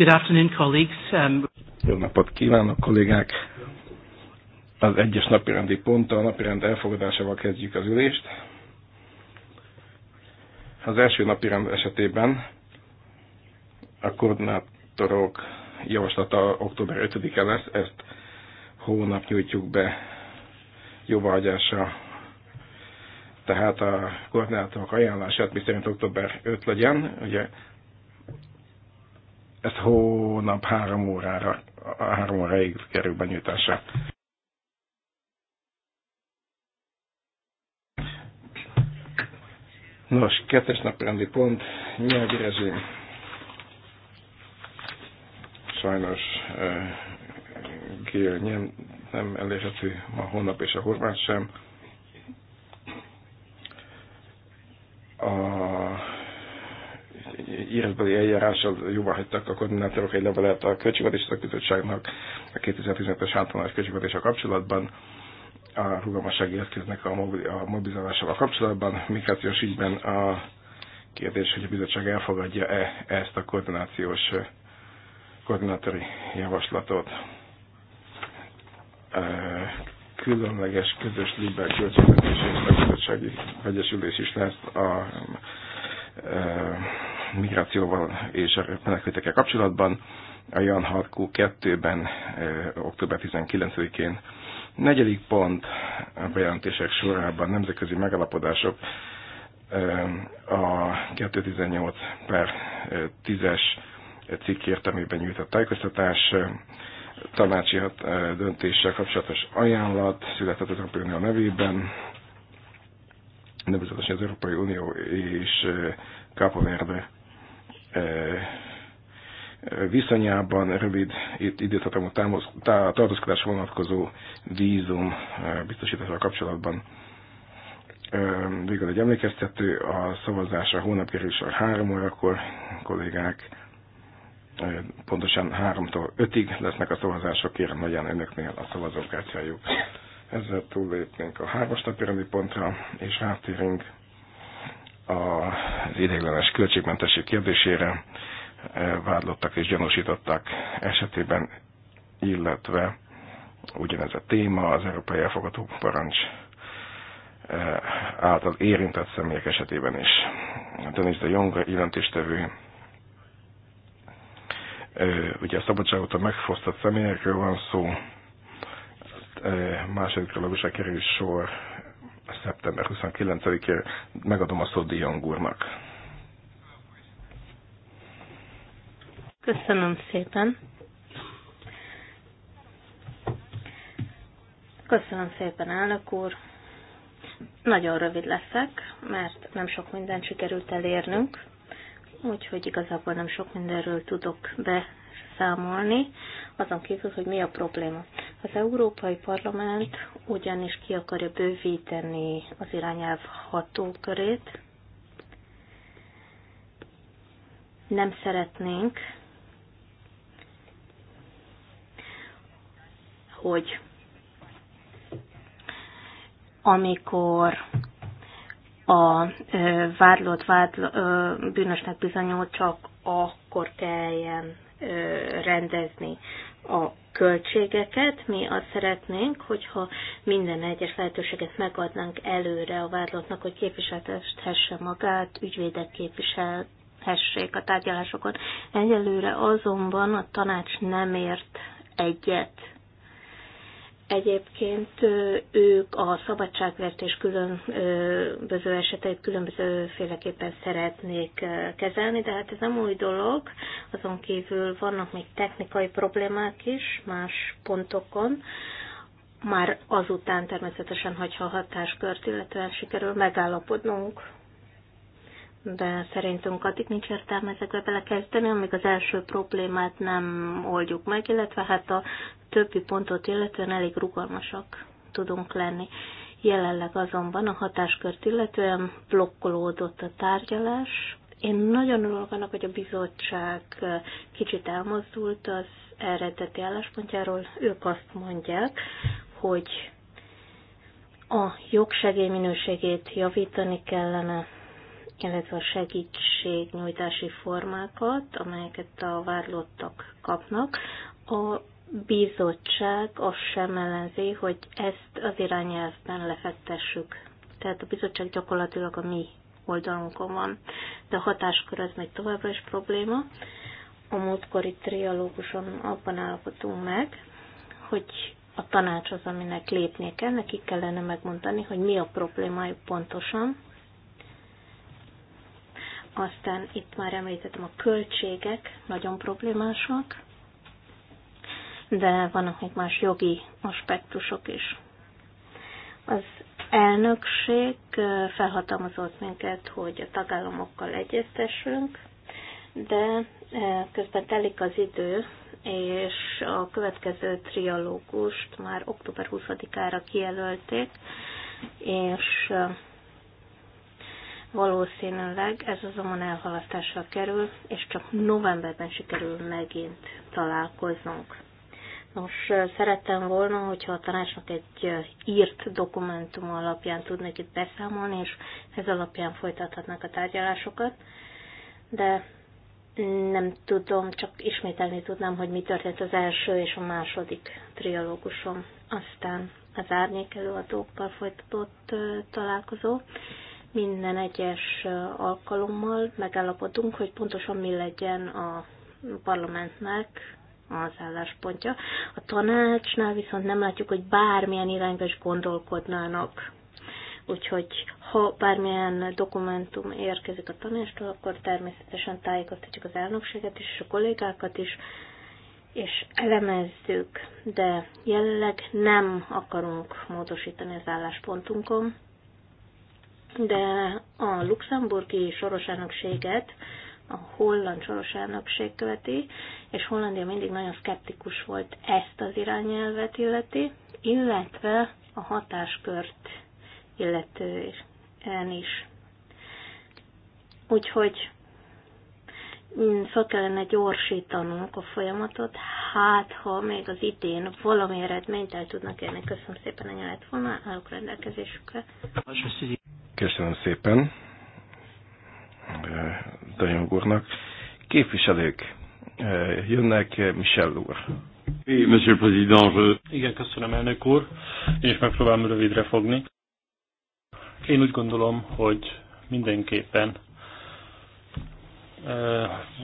Good afternoon, colleagues. Um... Jó napot kívánok, kollégák! Az egyes napirendi pont a napirend elfogadásával kezdjük az ülést. Az első napirend esetében a koordinátorok javaslata október 5-e lesz, ezt hónap nyújtjuk be jóváhagyásra tehát a koordinátorok ajánlását, mi szerint október 5 legyen, ugye ez hónap három órára, három óráig kerül benyújtásra. Nos, kettes naprendi pont, nyelvi rezsim. Sajnos uh, Gél nem, nem elérhető ma hónap és a horvát sem. A írásbeli eljárással jóvá hagytak a koordinátorok egy levelet a költségvetési szakbizottságnak a 2015 es általános költségvetéssel kapcsolatban, a rugalmassági eszköznek a, mobil, a mobilizálásával kapcsolatban, migrációs ügyben a kérdés, hogy a bizottság elfogadja-e ezt a koordinációs koordinátori javaslatot különleges közös libe költségvetési és szakbizottsági egyesülés is lesz a migrációval és a menekültekkel kapcsolatban. A Jan Harkó 2-ben, október 19-én. Negyedik pont a bejelentések sorában nemzetközi megalapodások a 2018 per 10-es cikk értelmében nyújtott tájékoztatás, tanácsi döntéssel kapcsolatos ajánlat született az Európai Unió nevében, nevezetesen az Európai Unió és Capo viszonyában rövid időtartamú tartózkodás vonatkozó vízum biztosítása kapcsolatban végül egy emlékeztető, a szavazásra hónap kerül sor 3 órakor, kollégák, pontosan 3-tól 5-ig lesznek a szavazások, kérem legyen önöknél a szavazókártyájuk. Ezzel túllépnénk a hármas napi pontra, és rátérünk az ideiglenes költségmentesség kérdésére eh, vádlottak és gyanúsítottak esetében, illetve ugyanez a téma az Európai Elfogadó Parancs eh, által érintett személyek esetében is. Denis de Jong jelentéstevő eh, ugye a szabadságotól megfosztott személyekről van szó, második kerül sor szeptember 29-ére megadom a szót Dion úrnak. Köszönöm szépen. Köszönöm szépen, elnök úr. Nagyon rövid leszek, mert nem sok mindent sikerült elérnünk, úgyhogy igazából nem sok mindenről tudok be számolni, azon kívül, hogy mi a probléma. Az Európai Parlament ugyanis ki akarja bővíteni az irányelv hatókörét. Nem szeretnénk, hogy amikor a ö, vádlott vádl, ö, bűnösnek bizonyul, csak akkor kelljen ö, rendezni a költségeket. Mi azt szeretnénk, hogyha minden egyes lehetőséget megadnánk előre a vádlottnak, hogy képviseltethesse magát, ügyvédek képviselhessék a tárgyalásokon. Egyelőre azonban a tanács nem ért egyet Egyébként ők a szabadságvertés különböző eseteit különbözőféleképpen szeretnék kezelni, de hát ez nem új dolog. Azon kívül vannak még technikai problémák is más pontokon, már azután természetesen, hogyha a hatáskört, illetően sikerül megállapodnunk. De szerintünk addig nincs értelme ezekbe belekezdeni, amíg az első problémát nem oldjuk meg, illetve hát a többi pontot illetően elég rugalmasak tudunk lenni. Jelenleg azonban a hatáskört illetően blokkolódott a tárgyalás. Én nagyon örülök annak, hogy a bizottság kicsit elmozdult az eredeti álláspontjáról. Ők azt mondják, hogy a jogsegély minőségét javítani kellene, illetve a segítségnyújtási formákat, amelyeket a vádlottak kapnak. A bizottság azt sem ellenzi, hogy ezt az irányelvben lefektessük. Tehát a bizottság gyakorlatilag a mi oldalunkon van, de a hatáskör az még továbbra is probléma. A múltkori trialóguson abban állapotunk meg, hogy a tanács az, aminek lépnie kell, nekik kellene megmondani, hogy mi a problémájuk pontosan. Aztán itt már említettem, a költségek nagyon problémásak de vannak még más jogi aspektusok is. Az elnökség felhatalmazott minket, hogy a tagállamokkal egyeztessünk, de közben telik az idő, és a következő trialógust már október 20-ára kijelölték, és valószínűleg ez azonban elhalasztásra kerül, és csak novemberben sikerül megint találkoznunk. Nos, szerettem volna, hogyha a tanácsnak egy írt dokumentum alapján tudnék itt beszámolni, és ez alapján folytathatnak a tárgyalásokat, de nem tudom, csak ismételni tudnám, hogy mi történt az első és a második trialógusom. Aztán az árnyék előadókkal folytatott találkozó. Minden egyes alkalommal megállapodunk, hogy pontosan mi legyen a parlamentnek az álláspontja. A tanácsnál viszont nem látjuk, hogy bármilyen irányba is gondolkodnának. Úgyhogy ha bármilyen dokumentum érkezik a tanástól, akkor természetesen tájékoztatjuk az elnökséget is, és a kollégákat is, és elemezzük, de jelenleg nem akarunk módosítani az álláspontunkon, de a luxemburgi soros elnökséget a holland soros elnökség követi, és Hollandia mindig nagyon szkeptikus volt ezt az irányelvet illeti, illetve a hatáskört illetően is. Úgyhogy mm, fel kellene gyorsítanunk a folyamatot, hát ha még az idén valami eredményt el tudnak érni. Köszönöm szépen, a lett volna, állok rendelkezésükre. Köszönöm szépen. Eh, Dajong úrnak. Képviselők, eh, jönnek eh, Michel úr. Igen, köszönöm, elnök úr. Én is megpróbálom rövidre fogni. Én úgy gondolom, hogy mindenképpen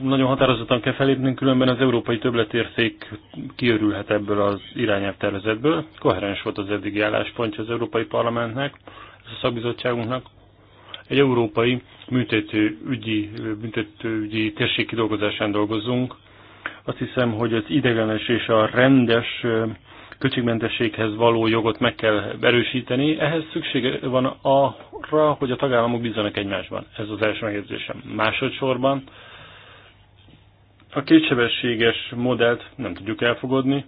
nagyon határozottan kell felépnünk, különben az európai többletérték kiörülhet ebből az irányelvtervezetből. Koherens volt az eddigi álláspontja az Európai Parlamentnek, a szakbizottságunknak. Egy európai büntetőügyi, büntetőügyi térség kidolgozásán dolgozunk. Azt hiszem, hogy az idegenes és a rendes költségmentességhez való jogot meg kell erősíteni. Ehhez szüksége van arra, hogy a tagállamok bízzanak egymásban. Ez az első megjegyzésem. Másodszorban a kétsebességes modellt nem tudjuk elfogadni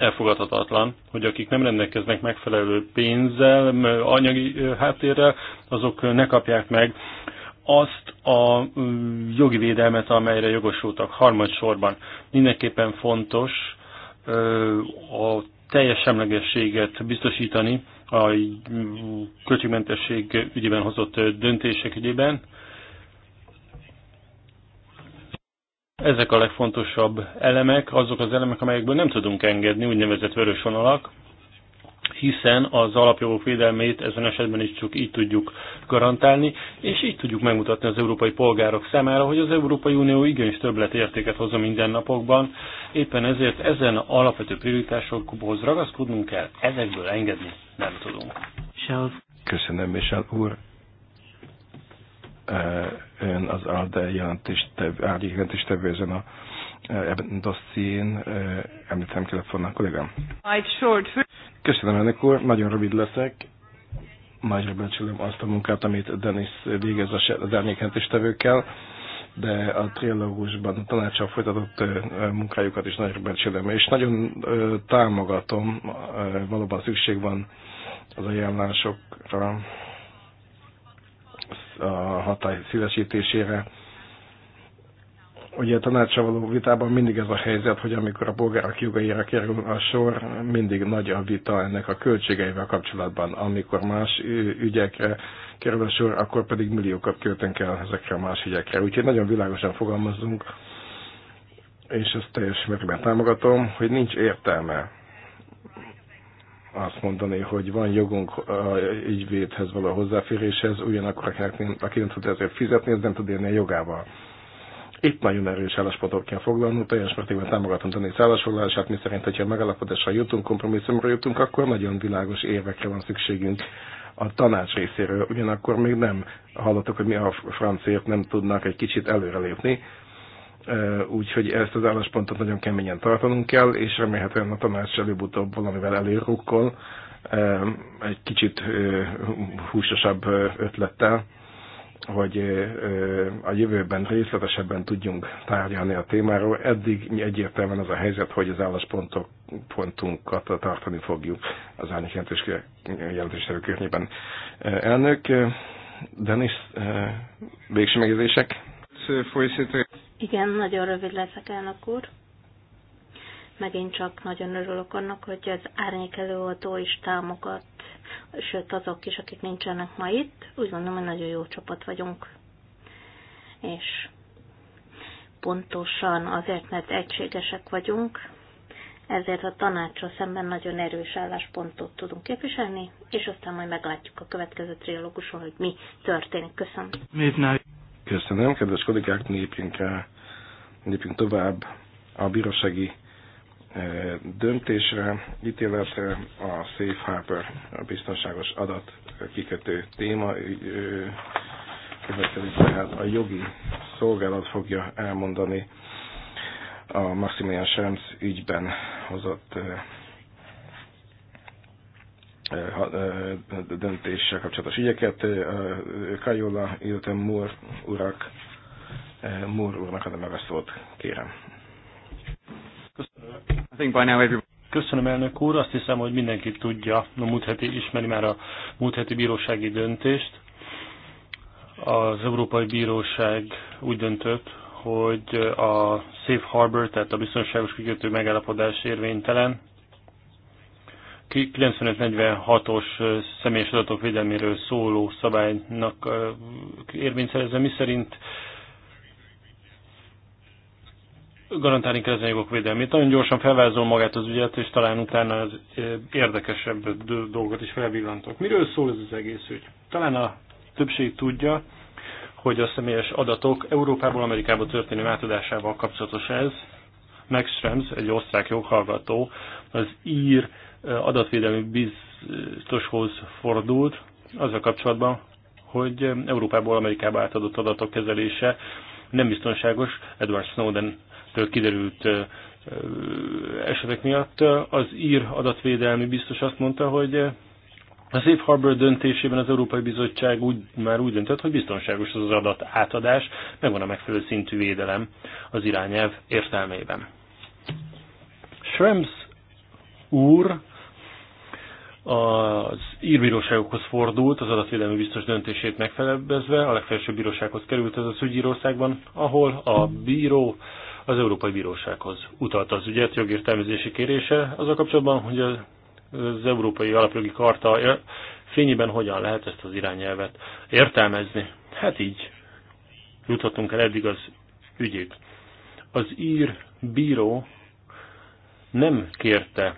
elfogadhatatlan, hogy akik nem rendelkeznek megfelelő pénzzel, anyagi háttérrel, azok ne kapják meg azt a jogi védelmet, amelyre jogosultak harmadsorban. Mindenképpen fontos a teljes semlegességet biztosítani a költségmentesség ügyében hozott döntések ügyében, Ezek a legfontosabb elemek, azok az elemek, amelyekből nem tudunk engedni, úgynevezett vörös vonalak, hiszen az alapjogok védelmét ezen esetben is csak így tudjuk garantálni, és így tudjuk megmutatni az európai polgárok számára, hogy az Európai Unió igenis többletértéket hoz a mindennapokban, éppen ezért ezen alapvető prioritásokhoz ragaszkodnunk kell, ezekből engedni nem tudunk. Köszönöm, Michel úr ön az ALDE jelentéstevő, árnyék jelentéstevő ezen a dosszín, említem kellett volna a kollégám. Köszönöm, elnök úr, nagyon rövid leszek. Nagyra becsülöm azt a munkát, amit Denis végez az árnyékentéstevőkkel, de a trilógusban a tanácsal folytatott munkájukat is nagyra becsülöm, és nagyon támogatom, valóban szükség van az ajánlásokra, a hatály szélesítésére. Ugye a tanácsa való vitában mindig ez a helyzet, hogy amikor a polgárok jogaira kerül a sor, mindig nagy a vita ennek a költségeivel kapcsolatban. Amikor más ügyekre kerül a sor, akkor pedig milliókat költünk el ezekre a más ügyekre. Úgyhogy nagyon világosan fogalmazunk, és ezt teljes mértékben támogatom, hogy nincs értelme azt mondani, hogy van jogunk ügyvédhez való hozzáféréshez, ugyanakkor akinek nem, aki nem tud ezért fizetni, ez nem tud élni a jogával. Itt nagyon erős álláspontot kell foglalnunk, teljes mértékben támogatom Denis állásfoglalását, mi szerint, hogyha megállapodásra jutunk, kompromisszumra jutunk, akkor nagyon világos érvekre van szükségünk a tanács részéről. Ugyanakkor még nem hallottuk, hogy mi a franciák nem tudnak egy kicsit előrelépni. lépni úgyhogy ezt az álláspontot nagyon keményen tartanunk kell, és remélhetően a tanács előbb-utóbb valamivel előrukkol, egy kicsit húsosabb ötlettel, hogy a jövőben részletesebben tudjunk tárgyalni a témáról. Eddig egyértelműen az a helyzet, hogy az álláspontunkat tartani fogjuk az állni jelentéstevő környében. Elnök, Denis, végső megjegyzések? Igen, nagyon rövid leszek, elnök úr. Megint csak nagyon örülök annak, hogy az árnyék előadó is támogat, sőt azok is, akik nincsenek ma itt. Úgy gondolom, hogy nagyon jó csapat vagyunk. És pontosan azért, mert egységesek vagyunk, ezért a tanácsra szemben nagyon erős álláspontot tudunk képviselni, és aztán majd meglátjuk a következő trilóguson, hogy mi történik. Köszönöm. Midnight. Köszönöm, kedves kollégák, lépjünk, eh, lépjünk tovább a bírósági eh, döntésre, ítéletre a Safe Harbor, a biztonságos adat kikötő téma eh, következik, tehát a jogi szolgálat fogja elmondani a Maximilian Schrems ügyben hozott döntéssel kapcsolatos ügyeket. Kajola, illetve Moore urak, Moore úrnak adom meg a szót, kérem. Köszönöm. Köszönöm, elnök úr. Azt hiszem, hogy mindenki tudja, a múlt heti, ismeri már a múlt heti bírósági döntést. Az Európai Bíróság úgy döntött, hogy a Safe Harbor, tehát a biztonságos kikötő megállapodás érvénytelen, 9546-os személyes adatok védelméről szóló szabálynak érvényt szerezve, mi szerint garantálni kell az anyagok védelmét. Nagyon gyorsan felvázol magát az ügyet, és talán utána az érdekesebb dolgot is felvillantok. Miről szól ez az egész ügy? Talán a többség tudja, hogy a személyes adatok Európából Amerikába történő átadásával kapcsolatos ez. Max Schrems, egy osztrák joghallgató, az ír adatvédelmi biztoshoz fordult azzal kapcsolatban, hogy Európából Amerikába átadott adatok kezelése nem biztonságos Edward Snowden-től kiderült esetek miatt. Az ír adatvédelmi biztos azt mondta, hogy a Safe Harbor döntésében az Európai Bizottság úgy, már úgy döntött, hogy biztonságos az, az adat átadás, megvan a megfelelő szintű védelem az irányelv értelmében. Schrems úr az írbíróságokhoz fordult, az adatvédelmi biztos döntését megfelebbezve, a legfelsőbb bírósághoz került ez a Szügyírországban, ahol a bíró az Európai Bírósághoz utalta az ügyet jogértelmezési kérése, azzal kapcsolatban, hogy az Európai Alapjogi Karta fényében hogyan lehet ezt az irányelvet értelmezni. Hát így juthatunk el eddig az ügyét. Az ír bíró nem kérte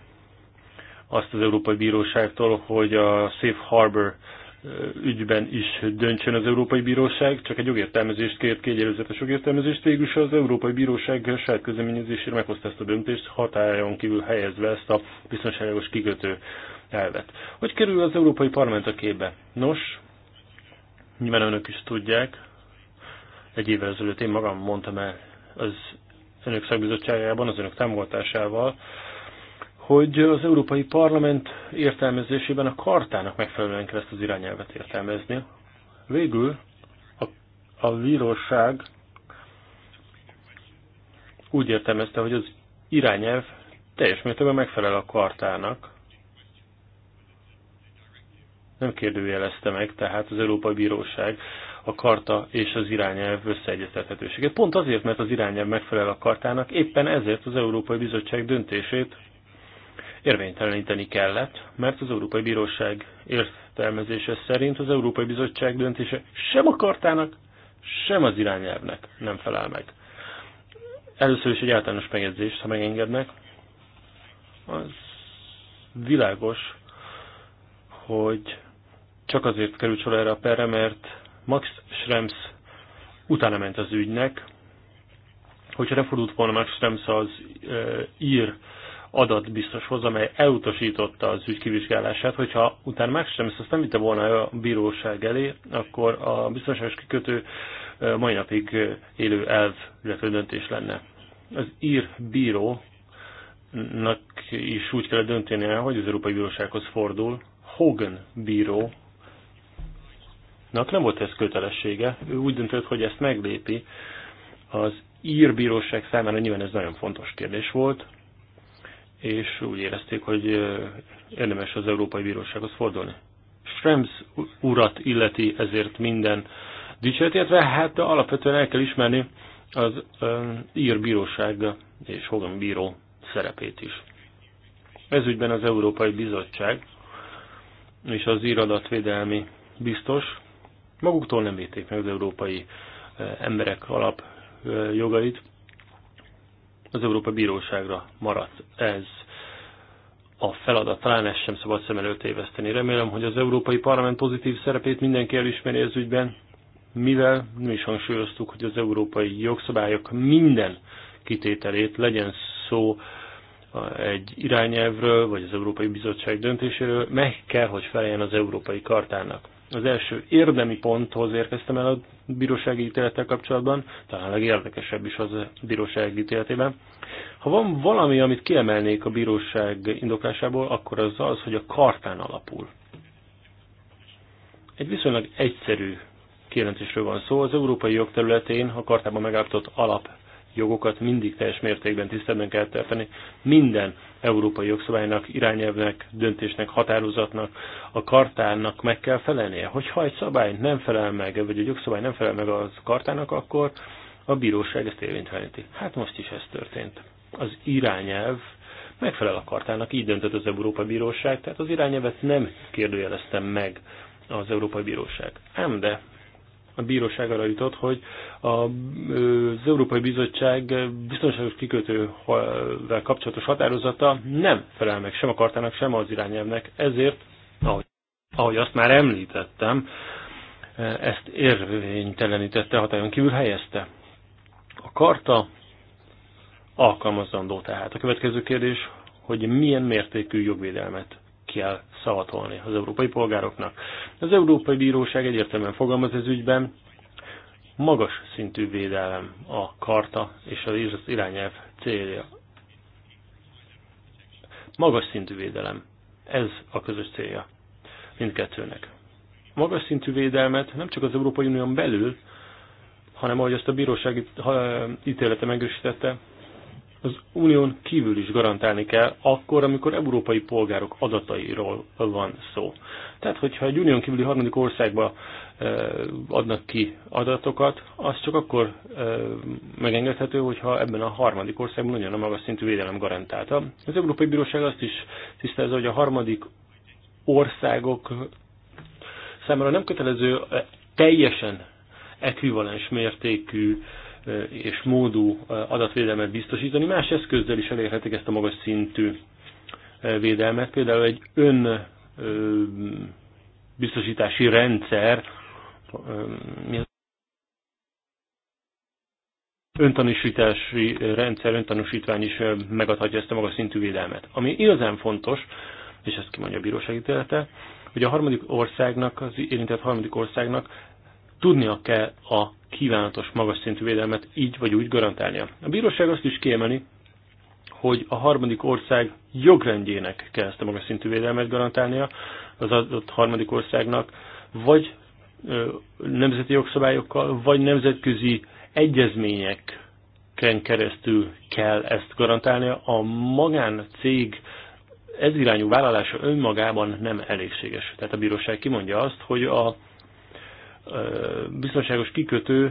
azt az Európai Bíróságtól, hogy a Safe Harbor ügyben is döntsön az Európai Bíróság, csak egy jogértelmezést kért, előzetes jogértelmezést, végül is az Európai Bíróság saját közleményezésére meghozta ezt a döntést, hatályon kívül helyezve ezt a biztonságos kikötő elvet. Hogy kerül az Európai Parlament a képbe? Nos, nyilván önök is tudják, egy évvel ezelőtt én magam mondtam el az önök szakbizottságában, az önök támogatásával, hogy az Európai Parlament értelmezésében a kartának megfelelően kell ezt az irányelvet értelmezni. Végül a, a bíróság úgy értelmezte, hogy az irányelv teljes mértékben megfelel a kartának. Nem kérdőjelezte meg, tehát az Európai Bíróság a karta és az irányelv összeegyeztethetőséget. Pont azért, mert az irányelv megfelel a kartának, éppen ezért az Európai Bizottság döntését érvényteleníteni kellett, mert az Európai Bíróság értelmezése szerint az Európai Bizottság döntése sem a kartának, sem az irányelvnek nem felel meg. Először is egy általános megjegyzést, ha megengednek. Az világos, hogy csak azért került sor erre a perre, mert Max Schrems utána ment az ügynek, hogyha nem fordult volna Max Schrems az e, ír adatbiztoshoz, amely elutasította az ügy kivizsgálását, hogyha utána meg sem nem vitte volna a bíróság elé, akkor a biztonságos kikötő mai napig élő elv, illetve döntés lenne. Az ír bírónak is úgy kellett döntenie, hogy az Európai Bírósághoz fordul. Hogan bíró nem volt ez kötelessége, ő úgy döntött, hogy ezt meglépi. Az írbíróság bíróság számára nyilván ez nagyon fontos kérdés volt, és úgy érezték, hogy érdemes az Európai Bírósághoz fordulni. Schrems urat illeti ezért minden dicséret, illetve hát alapvetően el kell ismerni az ír bíróság és Hogan bíró szerepét is. Ez ügyben az Európai Bizottság és az íradatvédelmi biztos maguktól nem védték meg az európai emberek alap jogait, az Európa Bíróságra maradt ez a feladat. Talán ezt sem szabad szem előtt éveszteni. Remélem, hogy az Európai Parlament pozitív szerepét mindenki elismeri az ügyben, mivel mi is hangsúlyoztuk, hogy az európai jogszabályok minden kitételét, legyen szó egy irányelvről, vagy az Európai Bizottság döntéséről, meg kell, hogy feleljen az Európai Kartának az első érdemi ponthoz érkeztem el a bírósági ítélettel kapcsolatban, talán legérdekesebb is az a bírósági ítéletében. Ha van valami, amit kiemelnék a bíróság indoklásából, akkor az az, hogy a kartán alapul. Egy viszonylag egyszerű kijelentésről van szó. Az európai jog területén a kartában megállapított alap jogokat mindig teljes mértékben tiszteletben kell tartani. Minden európai jogszabálynak, irányelvnek, döntésnek, határozatnak, a kartának meg kell felelnie. Hogyha egy szabály nem felel meg, vagy egy jogszabály nem felel meg az kartának, akkor a bíróság ezt érvényteleníti. Hát most is ez történt. Az irányelv megfelel a kartának, így döntött az Európai Bíróság, tehát az irányelvet nem kérdőjeleztem meg az Európai Bíróság. Nem, de a bíróság arra jutott, hogy a, az Európai Bizottság biztonságos kikötővel kapcsolatos határozata nem felel meg sem a kartának, sem az irányelvnek. Ezért, ahogy, ahogy azt már említettem, ezt érvénytelenítette, hatályon kívül helyezte. A karta alkalmazandó tehát. A következő kérdés, hogy milyen mértékű jogvédelmet kell szavatolni az európai polgároknak. Az Európai Bíróság egyértelműen fogalmaz ez ügyben, magas szintű védelem a karta és az irányelv célja. Magas szintű védelem. Ez a közös célja mindkettőnek. Magas szintű védelmet nem csak az Európai Unión belül, hanem ahogy azt a bíróság ítélete megősítette, az unión kívül is garantálni kell, akkor, amikor európai polgárok adatairól van szó. Tehát, hogyha egy unión kívüli harmadik országba adnak ki adatokat, az csak akkor megengedhető, hogyha ebben a harmadik országban nagyon a magas szintű védelem garantálta. Az Európai Bíróság azt is tisztázza, hogy a harmadik országok számára nem kötelező teljesen ekvivalens mértékű és módú adatvédelmet biztosítani, más eszközzel is elérhetik ezt a magas szintű védelmet. Például egy ön biztosítási rendszer, öntanúsítási rendszer, öntanúsítvány is megadhatja ezt a magas szintű védelmet. Ami igazán fontos, és ezt kimondja a bíróság ítélete, hogy a harmadik országnak, az érintett harmadik országnak tudnia kell a kívánatos magas szintű védelmet így vagy úgy garantálnia. A bíróság azt is kiemeli, hogy a harmadik ország jogrendjének kell ezt a magas szintű védelmet garantálnia az adott harmadik országnak, vagy nemzeti jogszabályokkal, vagy nemzetközi egyezményeken keresztül kell ezt garantálnia. A magáncég ez irányú vállalása önmagában nem elégséges. Tehát a bíróság kimondja azt, hogy a biztonságos kikötő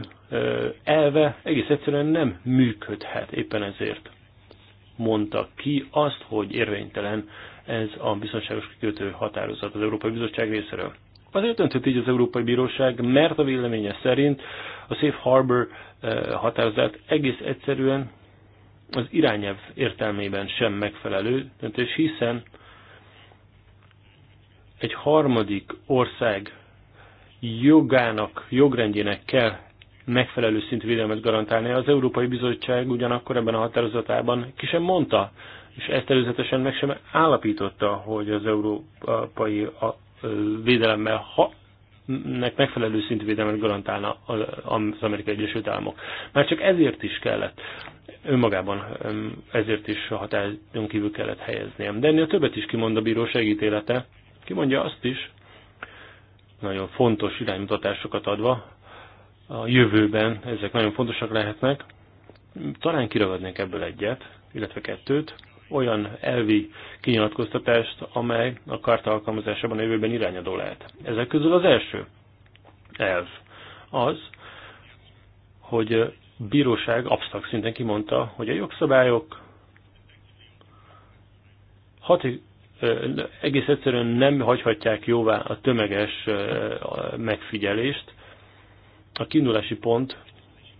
elve egész egyszerűen nem működhet éppen ezért mondta ki azt, hogy érvénytelen ez a biztonságos kikötő határozat az Európai Bizottság részéről. Azért döntött így az Európai Bíróság, mert a véleménye szerint a Safe Harbor határozat egész egyszerűen az irányelv értelmében sem megfelelő döntés, hiszen egy harmadik ország jogának, jogrendjének kell megfelelő szintű védelmet garantálni. Az Európai Bizottság ugyanakkor ebben a határozatában ki sem mondta, és ezt előzetesen meg sem állapította, hogy az európai védelemmel ha, nek megfelelő szintű védelmet garantálna az Amerikai Egyesült Államok. Már csak ezért is kellett önmagában ezért is a határon kívül kellett helyeznie. De ennél többet is kimond a bíróság ítélete. Kimondja azt is, nagyon fontos iránymutatásokat adva. A jövőben ezek nagyon fontosak lehetnek. Talán kiragadnék ebből egyet, illetve kettőt, olyan elvi kinyilatkoztatást, amely a karta alkalmazásában a jövőben irányadó lehet. Ezek közül az első elv az, hogy bíróság absztrakt szinten kimondta, hogy a jogszabályok egész egyszerűen nem hagyhatják jóvá a tömeges megfigyelést. A kiindulási pont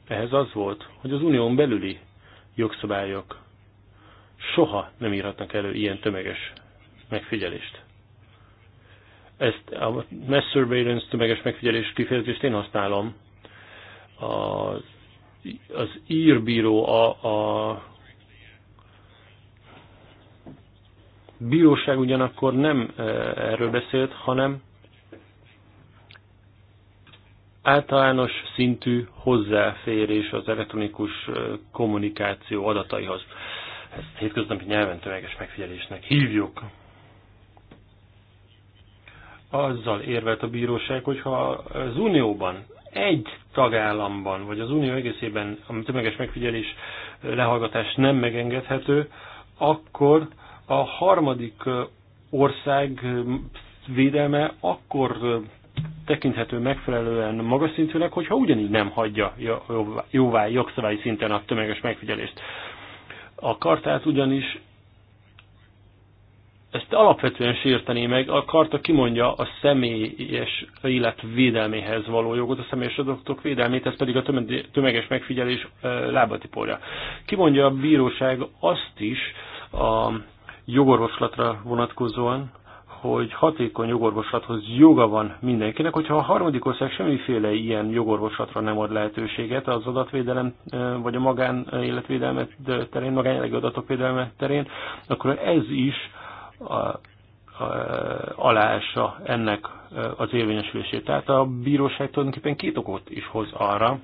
ehhez az volt, hogy az unión belüli jogszabályok soha nem írhatnak elő ilyen tömeges megfigyelést. Ezt a mass surveillance tömeges megfigyelés kifejezést én használom. A, az írbíró a, a bíróság ugyanakkor nem e, erről beszélt, hanem általános szintű hozzáférés az elektronikus e, kommunikáció adataihoz. Ezt hétköznapi nyelven tömeges megfigyelésnek hívjuk. Azzal érvelt a bíróság, hogyha az Unióban egy tagállamban, vagy az Unió egészében a tömeges megfigyelés lehallgatás nem megengedhető, akkor a harmadik ország védelme akkor tekinthető megfelelően magas szintűnek, hogyha ugyanígy nem hagyja jóvá jogszabályi szinten a tömeges megfigyelést. A kartát ugyanis ezt alapvetően sértené meg, a karta kimondja a személyes élet védelméhez való jogot, a személyes adatok védelmét, ez pedig a tömeges megfigyelés lábatipolja. Kimondja a bíróság azt is, a jogorvoslatra vonatkozóan, hogy hatékony jogorvoslathoz joga van mindenkinek, hogyha a harmadik ország semmiféle ilyen jogorvoslatra nem ad lehetőséget az adatvédelem vagy a magánéletvédelme terén, magánjelegi adatok védelme terén, akkor ez is a, a, aláása ennek az érvényesülését. Tehát a bíróság tulajdonképpen két okot is hoz arra,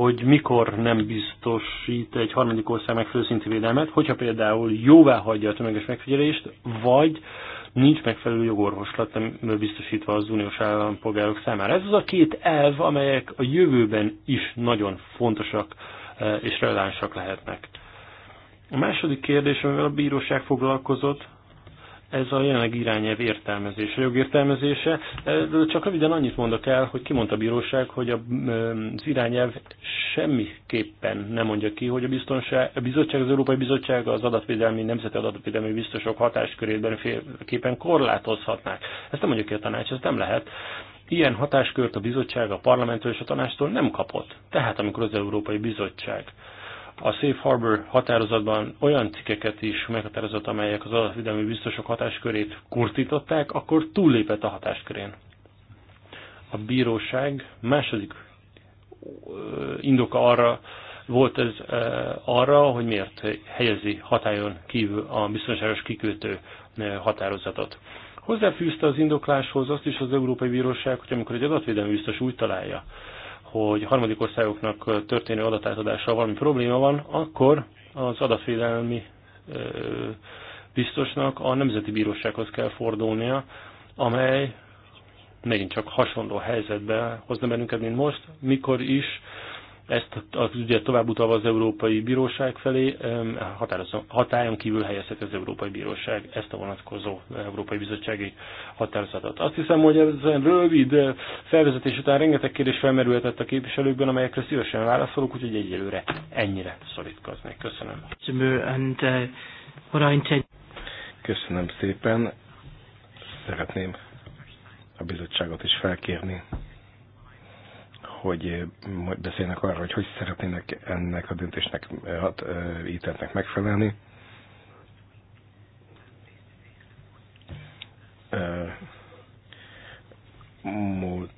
hogy mikor nem biztosít egy harmadik ország megfelelő szintű védelmet, hogyha például jóvá hagyja a tömeges megfigyelést, vagy nincs megfelelő jogorvoslat nem biztosítva az uniós állampolgárok számára. Ez az a két elv, amelyek a jövőben is nagyon fontosak eh, és relevánsak lehetnek. A második kérdés, amivel a bíróság foglalkozott, ez a jelenleg irányelv értelmezése, jogértelmezése. E, csak röviden annyit mondok el, hogy kimondta a bíróság, hogy az irányelv semmiképpen nem mondja ki, hogy a, biztonság, a bizottság, az Európai Bizottság az adatvédelmi, nemzeti adatvédelmi biztosok hatáskörében képen korlátozhatnák. Ezt nem mondja ki a tanács, ez nem lehet. Ilyen hatáskört a bizottság a parlamenttől és a tanástól nem kapott. Tehát amikor az Európai Bizottság a Safe Harbor határozatban olyan cikkeket is meghatározott, amelyek az adatvédelmi biztosok hatáskörét kurtították, akkor túllépett a hatáskörén. A bíróság második indoka arra, volt ez arra, hogy miért helyezi hatályon kívül a biztonságos kikötő határozatot. Hozzáfűzte az indokláshoz azt is az Európai Bíróság, hogy amikor egy adatvédelmi biztos úgy találja, hogy harmadik országoknak történő adatátadással valami probléma van, akkor az adatvédelmi biztosnak a Nemzeti Bírósághoz kell fordulnia, amely megint csak hasonló helyzetbe hozna bennünket, mint most, mikor is ezt az ügyet tovább utalva az Európai Bíróság felé, hatályon kívül helyezhet az Európai Bíróság ezt a vonatkozó Európai Bizottsági határozatot. Azt hiszem, hogy egy rövid eh, felvezetés után rengeteg kérdés felmerülhetett a képviselőkben, amelyekre szívesen válaszolok, úgyhogy egyelőre ennyire szorítkoznék. Köszönöm. Uh, Köszönöm szépen. Szeretném a bizottságot is felkérni hogy eh, beszélnek arra, hogy hogy szeretnének ennek a döntésnek, hát, ítéletnek megfelelni. Múlt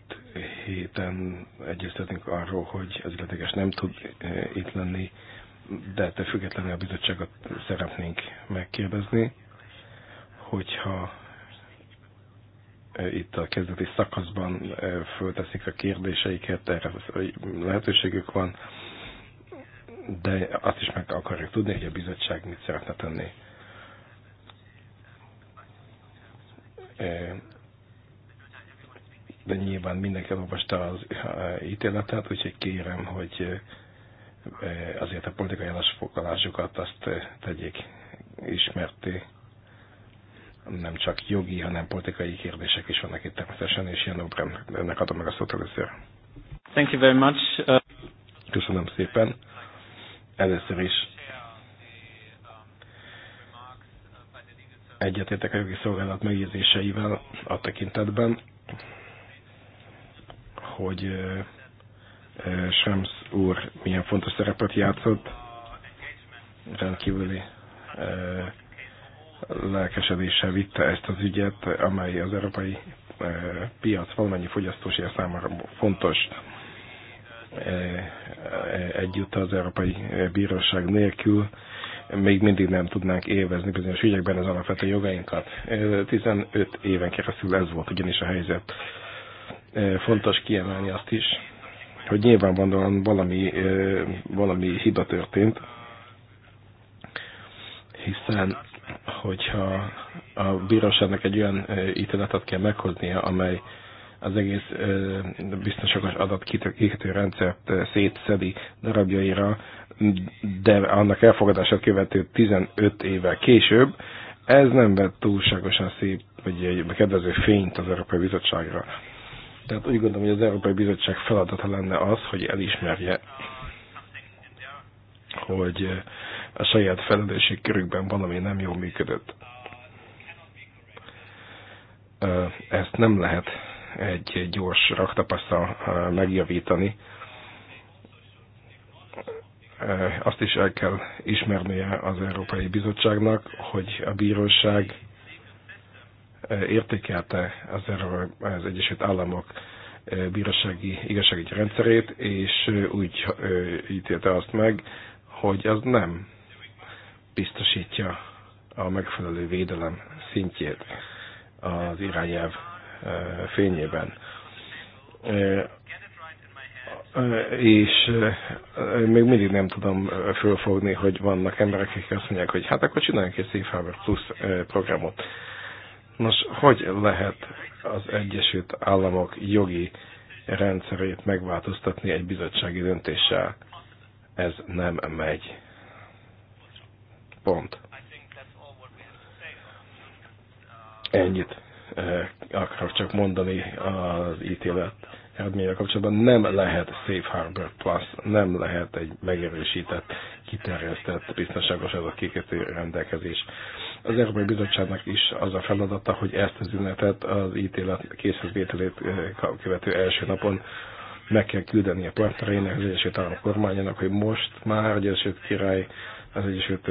héten egyeztetünk arról, hogy az illetékes nem tud itt lenni, de te függetlenül a bizottságot szeretnénk megkérdezni, hogyha itt a kezdeti szakaszban fölteszik a kérdéseiket, erre lehetőségük van, de azt is meg akarjuk tudni, hogy a bizottság mit szeretne tenni. De nyilván mindenki olvasta az ítéletet, úgyhogy kérem, hogy azért a politikai állásfoglalásukat azt tegyék ismerté nem csak jogi, hanem politikai kérdések is vannak itt természetesen, és Jan Obrem, ennek adom meg a szót először. Thank you very much. Köszönöm szépen. Először is egyetértek a jogi szolgálat megjegyzéseivel a tekintetben, hogy Schrems úr milyen fontos szerepet játszott, rendkívüli lelkesedéssel vitte ezt az ügyet, amely az európai eh, piac valamennyi fogyasztósia számára fontos eh, eh, együtt az Európai Bíróság nélkül még mindig nem tudnánk élvezni bizonyos ügyekben az alapvető jogainkat. 15 éven keresztül ez volt ugyanis a helyzet. Fontos kiemelni azt is, hogy nyilvánvalóan valami, valami hiba történt, hiszen hogyha a bíróságnak egy olyan ítéletet kell meghoznia, amely az egész biztonságos adatkikötő rendszert szétszedi darabjaira, de annak elfogadását követő 15 évvel később, ez nem vett túlságosan szép, vagy egy kedvező fényt az Európai Bizottságra. Tehát úgy gondolom, hogy az Európai Bizottság feladata lenne az, hogy elismerje, hogy a saját felelősség körükben valami nem jól működött. Ezt nem lehet egy gyors raktapasszal megjavítani. Azt is el kell ismernie az Európai Bizottságnak, hogy a bíróság értékelte az, az Egyesült Államok bírósági igazságügyi rendszerét, és úgy ítélte azt meg, hogy az nem biztosítja a megfelelő védelem szintjét az irányelv e, fényében. E, e, és még mindig nem tudom fölfogni, hogy vannak emberek, akik azt mondják, hogy hát akkor csináljunk egy Safe Harbor Plus programot. Nos, hogy lehet az Egyesült Államok jogi rendszerét megváltoztatni egy bizottsági döntéssel? Ez nem megy. Pont. Ennyit eh, akarok csak mondani az ítélet eredménye kapcsolatban. Nem lehet Safe Harbor Plus, nem lehet egy megerősített, kiterjesztett, biztonságos ez a kikötő rendelkezés. Az Európai Bizottságnak is az a feladata, hogy ezt az ünnepet az ítélet készhezvételét eh, követő első napon meg kell küldeni a partnereinek, az Egyesült Államok kormányának, hogy most már az Egyesült Király az Egyesült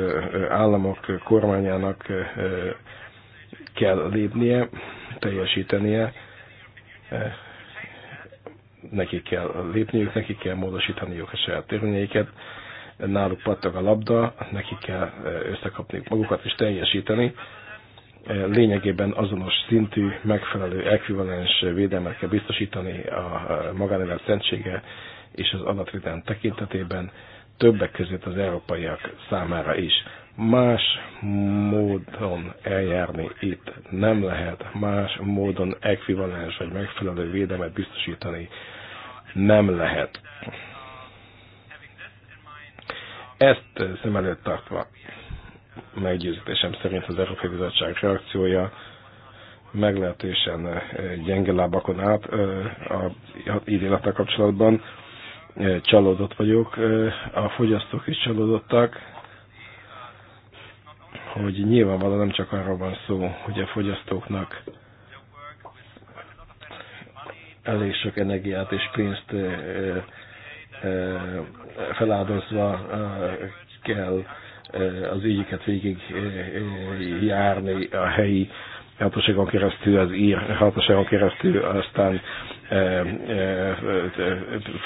Államok kormányának kell lépnie, teljesítenie, nekik kell lépniük, nekik kell módosítaniuk a saját törvényeiket, náluk pattog a labda, nekik kell összekapni magukat és teljesíteni. Lényegében azonos szintű, megfelelő, ekvivalens védelmet kell biztosítani a magánélet szentsége és az adatvédelem tekintetében többek között az európaiak számára is. Más módon eljárni itt nem lehet, más módon ekvivalens vagy megfelelő védelmet biztosítani nem lehet. Ezt szem előtt tartva meggyőződésem szerint az Európai Bizottság reakciója meglehetősen gyenge lábakon állt az ítélettel kapcsolatban csalódott vagyok, a fogyasztók is csalódottak, hogy nyilvánvalóan nem csak arról van szó, hogy a fogyasztóknak elég sok energiát és pénzt feláldozva kell az ügyeket végig járni a helyi hatóságon keresztül, az ír hatóságon keresztül, aztán e, e, e,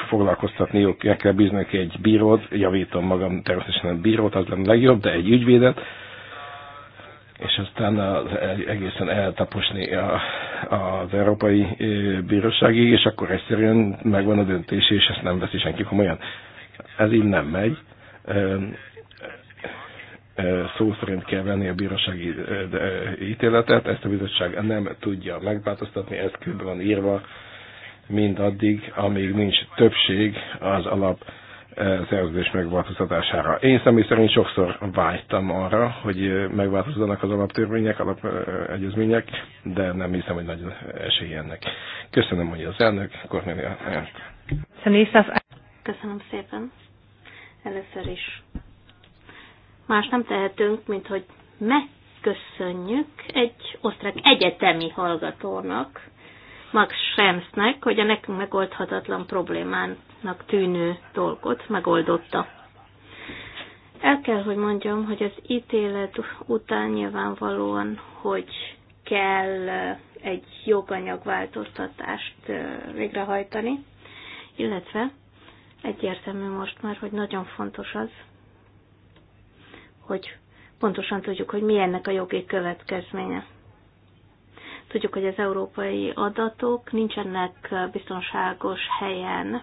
foglalkoztatniuk, el kell bíznak egy bírót, javítom magam természetesen nem bírót, az nem legjobb, de egy ügyvédet, és aztán az, egészen eltaposni a, az Európai eh, Bíróságig, és akkor egyszerűen megvan a döntés, és ezt nem veszi senki komolyan. Ez így nem megy ehm, szó szerint kell venni a bírósági ítéletet, ezt a bizottság nem tudja megváltoztatni, ez külön van írva, mindaddig, amíg nincs többség az alap szerződés megváltoztatására. Én személy szerint sokszor vágytam arra, hogy megváltozzanak az alaptörvények, alapegyezmények, de nem hiszem, hogy nagy esély ennek. Köszönöm, hogy az elnök, Kornélia. Köszönöm szépen. Először is más nem tehetünk, mint hogy megköszönjük egy osztrák egyetemi hallgatónak, Max Schremsnek, hogy a nekünk megoldhatatlan problémának tűnő dolgot megoldotta. El kell, hogy mondjam, hogy az ítélet után nyilvánvalóan, hogy kell egy joganyagváltoztatást végrehajtani, illetve egyértelmű most már, hogy nagyon fontos az, hogy pontosan tudjuk, hogy mi ennek a jogi következménye. Tudjuk, hogy az európai adatok nincsenek biztonságos helyen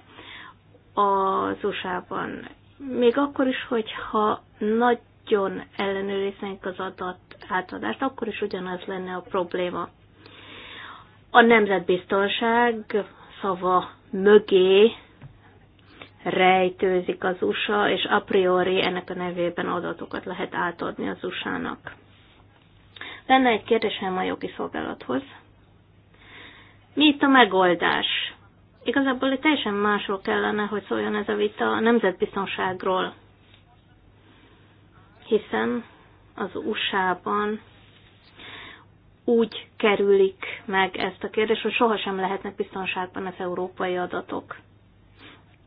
az USA-ban. Még akkor is, hogyha nagyon ellenőriznénk az adat átadást, akkor is ugyanaz lenne a probléma. A nemzetbiztonság szava mögé rejtőzik az USA, és a priori ennek a nevében adatokat lehet átadni az USA-nak. Lenne egy kérdésem a jogi szolgálathoz. Mi itt a megoldás? Igazából itt teljesen másról kellene, hogy szóljon ez a vita a nemzetbiztonságról, hiszen az USA-ban úgy kerülik meg ezt a kérdést, hogy sohasem lehetnek biztonságban az európai adatok.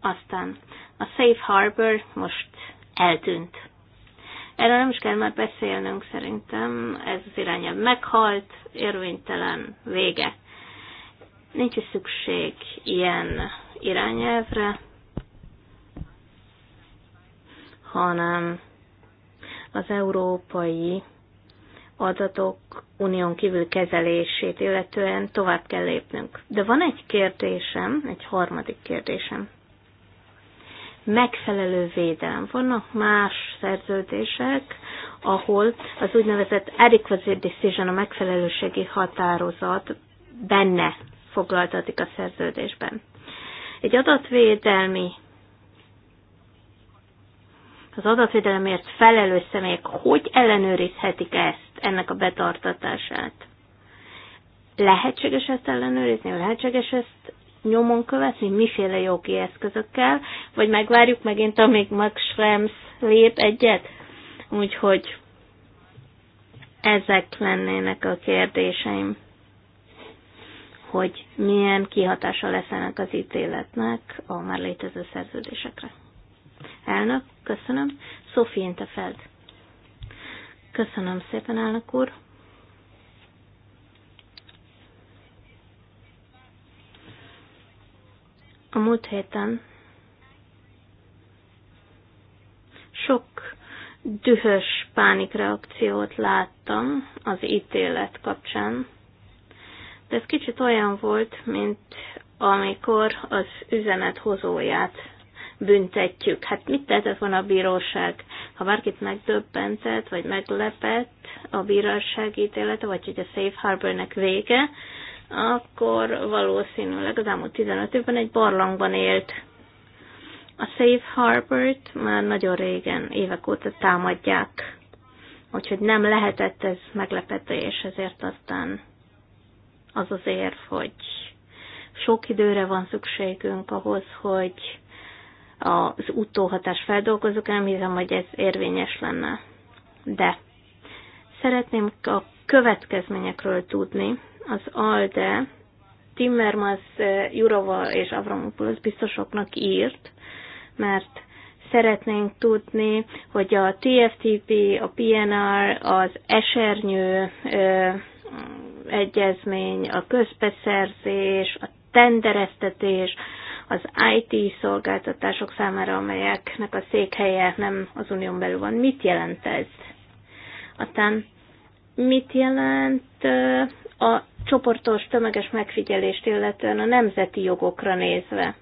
Aztán a Safe Harbor most eltűnt. Erről nem is kell már beszélnünk szerintem, ez az irányelv meghalt, érvénytelen, vége. Nincs is szükség ilyen irányelvre, hanem az európai adatok unión kívül kezelését illetően tovább kell lépnünk. De van egy kérdésem, egy harmadik kérdésem megfelelő védelem. Vannak más szerződések, ahol az úgynevezett adequacy decision, a megfelelőségi határozat benne foglaltatik a szerződésben. Egy adatvédelmi az adatvédelemért felelős személyek hogy ellenőrizhetik ezt, ennek a betartatását? Lehetséges ezt ellenőrizni? Lehetséges ezt nyomon követni, miféle jogi eszközökkel, vagy megvárjuk megint, amíg Max Schrems lép egyet. Úgyhogy ezek lennének a kérdéseim, hogy milyen kihatása lesz ennek az ítéletnek a már létező szerződésekre. Elnök, köszönöm. Sophie Intefeld. Köszönöm szépen, elnök úr. A múlt héten sok dühös pánikreakciót láttam az ítélet kapcsán, de ez kicsit olyan volt, mint amikor az üzenet hozóját büntetjük. Hát mit tehetett volna a bíróság? Ha bárkit megdöbbentett, vagy meglepett a bíróság ítélete, vagy hogy a Safe Harbornek vége, akkor valószínűleg az elmúlt 15 évben egy barlangban élt. A Safe Harbor-t már nagyon régen, évek óta támadják, úgyhogy nem lehetett ez meglepetés, ezért aztán az az érv, hogy sok időre van szükségünk ahhoz, hogy az utóhatás feldolgozók, nem hiszem, hogy ez érvényes lenne. De szeretném a következményekről tudni, az ALDE Timmermans, eh, Jurova és Avramopoulos biztosoknak írt, mert szeretnénk tudni, hogy a TFTP, a PNR, az esernyő ö, eh, egyezmény, a közbeszerzés, a tendereztetés, az IT szolgáltatások számára, amelyeknek a székhelye nem az unión belül van. Mit jelent ez? Aztán mit jelent eh, a csoportos tömeges megfigyelést illetően a nemzeti jogokra nézve.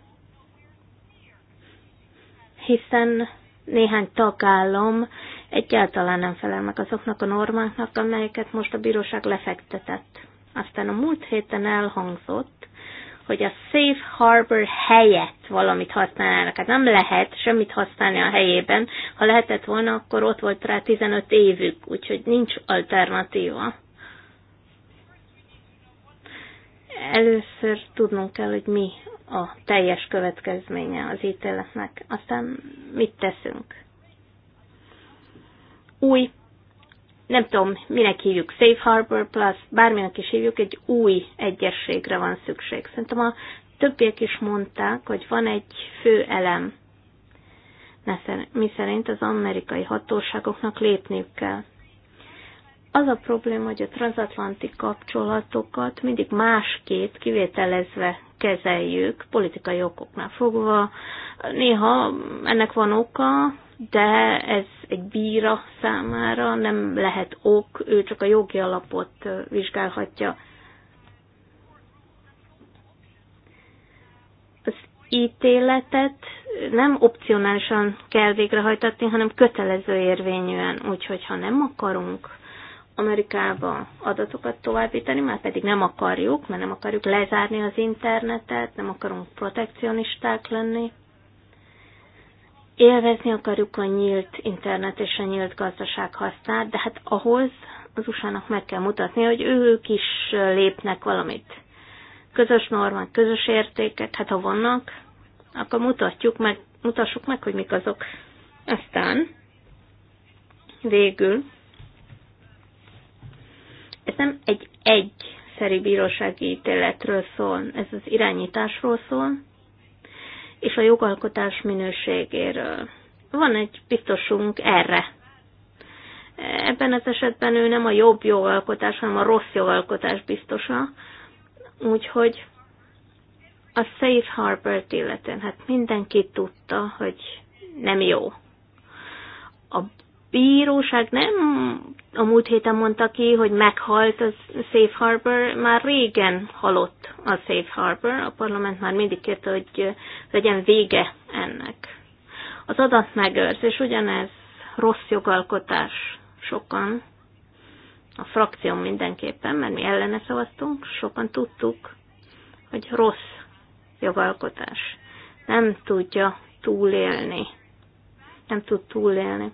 Hiszen néhány tagállam egyáltalán nem felel meg azoknak a normáknak, amelyeket most a bíróság lefektetett. Aztán a múlt héten elhangzott, hogy a safe harbor helyett valamit használnának. Hát nem lehet semmit használni a helyében. Ha lehetett volna, akkor ott volt rá 15 évük, úgyhogy nincs alternatíva. először tudnunk kell, hogy mi a teljes következménye az ítéletnek, aztán mit teszünk. Új, nem tudom, minek hívjuk, Safe Harbor Plus, bárminek is hívjuk, egy új egyességre van szükség. Szerintem a többiek is mondták, hogy van egy fő elem, mi szerint az amerikai hatóságoknak lépniük kell. Az a probléma, hogy a transatlanti kapcsolatokat mindig másképp kivételezve kezeljük, politikai okoknál fogva. Néha ennek van oka, de ez egy bíra számára nem lehet ok, ő csak a jogi alapot vizsgálhatja. Az ítéletet nem opcionálisan kell végrehajtatni, hanem kötelező érvényűen. Úgyhogy ha nem akarunk Amerikába adatokat továbbítani, már pedig nem akarjuk, mert nem akarjuk lezárni az internetet, nem akarunk protekcionisták lenni. Élvezni akarjuk a nyílt internet és a nyílt gazdaság hasznát, de hát ahhoz az USA-nak meg kell mutatni, hogy ők is lépnek valamit. Közös normák, közös értékek, hát ha vannak, akkor mutatjuk meg, mutassuk meg, hogy mik azok. Aztán végül ez nem egy egyszerű bírósági ítéletről szól, ez az irányításról szól, és a jogalkotás minőségéről. Van egy biztosunk erre. Ebben az esetben ő nem a jobb jogalkotás, hanem a rossz jogalkotás biztosa, úgyhogy a safe harbor-t illetően, hát mindenki tudta, hogy nem jó bíróság nem a múlt héten mondta ki, hogy meghalt a Safe Harbor, már régen halott a Safe Harbor, a parlament már mindig kérte, hogy legyen vége ennek. Az adatmegőrzés ugyanez rossz jogalkotás sokan, a frakció mindenképpen, mert mi ellene szavaztunk, sokan tudtuk, hogy rossz jogalkotás. Nem tudja túlélni. Nem tud túlélni.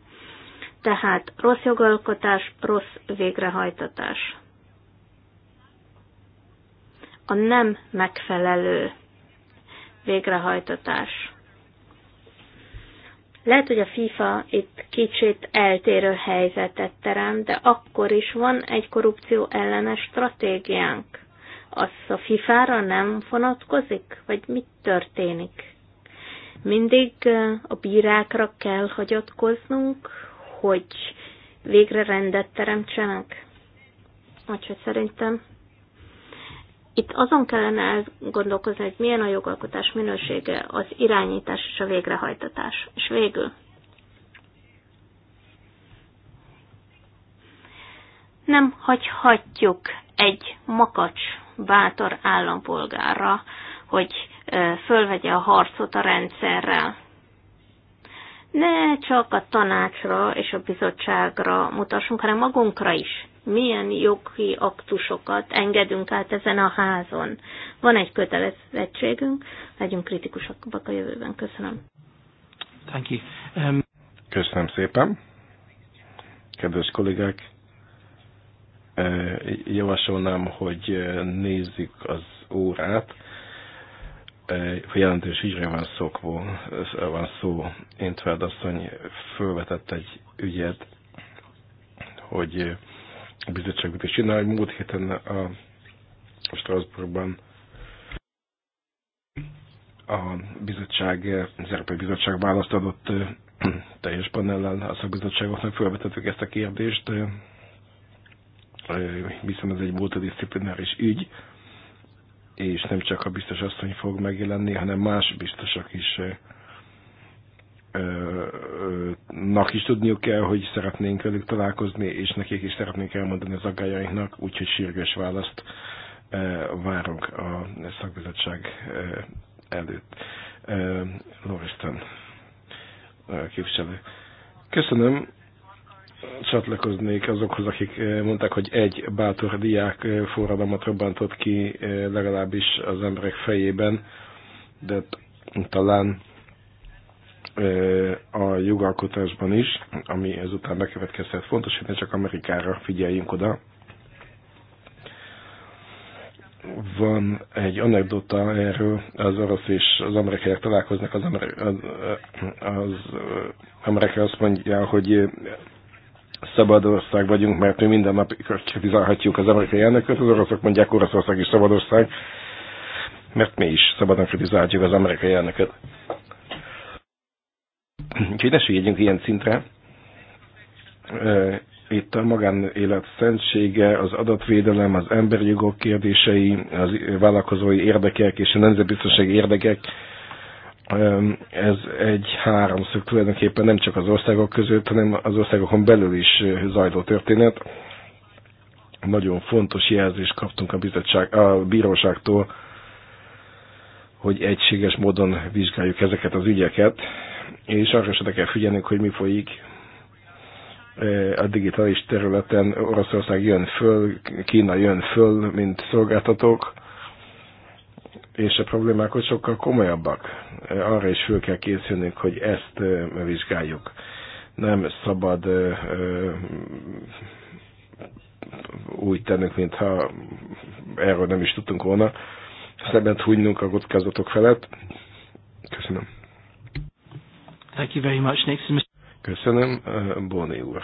Tehát rossz jogalkotás, rossz végrehajtatás. A nem megfelelő végrehajtatás. Lehet, hogy a FIFA itt kicsit eltérő helyzetet terem, de akkor is van egy korrupció ellenes stratégiánk. Az a FIFA-ra nem vonatkozik? Vagy mit történik? Mindig a bírákra kell hagyatkoznunk, hogy végre rendet teremtsenek? Úgyhogy szerintem itt azon kellene elgondolkozni, hogy milyen a jogalkotás minősége, az irányítás és a végrehajtatás. És végül. Nem hagyhatjuk egy makacs bátor állampolgárra, hogy fölvegye a harcot a rendszerrel ne csak a tanácsra és a bizottságra mutassunk, hanem magunkra is. Milyen jogi aktusokat engedünk át ezen a házon. Van egy kötelezettségünk, legyünk kritikusak a jövőben. Köszönöm. Thank you. Um... Köszönöm szépen. Kedves kollégák, eh, javasolnám, hogy eh, nézzük az órát jelentős ügyre van, szokvó, van szó. Intveld asszony fölvetett egy ügyet, hogy a bizottság mit is csinál. Múlt héten a Strasbourgban a bizottság, az Európai Bizottság választ adott teljes panellel a szakbizottságoknak felvetettük ezt a kérdést, viszont ez egy multidisziplináris ügy, és nem csak a biztos asszony fog megjelenni, hanem más biztosak is nak is tudniuk kell, hogy szeretnénk velük találkozni, és nekik is szeretnénk elmondani az aggájainknak, úgyhogy sürgős választ várunk a szakbizottság előtt. Loristen képviselő. Köszönöm csatlakoznék azokhoz, akik eh, mondták, hogy egy bátor diák eh, forradalmat robbantott ki eh, legalábbis az emberek fejében, de talán a jogalkotásban is, ami ezután bekövetkezhet fontos, hogy ne csak Amerikára figyeljünk oda. Van egy anekdota erről, az orosz és az amerikaiak találkoznak, az, amerikai, az, az, az amerikai azt mondja, hogy szabad ország vagyunk, mert mi minden nap kritizálhatjuk az amerikai elnököt, az oroszok mondják, Oroszország is szabad ország, mert mi is szabadon kritizálhatjuk az amerikai elnököt. Úgyhogy ne süllyedjünk ilyen szintre. Itt a magánélet szentsége, az adatvédelem, az emberi jogok kérdései, az vállalkozói érdekek és a nemzetbiztonsági érdekek, ez egy háromszög tulajdonképpen nem csak az országok között, hanem az országokon belül is zajló történet. Nagyon fontos jelzést kaptunk a, bizottság, a bíróságtól, hogy egységes módon vizsgáljuk ezeket az ügyeket, és arra is kell figyelnünk, hogy mi folyik a digitális területen. Oroszország jön föl, Kína jön föl, mint szolgáltatók, és a problémák ott sokkal komolyabbak. Arra is föl kell készülnünk, hogy ezt vizsgáljuk. Nem szabad úgy tennünk, mintha erről nem is tudtunk volna. Szebbet húgynunk a kockázatok felett. Köszönöm. Thank you very much. Next Mr. Köszönöm, Boni úr.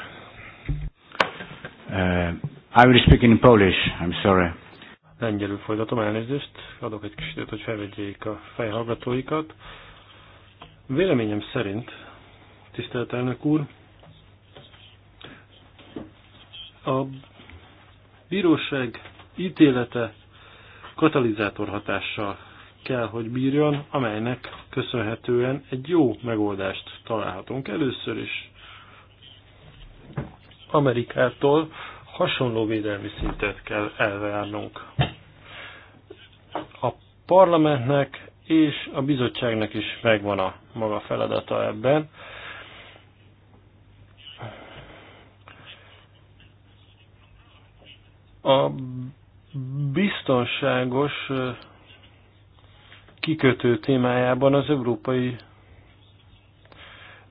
Uh, I will speak in Polish. I'm sorry. Lengyelül folytatom, elnézést, adok egy kis időt, hogy felvegyék a fejhallgatóikat. Véleményem szerint, tisztelt elnök úr, a bíróság ítélete katalizátor hatással kell, hogy bírjon, amelynek köszönhetően egy jó megoldást találhatunk először is. Amerikától hasonló védelmi szintet kell elvárnunk parlamentnek és a bizottságnak is megvan a maga feladata ebben. A biztonságos kikötő témájában az Európai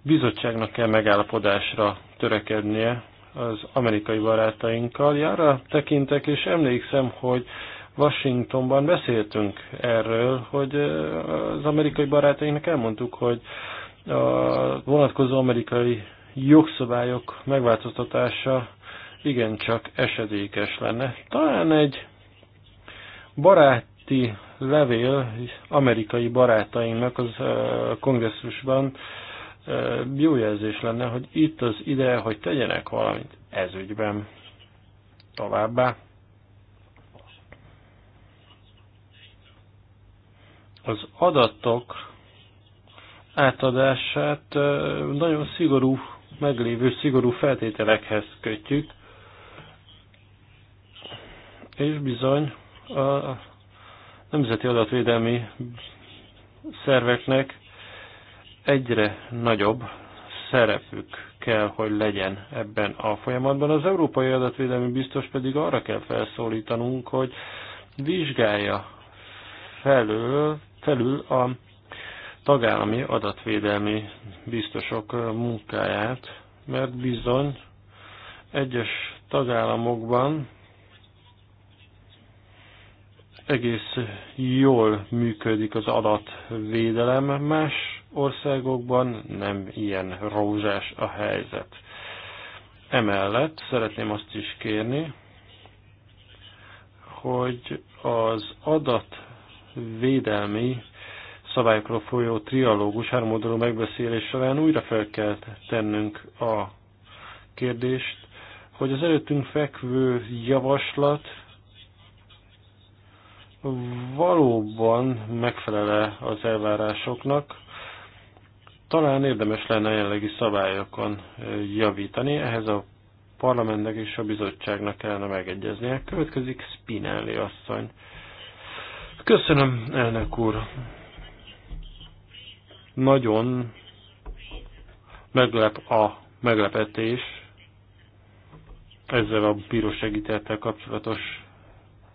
Bizottságnak kell megállapodásra törekednie az amerikai barátainkkal. Jára tekintek, és emlékszem, hogy Washingtonban beszéltünk erről, hogy az amerikai barátainknak elmondtuk, hogy a vonatkozó amerikai jogszabályok megváltoztatása igencsak esedékes lenne. Talán egy baráti levél amerikai barátainknak az kongresszusban jó jelzés lenne, hogy itt az ide, hogy tegyenek valamit ez ügyben továbbá. az adatok átadását nagyon szigorú, meglévő szigorú feltételekhez kötjük, és bizony a nemzeti adatvédelmi szerveknek egyre nagyobb szerepük kell, hogy legyen ebben a folyamatban. Az Európai Adatvédelmi Biztos pedig arra kell felszólítanunk, hogy vizsgálja felől felül a tagállami adatvédelmi biztosok munkáját, mert bizony egyes tagállamokban egész jól működik az adatvédelem, más országokban nem ilyen rózsás a helyzet. Emellett szeretném azt is kérni, hogy az adat védelmi szabályokról folyó trialógus háromoldalú megbeszélés során újra fel kell tennünk a kérdést, hogy az előttünk fekvő javaslat valóban megfelele az elvárásoknak, talán érdemes lenne a jelenlegi szabályokon javítani, ehhez a parlamentnek és a bizottságnak kellene megegyeznie. Következik Spinelli asszony. Köszönöm, elnök úr. Nagyon meglep a meglepetés ezzel a bírósági kapcsolatos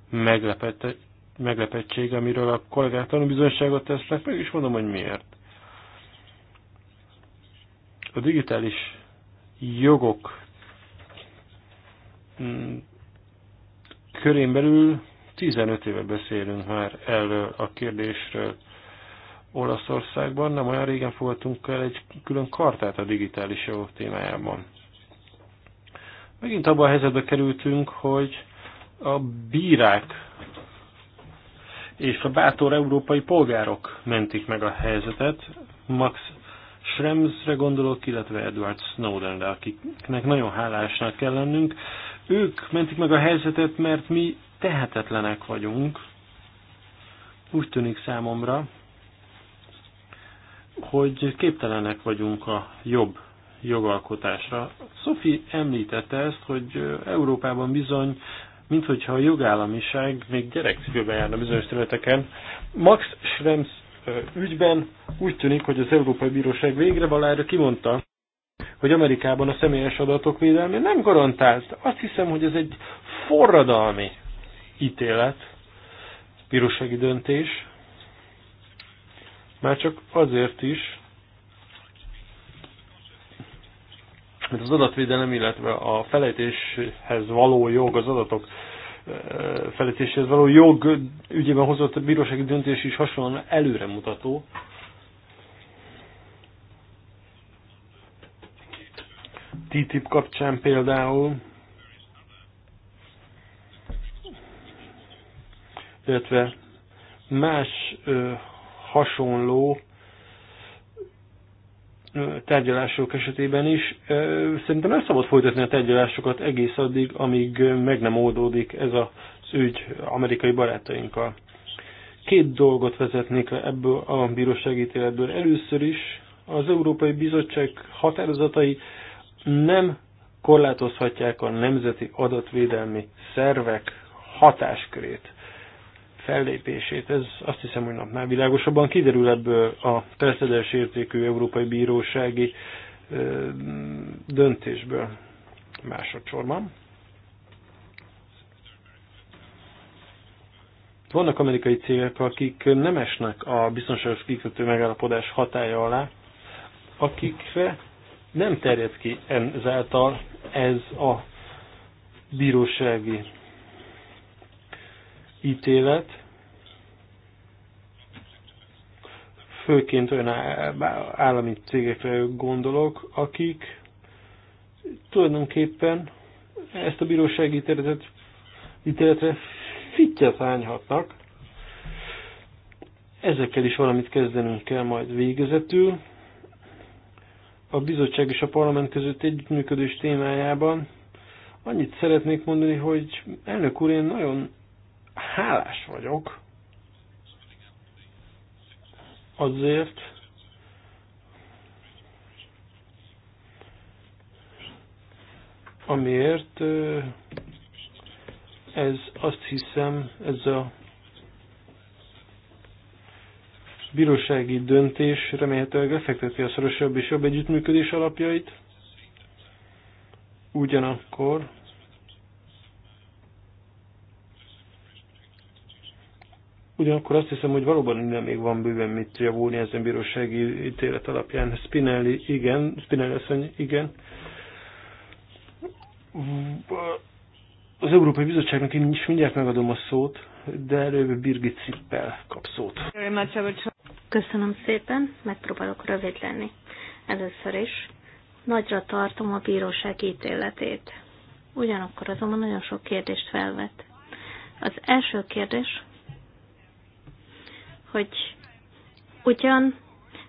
meglepete, meglepettség, amiről a kollégák tanúbizonyságot tesznek, meg is mondom, hogy miért. A digitális jogok mm, körén belül 15 éve beszélünk már erről a kérdésről Olaszországban. Nem olyan régen fogadtunk el egy külön kartát a digitális jogok témájában. Megint abban a helyzetbe kerültünk, hogy a bírák és a bátor európai polgárok mentik meg a helyzetet. Max Schremsre gondolok, illetve Edward Snowdenre, akiknek nagyon hálásnak kell lennünk. Ők mentik meg a helyzetet, mert mi tehetetlenek vagyunk, úgy tűnik számomra, hogy képtelenek vagyunk a jobb jogalkotásra. Sophie említette ezt, hogy Európában bizony, minthogyha a jogállamiság még gyerekcipőben járna bizonyos területeken. Max Schrems ügyben úgy tűnik, hogy az Európai Bíróság végre valára kimondta, hogy Amerikában a személyes adatok védelme nem garantált. Azt hiszem, hogy ez egy forradalmi ítélet, bírósági döntés, már csak azért is, mert az adatvédelem, illetve a felejtéshez való jog, az adatok felejtéshez való jog ügyében hozott a bírósági döntés is hasonlóan előremutató. TTIP kapcsán például illetve más hasonló tárgyalások esetében is. Szerintem nem szabad folytatni a tárgyalásokat egész addig, amíg meg nem oldódik ez az ügy amerikai barátainkkal. Két dolgot vezetnék le ebből a bíróságítéletből. Először is az Európai Bizottság határozatai nem korlátozhatják a nemzeti adatvédelmi szervek hatáskörét fellépését. Ez azt hiszem, hogy napnál világosabban kiderül ebből a precedens értékű Európai Bírósági döntésből másodszorban. Vannak amerikai cégek, akik nem esnek a biztonságos kikötő megállapodás hatája alá, akikre nem terjed ki ezáltal ez a bírósági ítélet, főként olyan állami cégekre gondolok, akik tulajdonképpen ezt a bírósági ítéletet, ítéletre fittyet hányhatnak. Ezekkel is valamit kezdenünk kell majd végezetül. A bizottság és a parlament között együttműködés témájában annyit szeretnék mondani, hogy elnök úr, én nagyon hálás vagyok azért, amiért ez azt hiszem, ez a bírósági döntés remélhetőleg lefekteti a szorosabb és jobb együttműködés alapjait. Ugyanakkor Ugyanakkor azt hiszem, hogy valóban innen még van bőven mit javulni ezen bírósági ítélet alapján. Spinelli, igen. Spinelli asszony, igen. Az Európai Bizottságnak én is mindjárt megadom a szót, de előbb Birgit Cippel kap szót. Köszönöm szépen, megpróbálok rövid lenni. Először is nagyra tartom a bíróság ítéletét. Ugyanakkor azonban nagyon sok kérdést felvet. Az első kérdés, hogy ugyan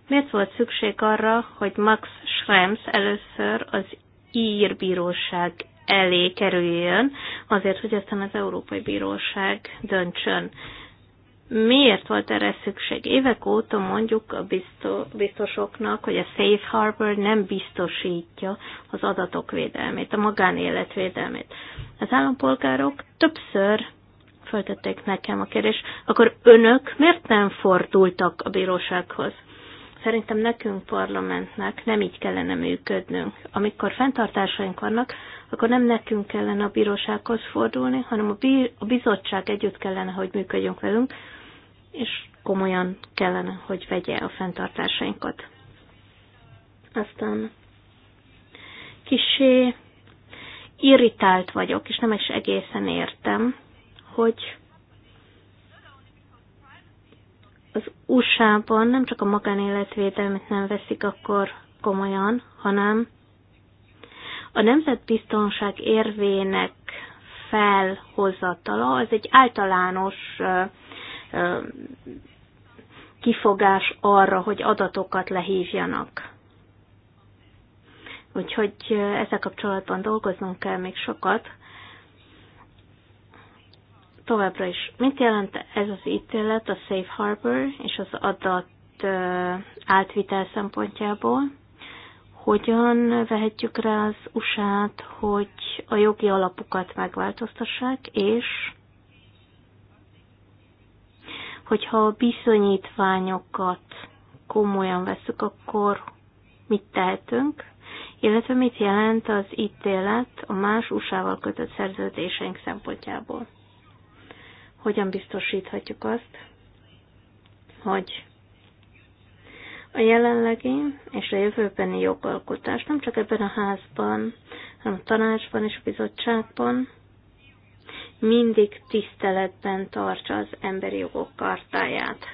miért volt szükség arra, hogy Max Schrems először az ír bíróság elé kerüljön, azért, hogy aztán az Európai Bíróság döntsön. Miért volt erre szükség? Évek óta mondjuk a biztosoknak, hogy a Safe Harbor nem biztosítja az adatok védelmét, a magánélet védelmét. Az állampolgárok többször föltették nekem a kérdést, akkor önök miért nem fordultak a bírósághoz? Szerintem nekünk parlamentnek nem így kellene működnünk. Amikor fenntartásaink vannak, akkor nem nekünk kellene a bírósághoz fordulni, hanem a, bí- a bizottság együtt kellene, hogy működjünk velünk, és komolyan kellene, hogy vegye a fenntartásainkat. Aztán kisé irritált vagyok, és nem is egészen értem, hogy az USA-ban nem csak a magánéletvédelmet nem veszik akkor komolyan, hanem a nemzetbiztonság érvének felhozatala az egy általános kifogás arra, hogy adatokat lehívjanak. Úgyhogy ezzel kapcsolatban dolgoznunk kell még sokat, továbbra is. Mit jelent ez az ítélet a Safe Harbor és az adat átvitel szempontjából? Hogyan vehetjük rá az USA-t, hogy a jogi alapukat megváltoztassák, és hogyha a bizonyítványokat komolyan veszük, akkor mit tehetünk, illetve mit jelent az ítélet a más USA-val kötött szerződéseink szempontjából hogyan biztosíthatjuk azt, hogy a jelenlegi és a jövőbeni jogalkotás nem csak ebben a házban, hanem a tanácsban és a bizottságban mindig tiszteletben tartsa az emberi jogok kartáját,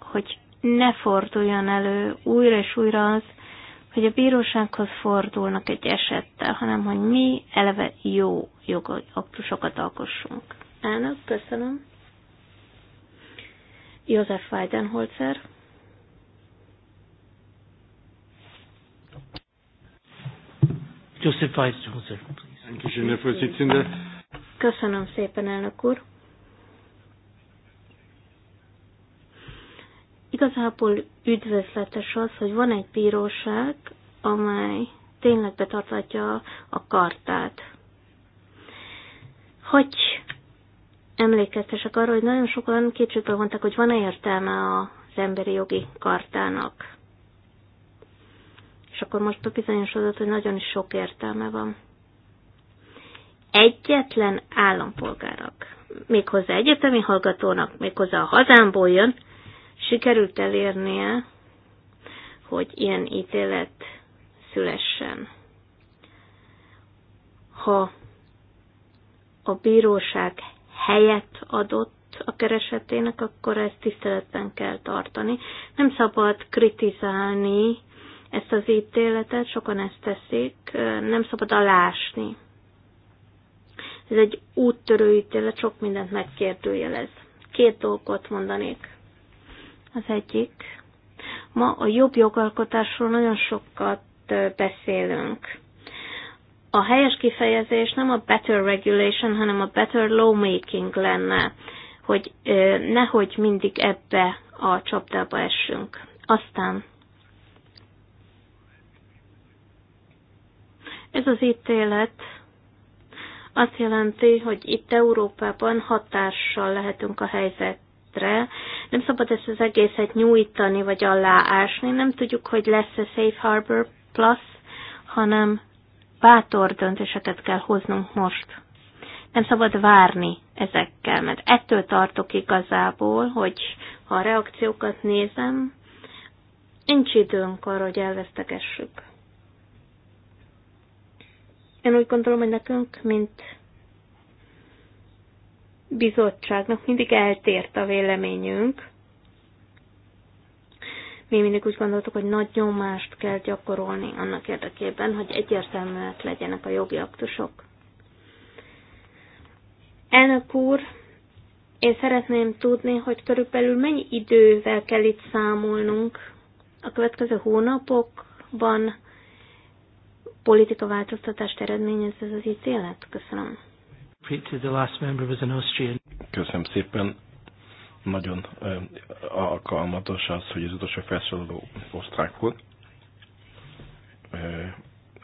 hogy ne forduljon elő újra és újra az, hogy a bírósághoz fordulnak egy esettel, hanem hogy mi eleve jó jogaktusokat alkossunk. Elnök, köszönöm. József Weidenholzer. József Weidenholzer, please. Köszönöm szépen, elnök úr. Igazából üdvözletes az, hogy van egy bíróság, amely tényleg betartatja a kartát. Hogy emlékeztesek arra, hogy nagyon sokan kétségbe vontak, hogy van-e értelme az emberi jogi kartának. És akkor most bebizonyosodott, hogy nagyon is sok értelme van. Egyetlen állampolgárak, méghozzá egyetemi hallgatónak, méghozzá a hazámból jön, sikerült elérnie, hogy ilyen ítélet szülessen. Ha a bíróság helyet adott a keresetének, akkor ezt tiszteletben kell tartani. Nem szabad kritizálni ezt az ítéletet, sokan ezt teszik, nem szabad alásni. Ez egy úttörő ítélet, sok mindent megkérdőjelez. Két dolgot mondanék. Az egyik, ma a jobb jogalkotásról nagyon sokat beszélünk a helyes kifejezés nem a better regulation, hanem a better lawmaking lenne, hogy nehogy mindig ebbe a csapdába essünk. Aztán ez az ítélet azt jelenti, hogy itt Európában hatással lehetünk a helyzetre. Nem szabad ezt az egészet nyújtani vagy aláásni. Nem tudjuk, hogy lesz-e Safe Harbor Plus, hanem bátor döntéseket kell hoznunk most. Nem szabad várni ezekkel, mert ettől tartok igazából, hogy ha a reakciókat nézem, nincs időnk arra, hogy elvesztegessük. Én úgy gondolom, hogy nekünk, mint bizottságnak mindig eltért a véleményünk, mi mindig úgy gondoltuk, hogy nagy nyomást kell gyakorolni annak érdekében, hogy egyértelműek legyenek a jogi aktusok. Elnök úr, én szeretném tudni, hogy körülbelül mennyi idővel kell itt számolnunk a következő hónapokban politika változtatást eredményez ez az ítélet? Köszönöm. Köszönöm szépen nagyon alkalmatos az, hogy az utolsó felszólaló osztrák volt.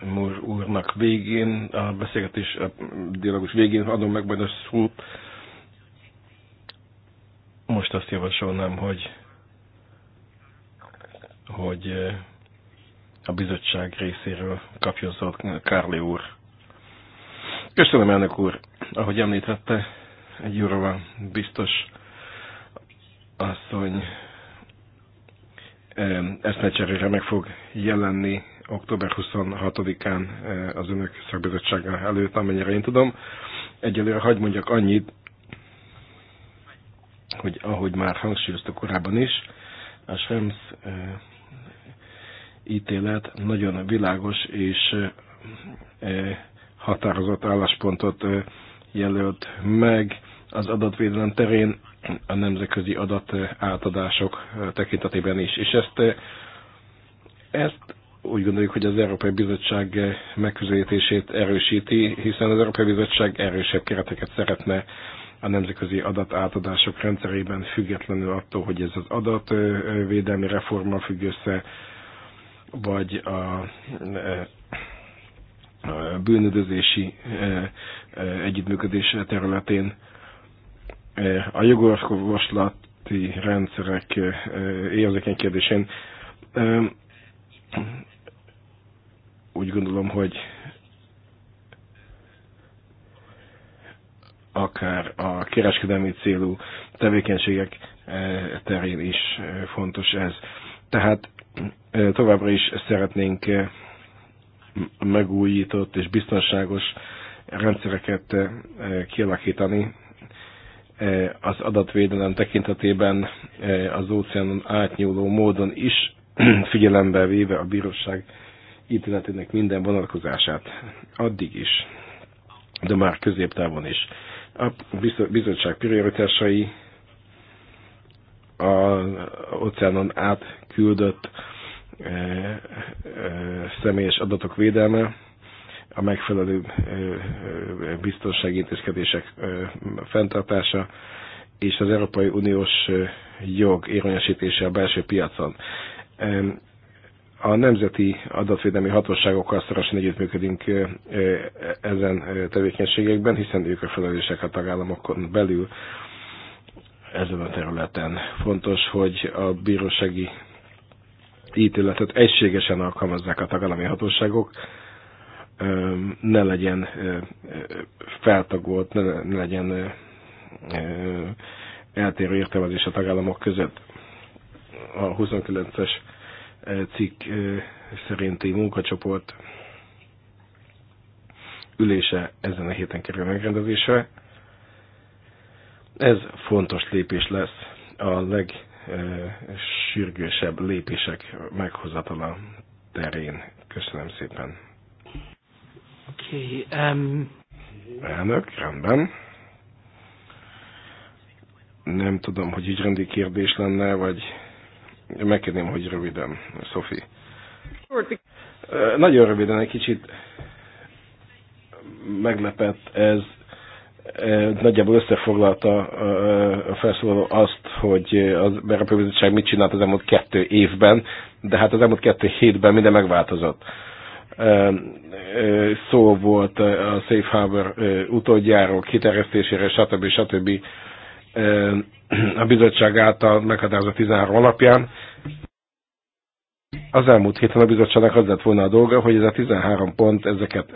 Múr úrnak végén, a beszélgetés, a dialogus végén adom meg majd a szót. Most azt javasolnám, hogy hogy a bizottság részéről kapjon szót Kárli úr. Köszönöm, elnök úr! Ahogy említette, Jurova biztos asszony eszmecserére meg fog jelenni október 26-án az önök szakbizottsága előtt, amennyire én tudom. Egyelőre hagyd mondjak annyit, hogy ahogy már hangsúlyoztuk korábban is, a Schrems ítélet nagyon világos és határozott álláspontot jelölt meg az adatvédelem terén a nemzetközi adat eh, átadások eh, tekintetében is. És ezt, eh, ezt úgy gondoljuk, hogy az Európai Bizottság megközelítését erősíti, hiszen az Európai Bizottság erősebb kereteket szeretne a nemzetközi adatátadások rendszerében, függetlenül attól, hogy ez az adatvédelmi reforma függ össze, vagy a bűnödözési együttműködés területén a jogorvoslati rendszerek érzékeny kérdésén úgy gondolom, hogy akár a kereskedelmi célú tevékenységek terén is fontos ez. Tehát továbbra is szeretnénk megújított és biztonságos rendszereket kialakítani, E, az adatvédelem tekintetében e, az óceánon átnyúló módon is figyelembe véve a bíróság ítéletének minden vonatkozását. Addig is, de már középtávon is. A bizottság prioritásai az óceánon átküldött e, személyes adatok védelme, a megfelelő biztonsági intézkedések fenntartása és az Európai Uniós jog érvényesítése a belső piacon. A nemzeti adatvédelmi hatóságokkal szorosan együttműködünk ezen tevékenységekben, hiszen ők a felelősek a tagállamokon belül ezen a területen. Fontos, hogy a bírósági ítéletet egységesen alkalmazzák a tagállami hatóságok, ne legyen feltagolt, ne, legyen eltérő értelmezés a tagállamok között. A 29-es cikk szerinti munkacsoport ülése ezen a héten kerül megrendezésre. Ez fontos lépés lesz a legsürgősebb lépések meghozatala terén. Köszönöm szépen! Okay, um... Elnök, rendben. Nem tudom, hogy rendi kérdés lenne, vagy megkérném, hogy röviden, Szofi. Nagyon röviden, egy kicsit meglepett ez. Nagyjából összefoglalta a felszólaló azt, hogy az Európai Bizottság mit csinált az elmúlt kettő évben, de hát az elmúlt kettő hétben minden megváltozott szó volt a Safe Harbor utódjáról, kiterjesztésére, stb. stb. a bizottság által meghatározott 13 alapján. Az elmúlt héten a bizottságnak az lett volna a dolga, hogy ez a 13 pont, ezeket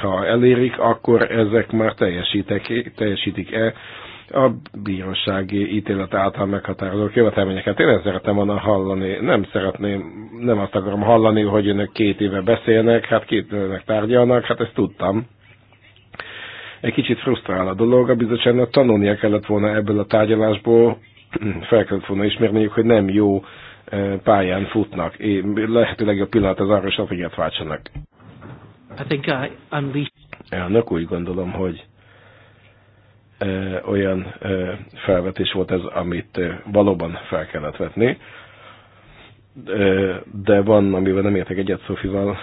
ha elérik, akkor ezek már teljesítik-e a bírósági ítélet által meghatározott követelményeket. Én ezt szeretem volna hallani. Nem szeretném, nem azt akarom hallani, hogy önök két éve beszélnek, hát két évnek tárgyalnak, hát ezt tudtam. Egy kicsit frusztrál a dolog, a bizottságnak tanulnia kellett volna ebből a tárgyalásból, fel kellett volna ismerniük, hogy nem jó eh, pályán futnak. Lehetőleg a pillanat az arra, hogy váltsanak. I think I Elnök úgy gondolom, hogy olyan felvetés volt ez, amit valóban fel kellett vetni. De van, amivel nem értek egyet Szofival,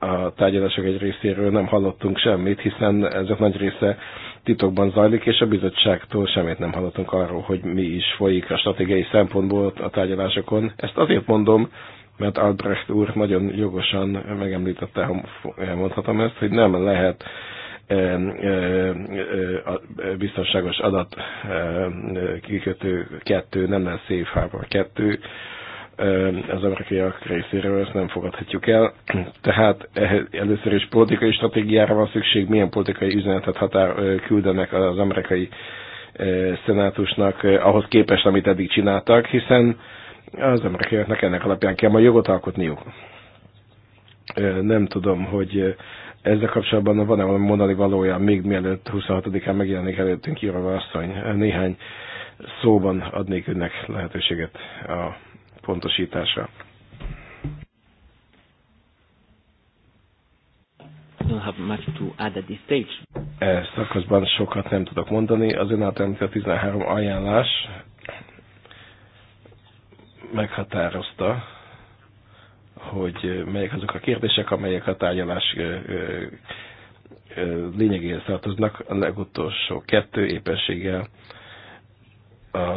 a tárgyalások egy részéről nem hallottunk semmit, hiszen ezek nagy része titokban zajlik, és a bizottságtól semmit nem hallottunk arról, hogy mi is folyik a stratégiai szempontból a tárgyalásokon. Ezt azért mondom, mert Albrecht úr nagyon jogosan megemlítette, ha mondhatom ezt, hogy nem lehet a biztonságos adat kikötő kettő nem lesz Safe Harbor kettő, az amerikaiak részéről ezt nem fogadhatjuk el. Tehát először is politikai stratégiára van szükség, milyen politikai üzenetet határ, küldenek az amerikai szenátusnak ahhoz képest, amit eddig csináltak, hiszen az amerikaiaknak ennek alapján kell majd jogot alkotniuk. Nem tudom, hogy ezzel kapcsolatban van-e valami mondani valója, még mielőtt 26-án megjelenik előttünk írva asszony? Néhány szóban adnék önnek lehetőséget a pontosításra. don't have much to add at this stage. E szakaszban sokat nem tudok mondani. Az ön által a 13 ajánlás meghatározta hogy eh, melyek azok a kérdések, amelyek a tárgyalás eh, eh, lényegéhez tartoznak. A legutolsó kettő éppenséggel a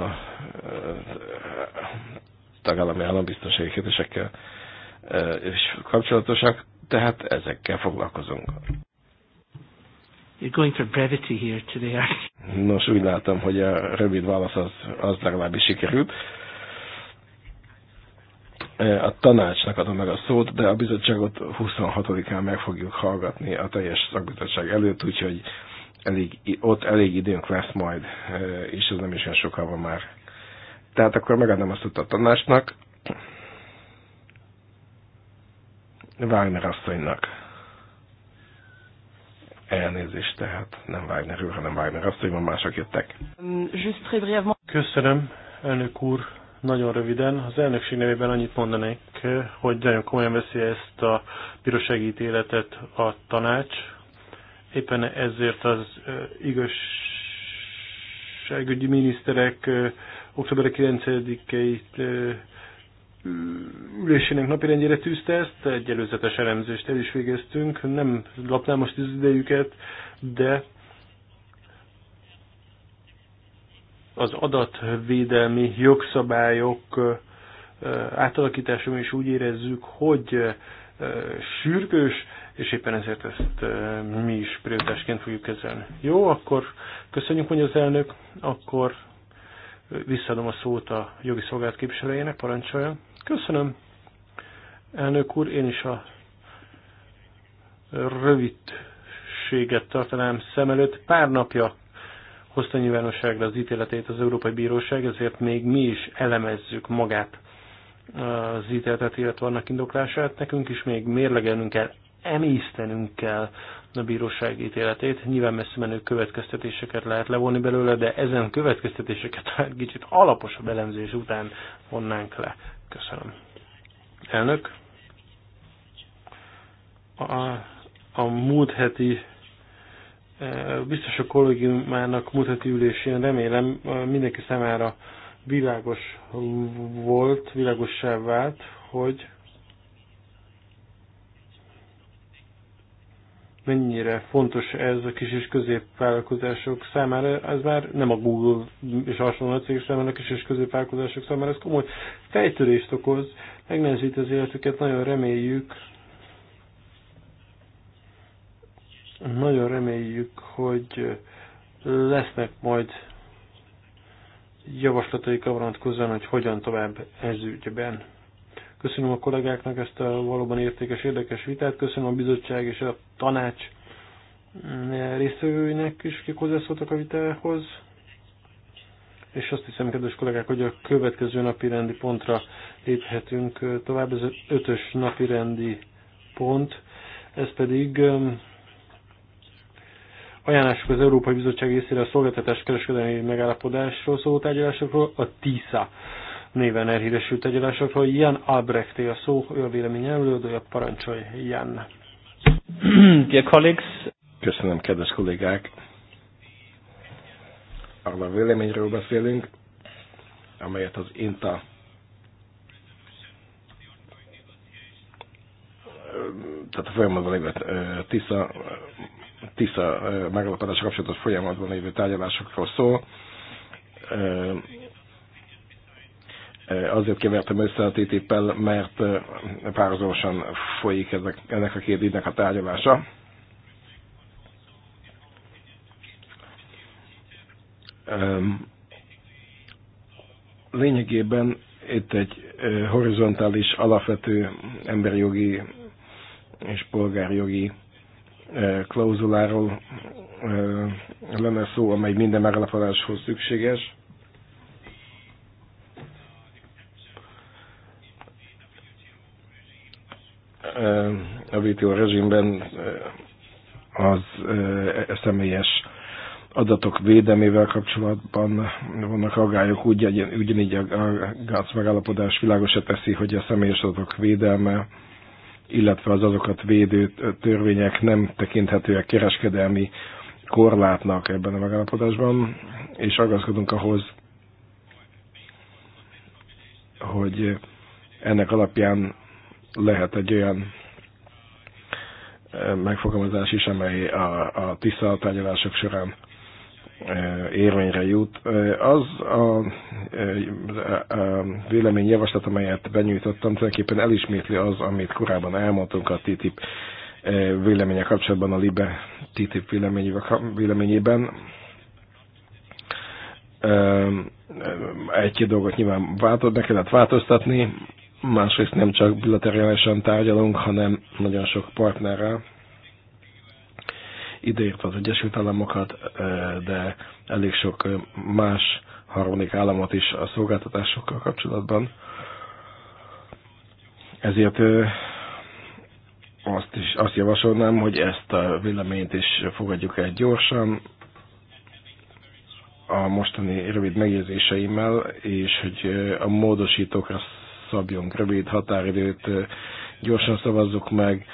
tagállami állambiztonsági kérdésekkel és kapcsolatosak, tehát ezekkel foglalkozunk. You're going for brevity here today. Nos, úgy látom, hogy a rövid válasz az, az legalábbis sikerült. E, a tanácsnak adom meg a szót, de a bizottságot 26-án meg fogjuk hallgatni a teljes szakbizottság előtt, úgyhogy elég, ott elég időnk lesz majd, e, és ez nem is olyan sokkal van már. Tehát akkor megadom azt a tanácsnak, Wagner asszonynak. Elnézést tehát, nem Wagner úr, hanem Wagner asszony, van mások jöttek. Hm, Köszönöm, elnök úr, nagyon röviden, az elnökség nevében annyit mondanék, hogy nagyon komolyan veszi ezt a bírósági ítéletet a tanács. Éppen ezért az igazságügyi miniszterek október 9-i ülésének napirendjére tűzte ezt, egy előzetes elemzést el is végeztünk, nem lapnám most az idejüket, de az adatvédelmi jogszabályok átalakításom is úgy érezzük, hogy sürgős, és éppen ezért ezt mi is prioritásként fogjuk kezelni. Jó, akkor köszönjük, mondja az elnök, akkor visszaadom a szót a jogi szolgált képviselőjének, parancsolja. Köszönöm, elnök úr, én is a rövidséget tartanám szem előtt. Pár napja hozta nyilvánosságra az ítéletét az Európai Bíróság, ezért még mi is elemezzük magát eh, az ítéletet, illetve annak indoklását. Nekünk is még mérlegelnünk kell, emésztenünk kell a bíróság ítéletét. Nyilván messze menő következtetéseket lehet levonni belőle, de ezen következtetéseket hát kicsit alaposabb elemzés után vonnánk le. Köszönöm. Elnök. A, a múlt heti biztos a kollégiumának mutati ülésén remélem mindenki számára világos volt, világossá vált, hogy mennyire fontos ez a kis és középvállalkozások számára, ez már nem a Google és hasonló cégek számára, a kis és középvállalkozások számára, ez komoly fejtörést okoz, megnehezít az életüket, nagyon reméljük, Nagyon reméljük, hogy lesznek majd javaslataik a vonatkozóan, hogy hogyan tovább ez ügyben. Köszönöm a kollégáknak ezt a valóban értékes, érdekes vitát, köszönöm a bizottság és a tanács résztvevőinek is, akik hozzászóltak a vitához. És azt hiszem, kedves kollégák, hogy a következő napi rendi pontra léphetünk tovább. Ez ötös napi rendi pont. Ez pedig um, ajánlások az Európai Bizottság részére a szolgáltatás kereskedelmi megállapodásról szóló tárgyalásokról, a TISA néven elhíresült tárgyalásokról. Jan Albrecht a szó, ő a vélemény előadója, parancsolj Jan. Dear colleagues. Köszönöm, kedves kollégák. Arra a véleményről beszélünk, amelyet az INTA tehát a folyamatban lévő TISZA TISZA megalapodásra kapcsolatos folyamatban lévő tárgyalásokról szól. Azért kevertem össze a TTIP-el, mert párhuzamosan folyik ezek, ennek a két ügynek a tárgyalása. Lényegében itt egy horizontális, alapvető emberi jogi és polgárjogi klauzuláról lenne szó, amely minden megalapodáshoz szükséges. A WTO rezsimben az e, személyes adatok védelmével kapcsolatban vannak aggályok, úgy, ugyanígy a GATS megállapodás világosra teszi, hogy a személyes adatok védelme illetve az azokat védő törvények nem tekinthetőek kereskedelmi korlátnak ebben a megállapodásban, és aggaszkodunk ahhoz, hogy ennek alapján lehet egy olyan eh, megfogalmazás is, amely a, a tiszta tárgyalások során érvényre jut. Az a, véleményjavaslat, amelyet benyújtottam, tulajdonképpen elismétli az, amit korábban elmondtunk a TTIP véleménye kapcsolatban a LIBE TTIP véleményében. Egy-két dolgot nyilván változ, meg kellett változtatni, másrészt nem csak bilaterálisan tárgyalunk, hanem nagyon sok partnerrel ideértve az Egyesült Államokat, de elég sok más harmadik államot is a szolgáltatásokkal kapcsolatban. Ezért azt, is, azt javasolnám, hogy ezt a véleményt is fogadjuk el gyorsan, a mostani rövid megjegyzéseimmel, és hogy a módosítókra szabjunk rövid határidőt, gyorsan szavazzuk meg,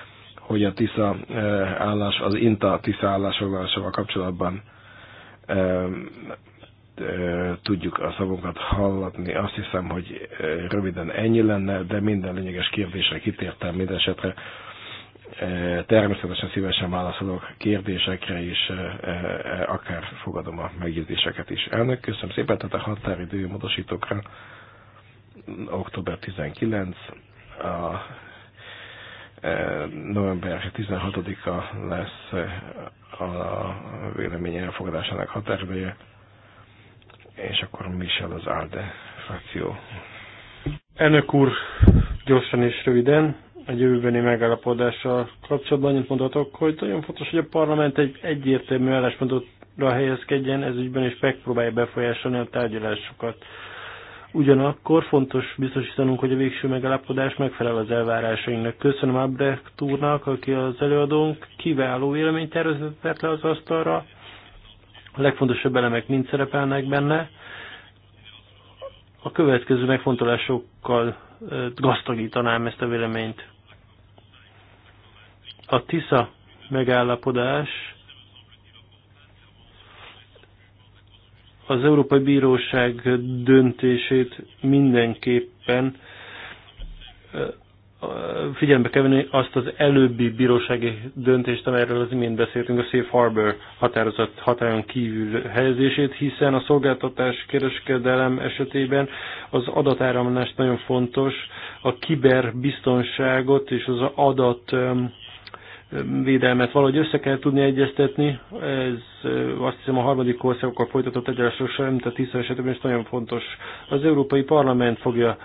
hogy a TISZA eh, állás, az INTA TISZA állásfoglalásával kapcsolatban eh, eh, tudjuk a szavunkat hallatni. Azt hiszem, hogy röviden ennyi lenne, de minden lényeges kérdésre kitértem minden esetre. Természetesen szívesen válaszolok kérdésekre, és akár fogadom a megjegyzéseket is. Elnök, köszönöm szépen, tehát a határidő módosítókra október 19, a november 16-a lesz a vélemény elfogadásának határideje, és akkor Michel az ALDE frakció. Elnök úr, gyorsan és röviden, a jövőbeni megállapodással kapcsolatban annyit mondhatok, hogy nagyon fontos, hogy a parlament egy egyértelmű álláspontot helyezkedjen, ez ügyben is megpróbálja befolyásolni a tárgyalásokat. Ugyanakkor fontos biztosítanunk, hogy a végső megállapodás megfelel az elvárásainknak. Köszönöm Abrecht úrnak, aki az előadónk kiváló véleménytervezetet tervezett le az asztalra. A legfontosabb elemek mind szerepelnek benne. A következő megfontolásokkal gazdagítanám ezt a véleményt. A TISZA megállapodás az Európai Bíróság döntését mindenképpen figyelembe kell venni azt az előbbi bírósági döntést, amelyről az imént beszéltünk, a Safe Harbor határozat határon kívül helyezését, hiszen a szolgáltatás kereskedelem esetében az adatáramlás nagyon fontos, a kiberbiztonságot és az adat védelmet valahogy össze kell tudni egyeztetni. Ez azt hiszem a harmadik országokkal folytatott egyáltalán sem, mint a tiszta esetben is nagyon fontos. Az Európai Parlament fogja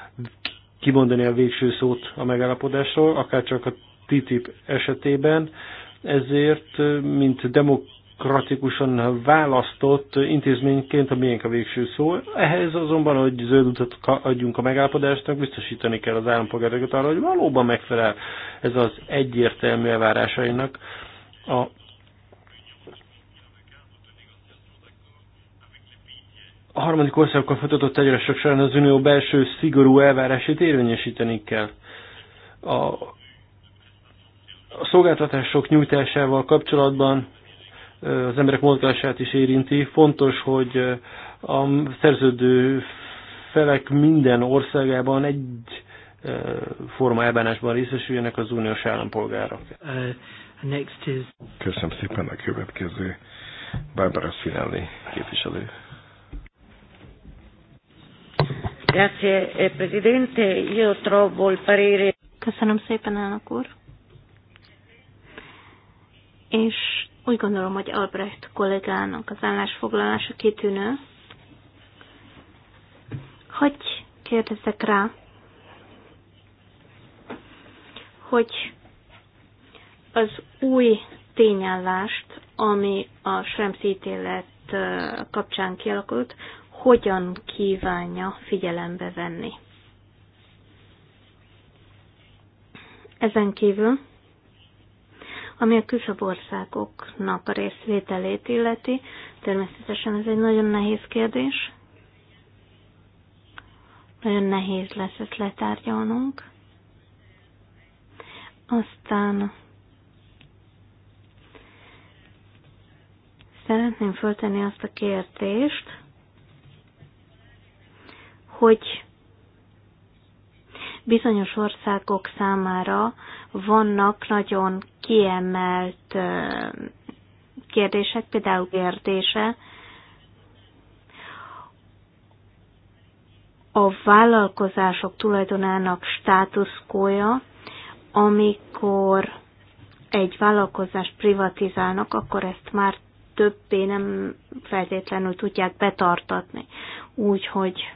kimondani a végső szót a megállapodásról, akár csak a TTIP esetében, ezért, mint demok demokratikusan választott intézményként a miénk a végső szó. Ehhez azonban, hogy zöld utat adjunk a megállapodásnak, biztosítani kell az állampolgárokat arra, hogy valóban megfelel ez az egyértelmű elvárásainak. A a harmadik országokkal folytatott tárgyalások során az unió belső szigorú elvárásait érvényesíteni kell. A, a szolgáltatások nyújtásával kapcsolatban az emberek mozgását is érinti. Fontos, hogy a szerződő felek minden országában egy e, forma elbánásban részesüljenek az uniós állampolgárok. Uh, Köszönöm szépen a következő Barbara Spinelli képviselő. Grazie eh, Presidente, io trovo il parere. Köszönöm szépen, elnök úr. És úgy gondolom, hogy Albrecht kollégának az állásfoglalása kitűnő. Hogy kérdezek rá, hogy az új tényállást, ami a Sremsz ítélet kapcsán kialakult, hogyan kívánja figyelembe venni. Ezen kívül ami a küszöbb országoknak a részvételét illeti, természetesen ez egy nagyon nehéz kérdés. Nagyon nehéz lesz ezt letárgyalnunk. Aztán szeretném föltenni azt a kérdést, hogy bizonyos országok számára vannak nagyon kiemelt kérdések, például kérdése a vállalkozások tulajdonának státuszkója, amikor egy vállalkozást privatizálnak, akkor ezt már többé nem feltétlenül tudják betartatni. Úgyhogy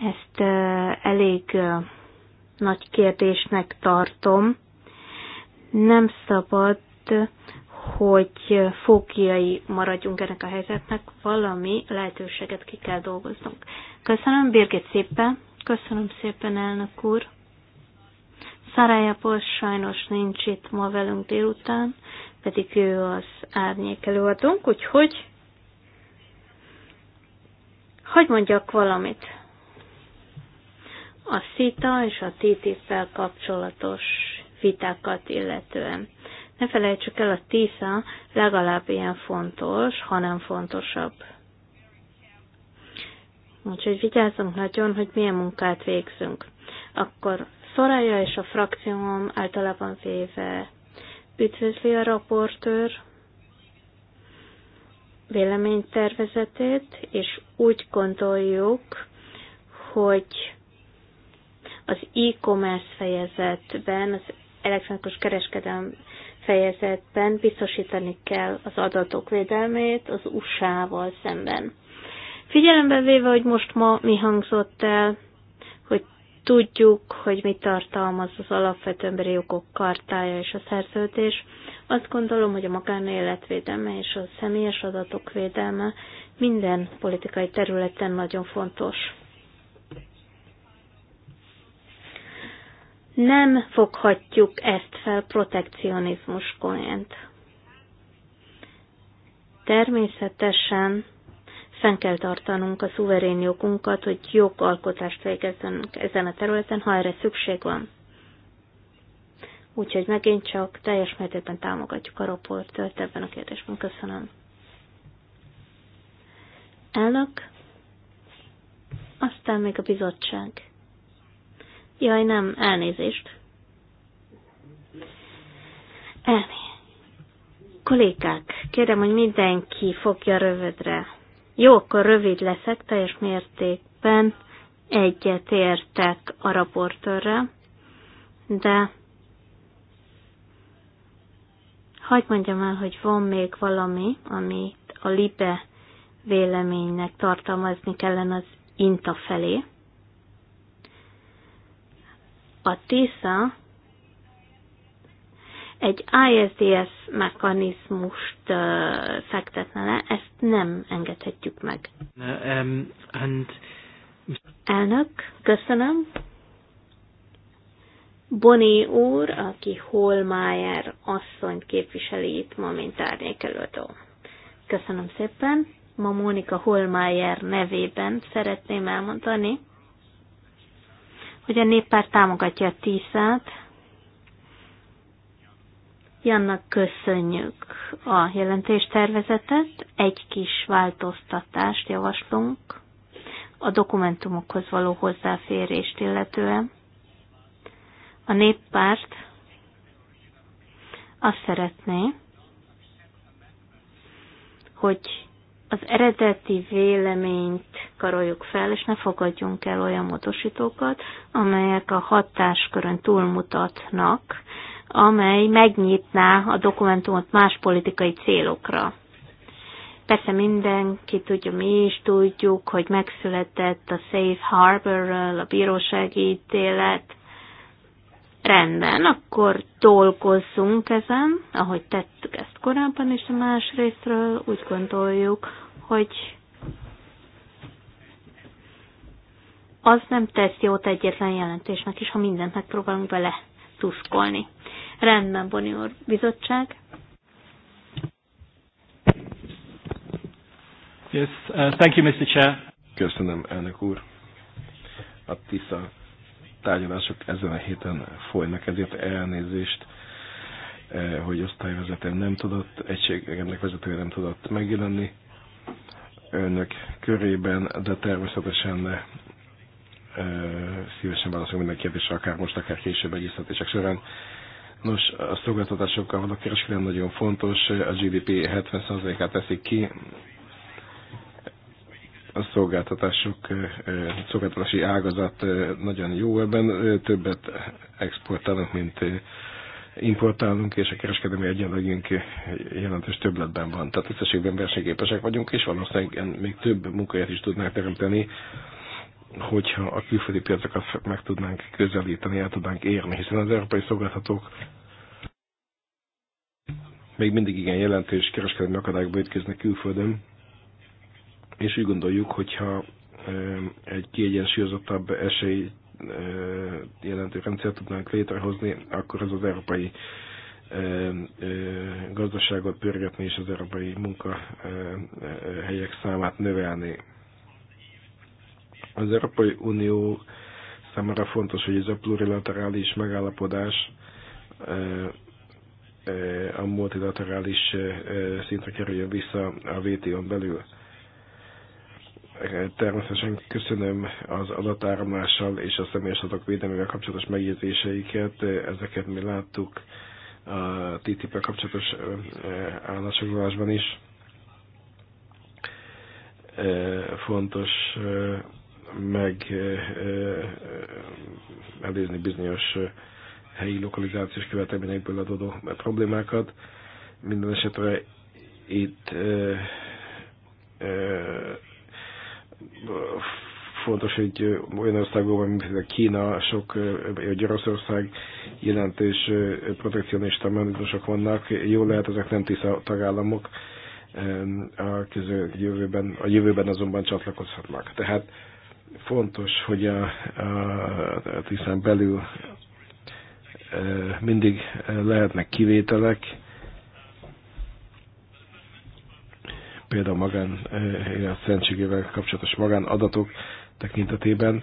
ezt elég nagy kérdésnek tartom. Nem szabad, hogy fókiai maradjunk ennek a helyzetnek, valami lehetőséget ki kell dolgoznunk. Köszönöm Birgit szépen, köszönöm szépen elnök úr. Szarájából sajnos nincs itt ma velünk délután, pedig ő az árnyék előadónk, úgyhogy hogy mondjak valamit a SZITA és a TTIP-fel kapcsolatos vitákat illetően. Ne felejtsük el, a TISA legalább ilyen fontos, hanem fontosabb. Úgyhogy vigyázzunk nagyon, hogy milyen munkát végzünk. Akkor Szorája és a frakcióm általában véve üdvözli a raportőr véleménytervezetét, és úgy gondoljuk, hogy az e-commerce fejezetben, az elektronikus kereskedelem fejezetben biztosítani kell az adatok védelmét az USA-val szemben. Figyelembe véve, hogy most ma mi hangzott el, hogy tudjuk, hogy mit tartalmaz az alapvető emberi jogok kartája és a szerződés, azt gondolom, hogy a magánéletvédelme és a személyes adatok védelme minden politikai területen nagyon fontos. Nem foghatjuk ezt fel protekcionizmusként. Természetesen fenn kell tartanunk a szuverén jogunkat, hogy jogalkotást végezzünk ezen a területen, ha erre szükség van. Úgyhogy megint csak teljes mértékben támogatjuk a raportot ebben a kérdésben. Köszönöm. Elnök, aztán még a bizottság. Jaj, nem, elnézést. Elné. Kollégák, kérem, hogy mindenki fogja rövidre. Jó, akkor rövid leszek, teljes mértékben egyet értek a raportőrre, de hagyd mondjam el, hogy van még valami, amit a LIBE véleménynek tartalmazni kellene az INTA felé. A TISA egy ISDS mechanizmust fektetne le, ezt nem engedhetjük meg. Um, and... Elnök, köszönöm. Boni úr, aki Holmájer asszonyt képviseli itt ma, mint árnyékelődő. Köszönöm szépen. Ma Mónika Holmájer nevében szeretném elmondani, hogy a néppárt támogatja a tiszát, Jannak köszönjük a jelentéstervezetet, egy kis változtatást javaslunk a dokumentumokhoz való hozzáférést illetően. A néppárt azt szeretné, hogy az eredeti véleményt karoljuk fel, és ne fogadjunk el olyan módosítókat, amelyek a hatáskörön túlmutatnak, amely megnyitná a dokumentumot más politikai célokra. Persze mindenki tudja, mi is tudjuk, hogy megszületett a Safe harbor a bírósági ítélet. Rendben, akkor dolgozzunk ezen, ahogy tettük ezt korábban is a más részről, úgy gondoljuk, hogy az nem tesz jót egyetlen jelentésnek is, ha mindent megpróbálunk bele tuszkolni. Rendben, Boni úr, bizottság. Yes, uh, thank you, Mr. Chair. Köszönöm, elnök úr. A TISZA tárgyalások ezen a héten folynak, ezért elnézést, eh, hogy osztályvezető nem tudott, egységemnek vezetője nem tudott megjelenni önök körében, de természetesen eh, szívesen válaszolok minden kérdésre, akár most, akár később egészítések során. Nos, a szolgáltatásokkal való kereskedelem nagyon fontos, a GDP 70%-át teszik ki, a szolgáltatások, eh, szolgáltatási ágazat eh, nagyon jó ebben, többet exportálunk, mint importálunk, és a kereskedelmi egyenlegünk jelentős többletben van. Tehát összességben versenyképesek vagyunk, és valószínűleg még több munkahelyet is tudnánk teremteni, hogyha a külföldi piacokat meg tudnánk közelíteni, el tudnánk érni, hiszen az európai szolgáltatók még mindig igen jelentős kereskedelmi akadályokba ütköznek külföldön, és úgy gondoljuk, hogyha egy kiegyensúlyozottabb esélyt jelentő rendszert tudnánk létrehozni, akkor az az európai gazdaságot pörgetni és az európai munkahelyek számát növelni. Az Európai Unió számára fontos, hogy ez a plurilaterális megállapodás a multilaterális szintre kerüljön vissza a WTO-n belül. Természetesen köszönöm az adatáramlással és a személyes adatok védelmével kapcsolatos megjegyzéseiket. Ezeket mi láttuk a TTIP-el kapcsolatos állásfoglalásban is. Fontos meg elézni bizonyos helyi lokalizációs követelményekből adódó problémákat. Minden esetre itt fontos, hogy olyan országokban, mint Kína, sok, vagy Oroszország jelentős protekcionista mechanizmusok vannak. Jó lehet, ezek nem tiszta tagállamok, a, közül, jövőben, a jövőben azonban csatlakozhatnak. Tehát fontos, hogy a, a, a tisztán belül mindig lehetnek kivételek, például magán a eh, szentségével kapcsolatos magánadatok tekintetében,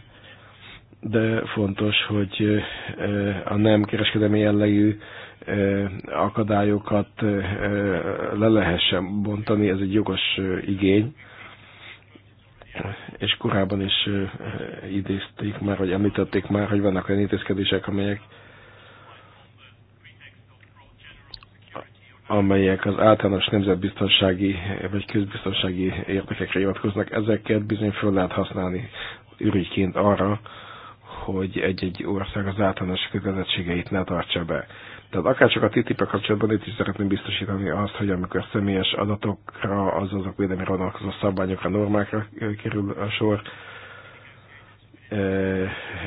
de fontos, hogy eh, a nem kereskedelmi jellegű eh, akadályokat le lehessen bontani, ez egy jogos igény, és korábban is idézték már, vagy említették már, hogy vannak olyan intézkedések, amelyek amelyek az általános nemzetbiztonsági vagy közbiztonsági érdekekre hivatkoznak, ezeket bizony föl lehet használni ürügyként arra, hogy egy-egy ország az általános kötelezettségeit ne tartsa be. Tehát akárcsak a ttip kapcsolatban itt is szeretném biztosítani azt, hogy amikor személyes adatokra, az a védelmi vonalkozó szabványokra, normákra kerül a sor,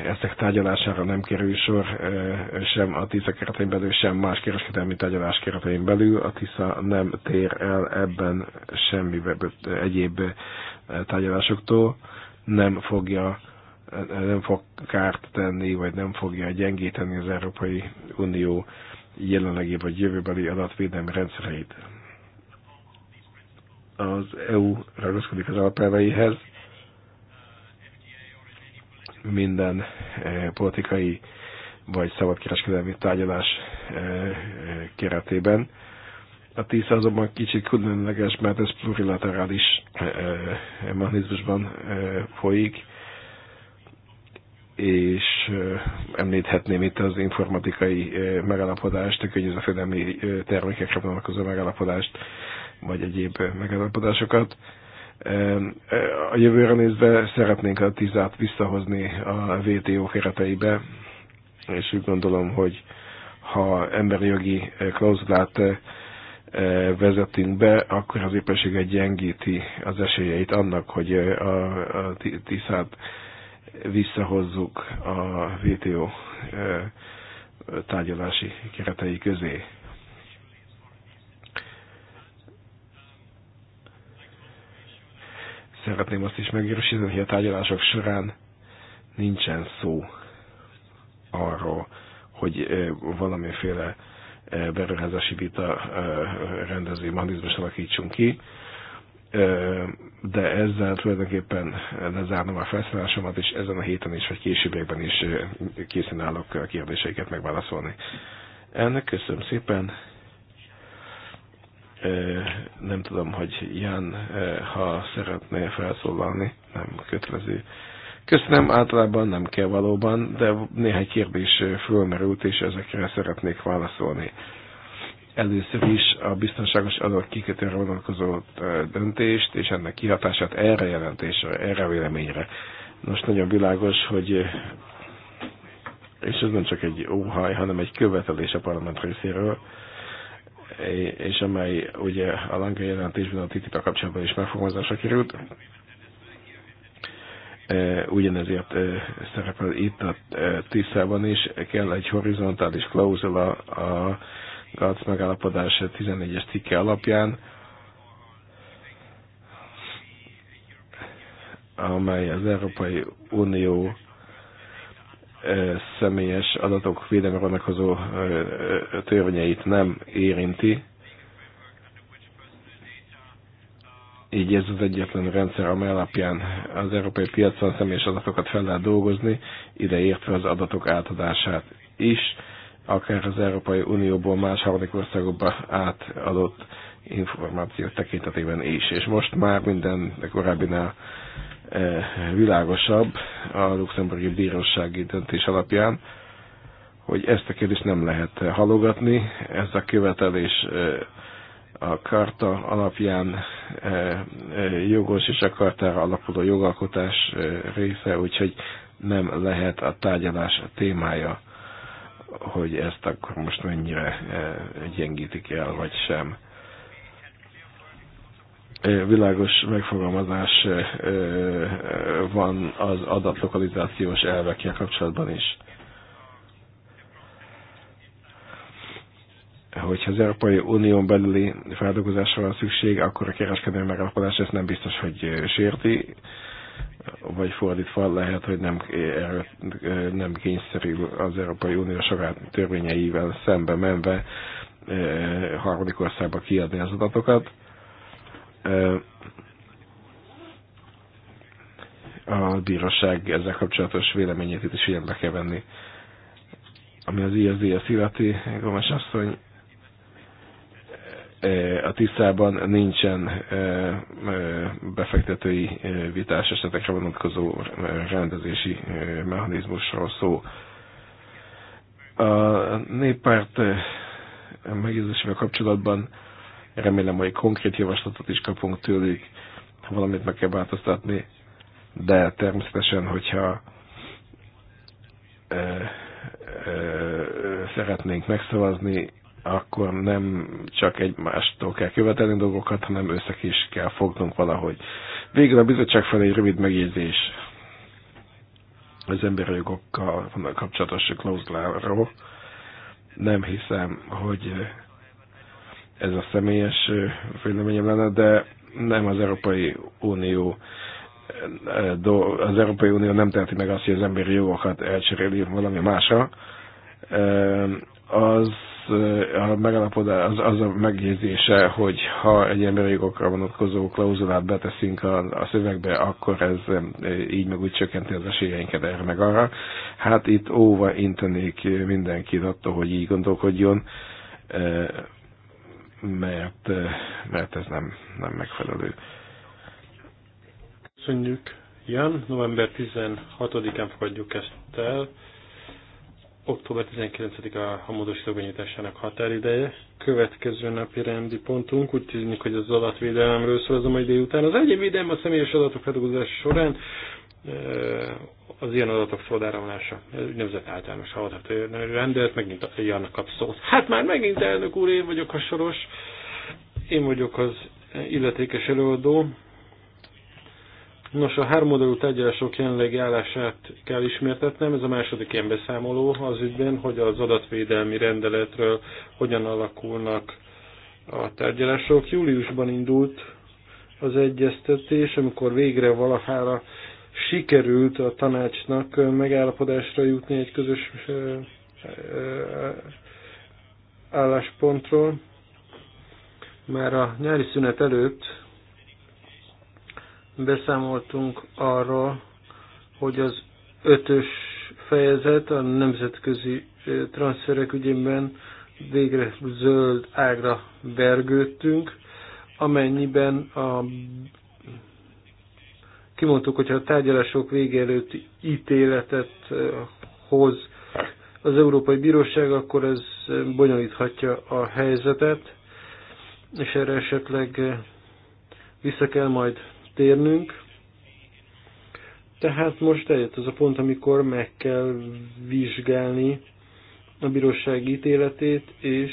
ezek tárgyalására nem kerül sor sem a TISZA keretein belül, sem más kereskedelmi tárgyalás keretein belül. A TISZA nem tér el ebben semmi egyéb tárgyalásoktól, nem fogja nem fog kárt tenni, vagy nem fogja gyengíteni az Európai Unió jelenlegi vagy jövőbeli adatvédelmi rendszereit. Az EU ragaszkodik az alapelveihez, minden eh, politikai vagy szabadkereskedelmi tárgyalás eh, eh, keretében. A TISZA azonban kicsit különleges, mert ez plurilaterális mechanizmusban folyik, és említhetném itt az informatikai megalapodást, a környezetvédelmi termékekre vonatkozó megalapodást, vagy egyéb megállapodásokat. A jövőre nézve szeretnénk a tízát visszahozni a WTO kereteibe, és úgy gondolom, hogy ha emberi jogi klauzulát vezetünk be, akkor az éppenséget gyengíti az esélyeit annak, hogy a, tiszát visszahozzuk a VTO tárgyalási keretei közé. szeretném azt is megérősíteni, hogy a tárgyalások során nincsen szó arról, hogy valamiféle beruházási vita rendező mechanizmus alakítsunk ki, de ezzel tulajdonképpen lezárnom a felszállásomat, és ezen a héten is, vagy későbbiekben is készen állok a kérdéseiket megválaszolni. Ennek köszönöm szépen! Nem tudom, hogy Jan, ha szeretné felszólalni, nem kötelező. Köszönöm, általában nem kell valóban, de néhány kérdés fölmerült, és ezekre szeretnék válaszolni. Először is a biztonságos adott kikötőre vonatkozó döntést, és ennek kihatását erre jelentésre, erre a véleményre. Nos, nagyon világos, hogy és ez nem csak egy óhaj, hanem egy követelés a parlament részéről, és amely ugye a Lanka jelentésben a ttip kapcsolatban is megfogalmazásra került. E, ugyanezért e, szerepel itt a e, tisz is, kell egy horizontális klauzula a GATS megállapodás 14-es cikke alapján, amely az Európai Unió személyes adatok védelmére vonatkozó törvényeit nem érinti. Így ez az egyetlen rendszer, amely alapján az európai piacon személyes adatokat fel lehet dolgozni, ideértve az adatok átadását is, akár az Európai Unióból más harmadik országokba átadott információ tekintetében is. És most már minden korábbinál Eh, világosabb a luxemburgi bírósági döntés alapján, hogy ezt a kérdést nem lehet halogatni. Ez a követelés eh, a karta alapján eh, jogos és a kartára alapuló jogalkotás része, úgyhogy nem lehet a tárgyalás témája, hogy ezt akkor most mennyire gyengítik el, vagy sem világos megfogalmazás van az adatlokalizációs elvekkel kapcsolatban is. Hogyha az Európai Unión belüli feldolgozásra van szükség, akkor a kereskedelmi megállapodás ezt nem biztos, hogy sérti, vagy fordítva lehet, hogy nem, nem kényszerül az Európai Unió saját törvényeivel szembe menve harmadik országba kiadni az adatokat a bíróság ezzel kapcsolatos véleményét itt is ilyenbe kell venni. Ami az ISDS illeti, Gomes asszony, a Tiszában nincsen befektetői vitás esetekre vonatkozó rendezési mechanizmusról szó. A néppárt megjegyzésével kapcsolatban Remélem, hogy konkrét javaslatot is kapunk tőlük, valamit meg kell változtatni, de természetesen, hogyha ö, ö, szeretnénk megszavazni, akkor nem csak egymástól kell követelni dolgokat, hanem össze is kell fognunk valahogy. Végül a bizottság felé egy rövid megjegyzés az emberi jogokkal kapcsolatos klauzuláról. Nem hiszem, hogy ez a személyes véleményem lenne, de nem az Európai Unió az Európai Unió nem teheti meg azt, hogy az emberi jogokat elcseréli valami másra. Az a megalapodás, az, az a megjegyzése, hogy ha egy emberi jogokra vonatkozó klauzulát beteszünk a, a szövegbe, akkor ez így meg úgy csökkenti az esélyeinket erre meg arra. Hát itt óva intenék mindenkit attól, hogy így gondolkodjon mert, eh, mert ez nem, nem megfelelő. Köszönjük, Jan. November 16-án fogadjuk ezt el. Október 19-a a módosítók benyújtásának határideje. Következő napi rendi pontunk, úgy tűnik, hogy az adatvédelemről szól az a mai délután. Az egyéb védelem a személyes adatok feldolgozása során az ilyen adatok ez úgynevezett általános adatő rendelet, megint Jan kap szót. Hát már megint elnök úr, én vagyok a soros, én vagyok az illetékes előadó. Nos, a hármodalú tárgyalások jelenlegi állását kell ismertetnem, ez a második ilyen beszámoló az ügyben, hogy az adatvédelmi rendeletről hogyan alakulnak a tárgyalások. Júliusban indult az egyeztetés, amikor végre valahára sikerült a tanácsnak megállapodásra jutni egy közös álláspontról. Már a nyári szünet előtt beszámoltunk arról, hogy az ötös fejezet a nemzetközi transzferek ügyében végre zöld ágra vergődtünk, amennyiben a kimondtuk, hogyha a tárgyalások végelőtt ítéletet eh, hoz az Európai Bíróság, akkor ez eh, bonyolíthatja a helyzetet, és erre esetleg eh, vissza kell majd térnünk. Tehát most eljött az a pont, amikor meg kell vizsgálni a bíróság ítéletét, és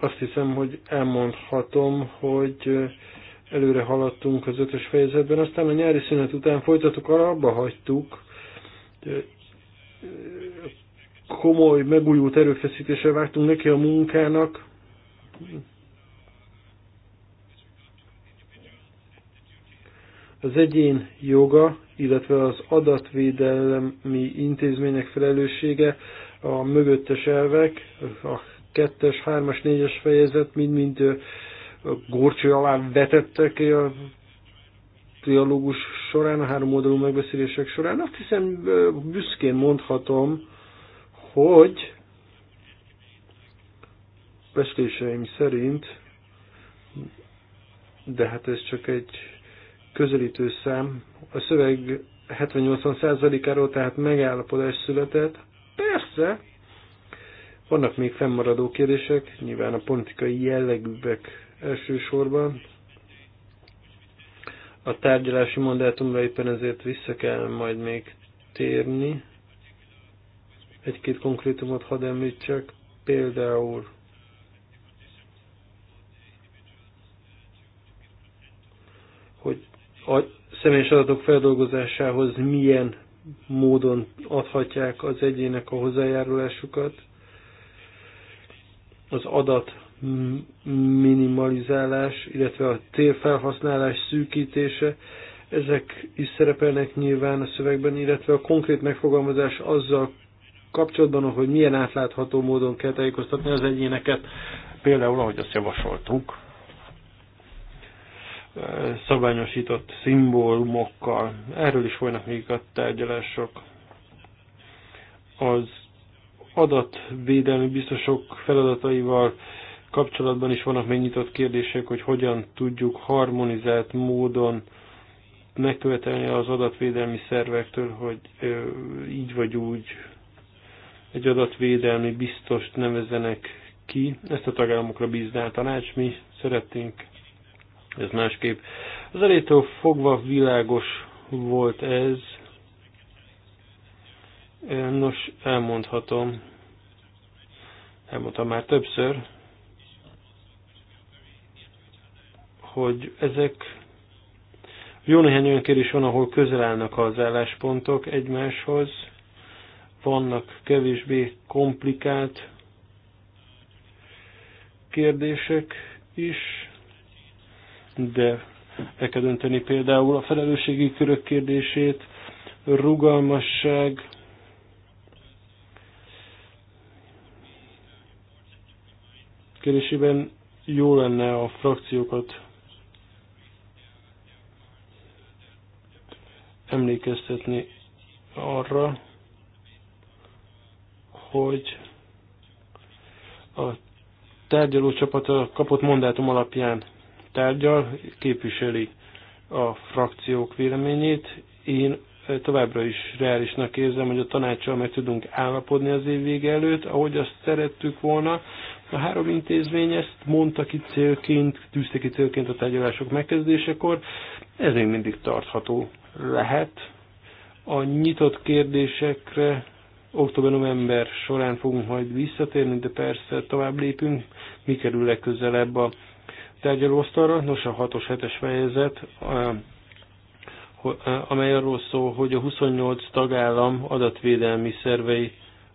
azt hiszem, hogy elmondhatom, hogy előre haladtunk az ötös fejezetben, aztán a nyári szünet után folytatok, arra abba hagytuk, komoly, megújult erőfeszítéssel vágtunk neki a munkának, az egyén joga, illetve az adatvédelmi intézmények felelőssége, a mögöttes elvek, a 2-es, 3-as, 4-es fejezet mind-mind górcső alá vetettek a trialógus során, a három oldalú megbeszélések során. Azt hiszem büszkén mondhatom, hogy beszéléseim szerint, de hát ez csak egy közelítő szám, a szöveg 70-80%-áról tehát megállapodás született. Persze, vannak még fennmaradó kérdések, nyilván a politikai jellegűbbek elsősorban. A tárgyalási mandátumra éppen ezért vissza kell majd még térni. Egy-két konkrétumot hadd említsek, például hogy a személyes adatok feldolgozásához milyen módon adhatják az egyének a hozzájárulásukat az adat minimalizálás, illetve a térfelhasználás szűkítése, ezek is szerepelnek nyilván a szövegben, illetve a konkrét megfogalmazás azzal kapcsolatban, hogy milyen átlátható módon kell tájékoztatni az egyéneket, például ahogy azt javasoltuk, szabályosított szimbólumokkal. Erről is folynak még a tárgyalások. Az adatvédelmi biztosok feladataival kapcsolatban is vannak megnyitott kérdések, hogy hogyan tudjuk harmonizált módon megkövetelni az adatvédelmi szervektől, hogy így vagy úgy egy adatvédelmi biztost nevezenek ki. Ezt a tagállamokra bízná a tanács, mi szeretnénk. Ez másképp. Az elétől fogva világos volt ez. Nos, elmondhatom, elmondtam már többször, hogy ezek jó néhány olyan kérdés van, ahol közel állnak az álláspontok egymáshoz, vannak kevésbé komplikált kérdések is, de el kell dönteni például a felelősségi körök kérdését, rugalmasság, kérésében jó lenne a frakciókat emlékeztetni arra, hogy a tárgyaló csapat a kapott mandátum alapján tárgyal, képviseli a frakciók véleményét. Én továbbra is reálisnak érzem, hogy a tanácssal meg tudunk állapodni az év vége előtt, ahogy azt szerettük volna, a három intézmény ezt mondta ki célként, tűzte ki célként a tárgyalások megkezdésekor. Ez még mindig tartható lehet. A nyitott kérdésekre október-november során fogunk majd visszatérni, de persze tovább lépünk, mi kerül legközelebb a tárgyalóasztalra. Nos, a 6-os 7-es fejezet, amely arról szól, hogy a 28 tagállam adatvédelmi szervei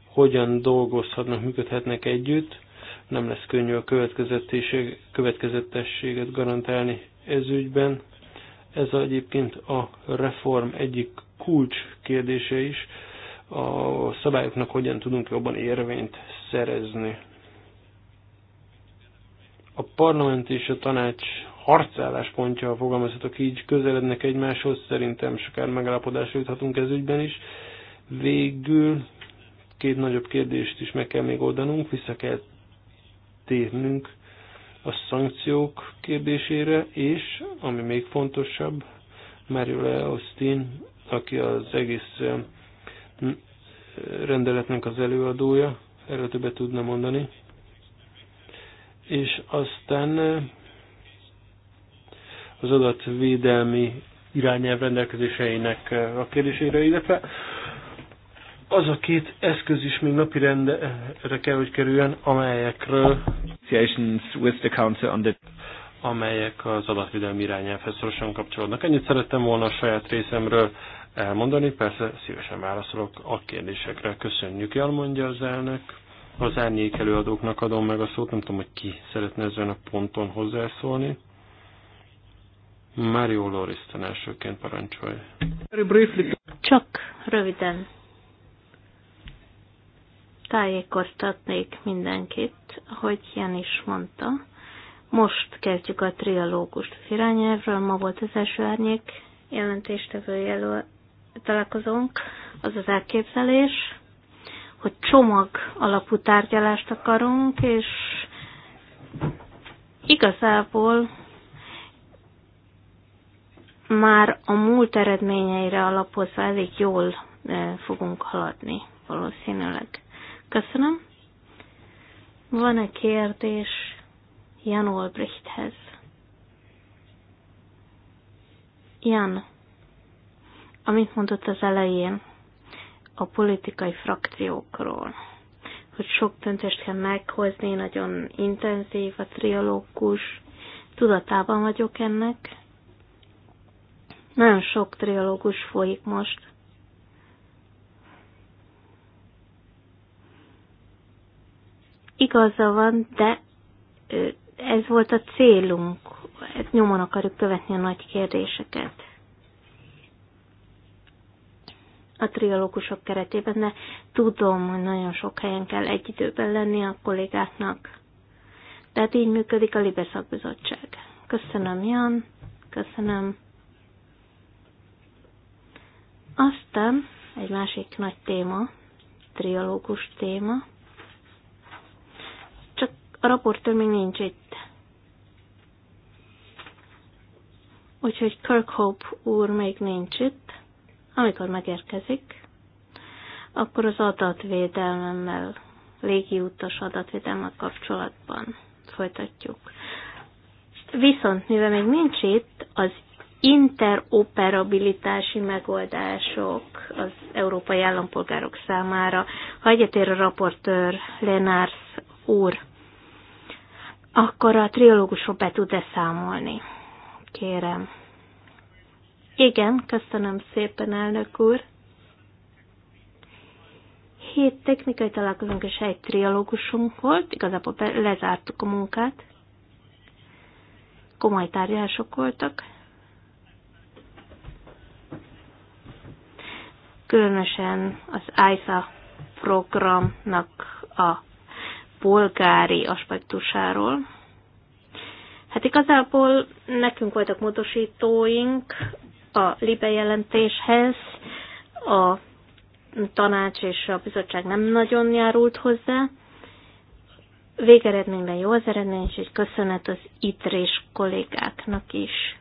hogyan dolgozhatnak, működhetnek együtt nem lesz könnyű a következetességet garantálni ez ügyben. Ez egyébként a reform egyik kulcs kérdése is, a szabályoknak hogyan tudunk jobban érvényt szerezni. A parlament és a tanács harcálláspontja, fogalmazhatok így, közelednek egymáshoz, szerintem sokár megállapodásra juthatunk ez ügyben is. Végül két nagyobb kérdést is meg kell még oldanunk, vissza kell térnünk a szankciók kérdésére, és, ami még fontosabb, Mariole Austin, aki az egész rendeletnek az előadója, erről többet tudna mondani. És aztán az adatvédelmi irányelv rendelkezéseinek a kérdésére, illetve az a két eszköz is még rendre kell, hogy kerüljön, amelyekről with the council on the amelyek az adatvédelmi irányelvhez szorosan kapcsolódnak. Ennyit szerettem volna a saját részemről elmondani, persze szívesen válaszolok a kérdésekre. Köszönjük, elmondja az elnök. Az árnyék előadóknak adom meg a szót, nem tudom, hogy ki szeretne ezen a ponton hozzászólni. Mario Loristen elsőként parancsolj. Csak röviden tájékoztatnék mindenkit, hogy Jan is mondta, most kezdjük a trialógust irányelvről, ma volt az első árnyék jelentéstevő találkozónk, az az elképzelés, hogy csomag alapú tárgyalást akarunk, és igazából már a múlt eredményeire alapozva elég jól eh, fogunk haladni valószínűleg. Köszönöm. Van-e kérdés Jan Olbrichthez? Jan, amit mondott az elején a politikai frakciókról, hogy sok döntést kell meghozni, nagyon intenzív a triológus, tudatában vagyok ennek. Nagyon sok triológus folyik most, Igaza van, de ez volt a célunk. Ezt nyomon akarjuk követni a nagy kérdéseket. A triológusok keretében, de tudom, hogy nagyon sok helyen kell egy időben lenni a kollégáknak. Tehát így működik a Libe szakbizottság. Köszönöm, Jan, köszönöm. Aztán egy másik nagy téma, triológus téma, a raportőr még nincs itt. Úgyhogy Kirkhope úr még nincs itt. Amikor megérkezik, akkor az adatvédelmemmel, légiutas adatvédelmmel kapcsolatban folytatjuk. Viszont mivel még nincs itt, az interoperabilitási megoldások az európai állampolgárok számára. Ha egyetér a raportőr Lenárs úr akkor a triológusról be tud-e számolni? Kérem. Igen, köszönöm szépen, elnök úr. Hét technikai találkozunk és egy triológusunk volt, igazából lezártuk a munkát. Komoly tárgyalások voltak. Különösen az ISA programnak a polgári aspektusáról. Hát igazából nekünk voltak módosítóink a LIBE jelentéshez, a tanács és a bizottság nem nagyon járult hozzá. Végeredményben jó az eredmény, és egy köszönet az ITRÉS kollégáknak is.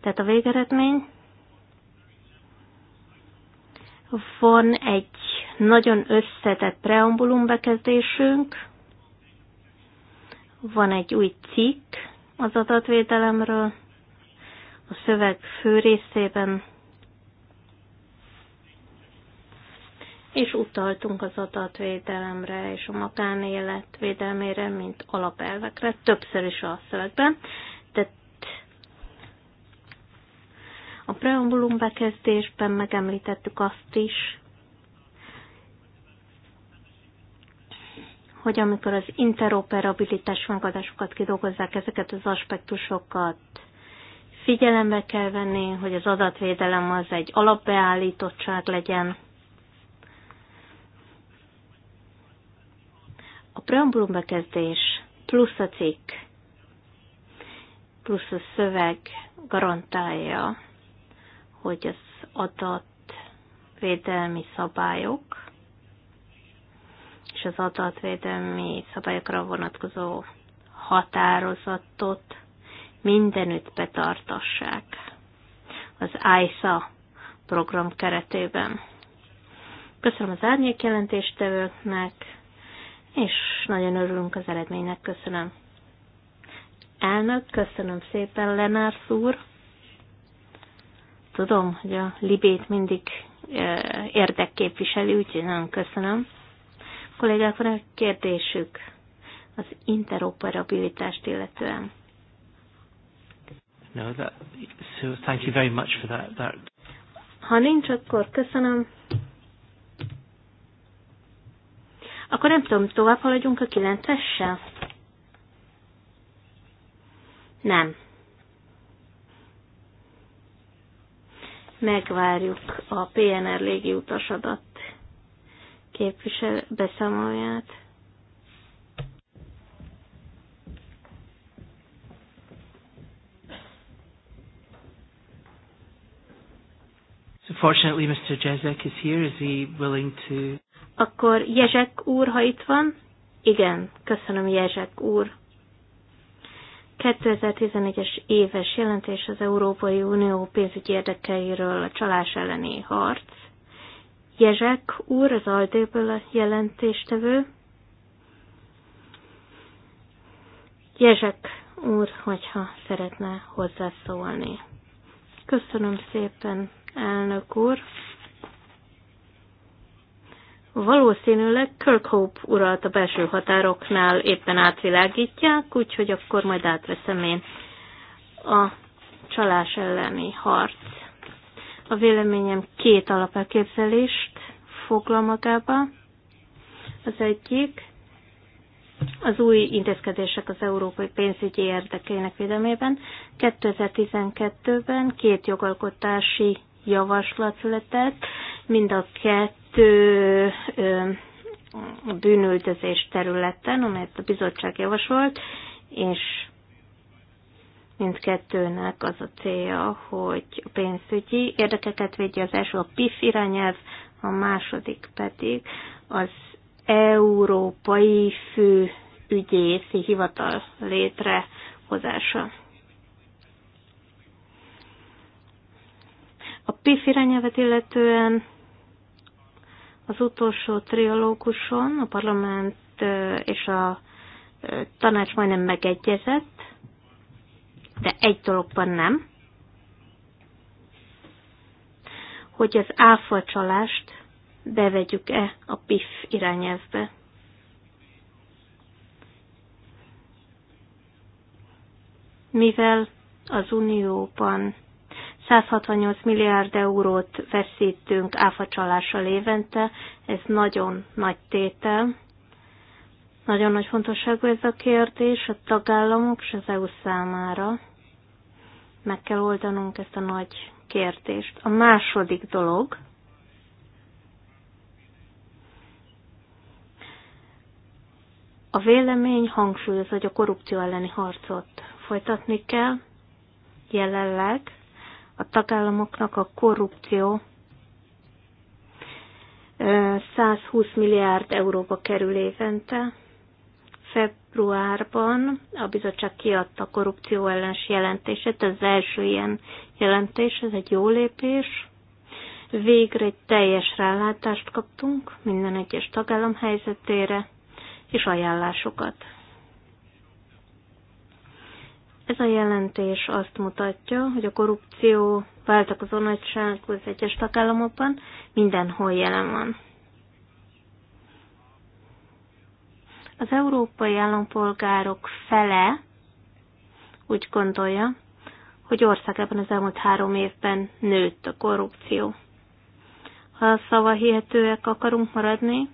Tehát a végeredmény van egy nagyon összetett preambulum bekezdésünk, van egy új cikk az adatvédelemről, a szöveg fő részében, és utaltunk az adatvédelemre és a magánélet védelmére, mint alapelvekre, többször is a szövegben. A preambulum bekezdésben megemlítettük azt is, hogy amikor az interoperabilitás megadásokat kidolgozzák, ezeket az aspektusokat figyelembe kell venni, hogy az adatvédelem az egy alapbeállítottság legyen. A preambulum bekezdés plusz a cikk plusz a szöveg garantálja, hogy az adatvédelmi szabályok és az adatvédelmi szabályokra vonatkozó határozatot mindenütt betartassák az ISA program keretében. Köszönöm az árnyék jelentéstevőknek, és nagyon örülünk az eredménynek, köszönöm. Elnök, köszönöm szépen, Lenár úr. Tudom, hogy a libét mindig e, érdekképviseli, úgyhogy nagyon köszönöm. A van a kérdésük az interoperabilitást illetően. No, that, so thank you very much for that, that. Ha nincs, akkor köszönöm. Akkor nem tudom, tovább haladjunk a kilencessel? Nem. megvárjuk a PNR légi utasadat képvisel beszámolját. Unfortunately, fortunately Mr. Jezek is here. Is he willing to... Akkor Jezek úr, ha itt van? Igen, köszönöm Jezek úr. 2014 es éves jelentés az Európai Unió pénzügyi érdekeiről a csalás elleni harc. Jezsek úr, az Aldéből a jelentéstevő. Jezsek úr, hogyha szeretne hozzászólni. Köszönöm szépen, elnök úr. Valószínűleg Kirkhope uralt a belső határoknál éppen átvilágítják, úgyhogy akkor majd átveszem én a csalás elleni harc. A véleményem két alapelképzelést foglal magába. Az egyik az új intézkedések az európai pénzügyi érdekeinek védelmében. 2012-ben két jogalkotási javaslat született, mind a kettő bűnüldözés területen, amelyet a bizottság javasolt, és mindkettőnek az a célja, hogy a pénzügyi érdekeket védje az első a PIF irányelv, a második pedig az Európai Fő Ügyészi Hivatal létrehozása. A PIF irányelvet illetően az utolsó triológuson a parlament és a tanács majdnem megegyezett, de egy dologban nem, hogy az áfa csalást bevegyük-e a PIF irányelvbe. Mivel az Unióban 168 milliárd eurót veszítünk áfacsalással évente, ez nagyon nagy tétel. Nagyon nagy fontosságú ez a kérdés a tagállamok és az EU számára. Meg kell oldanunk ezt a nagy kérdést. A második dolog, A vélemény hangsúlyozza, hogy a korrupció elleni harcot folytatni kell jelenleg, a tagállamoknak a korrupció 120 milliárd euróba kerül évente. Februárban a bizottság kiadta korrupció ellenes jelentését, ez az első ilyen jelentés, ez egy jó lépés. Végre egy teljes rálátást kaptunk minden egyes tagállam helyzetére, és ajánlásokat. Ez a jelentés azt mutatja, hogy a korrupció váltakozó nagyságú az egyes tagállamokban mindenhol jelen van. Az európai állampolgárok fele úgy gondolja, hogy országában az elmúlt három évben nőtt a korrupció. Ha a szavahihetőek akarunk maradni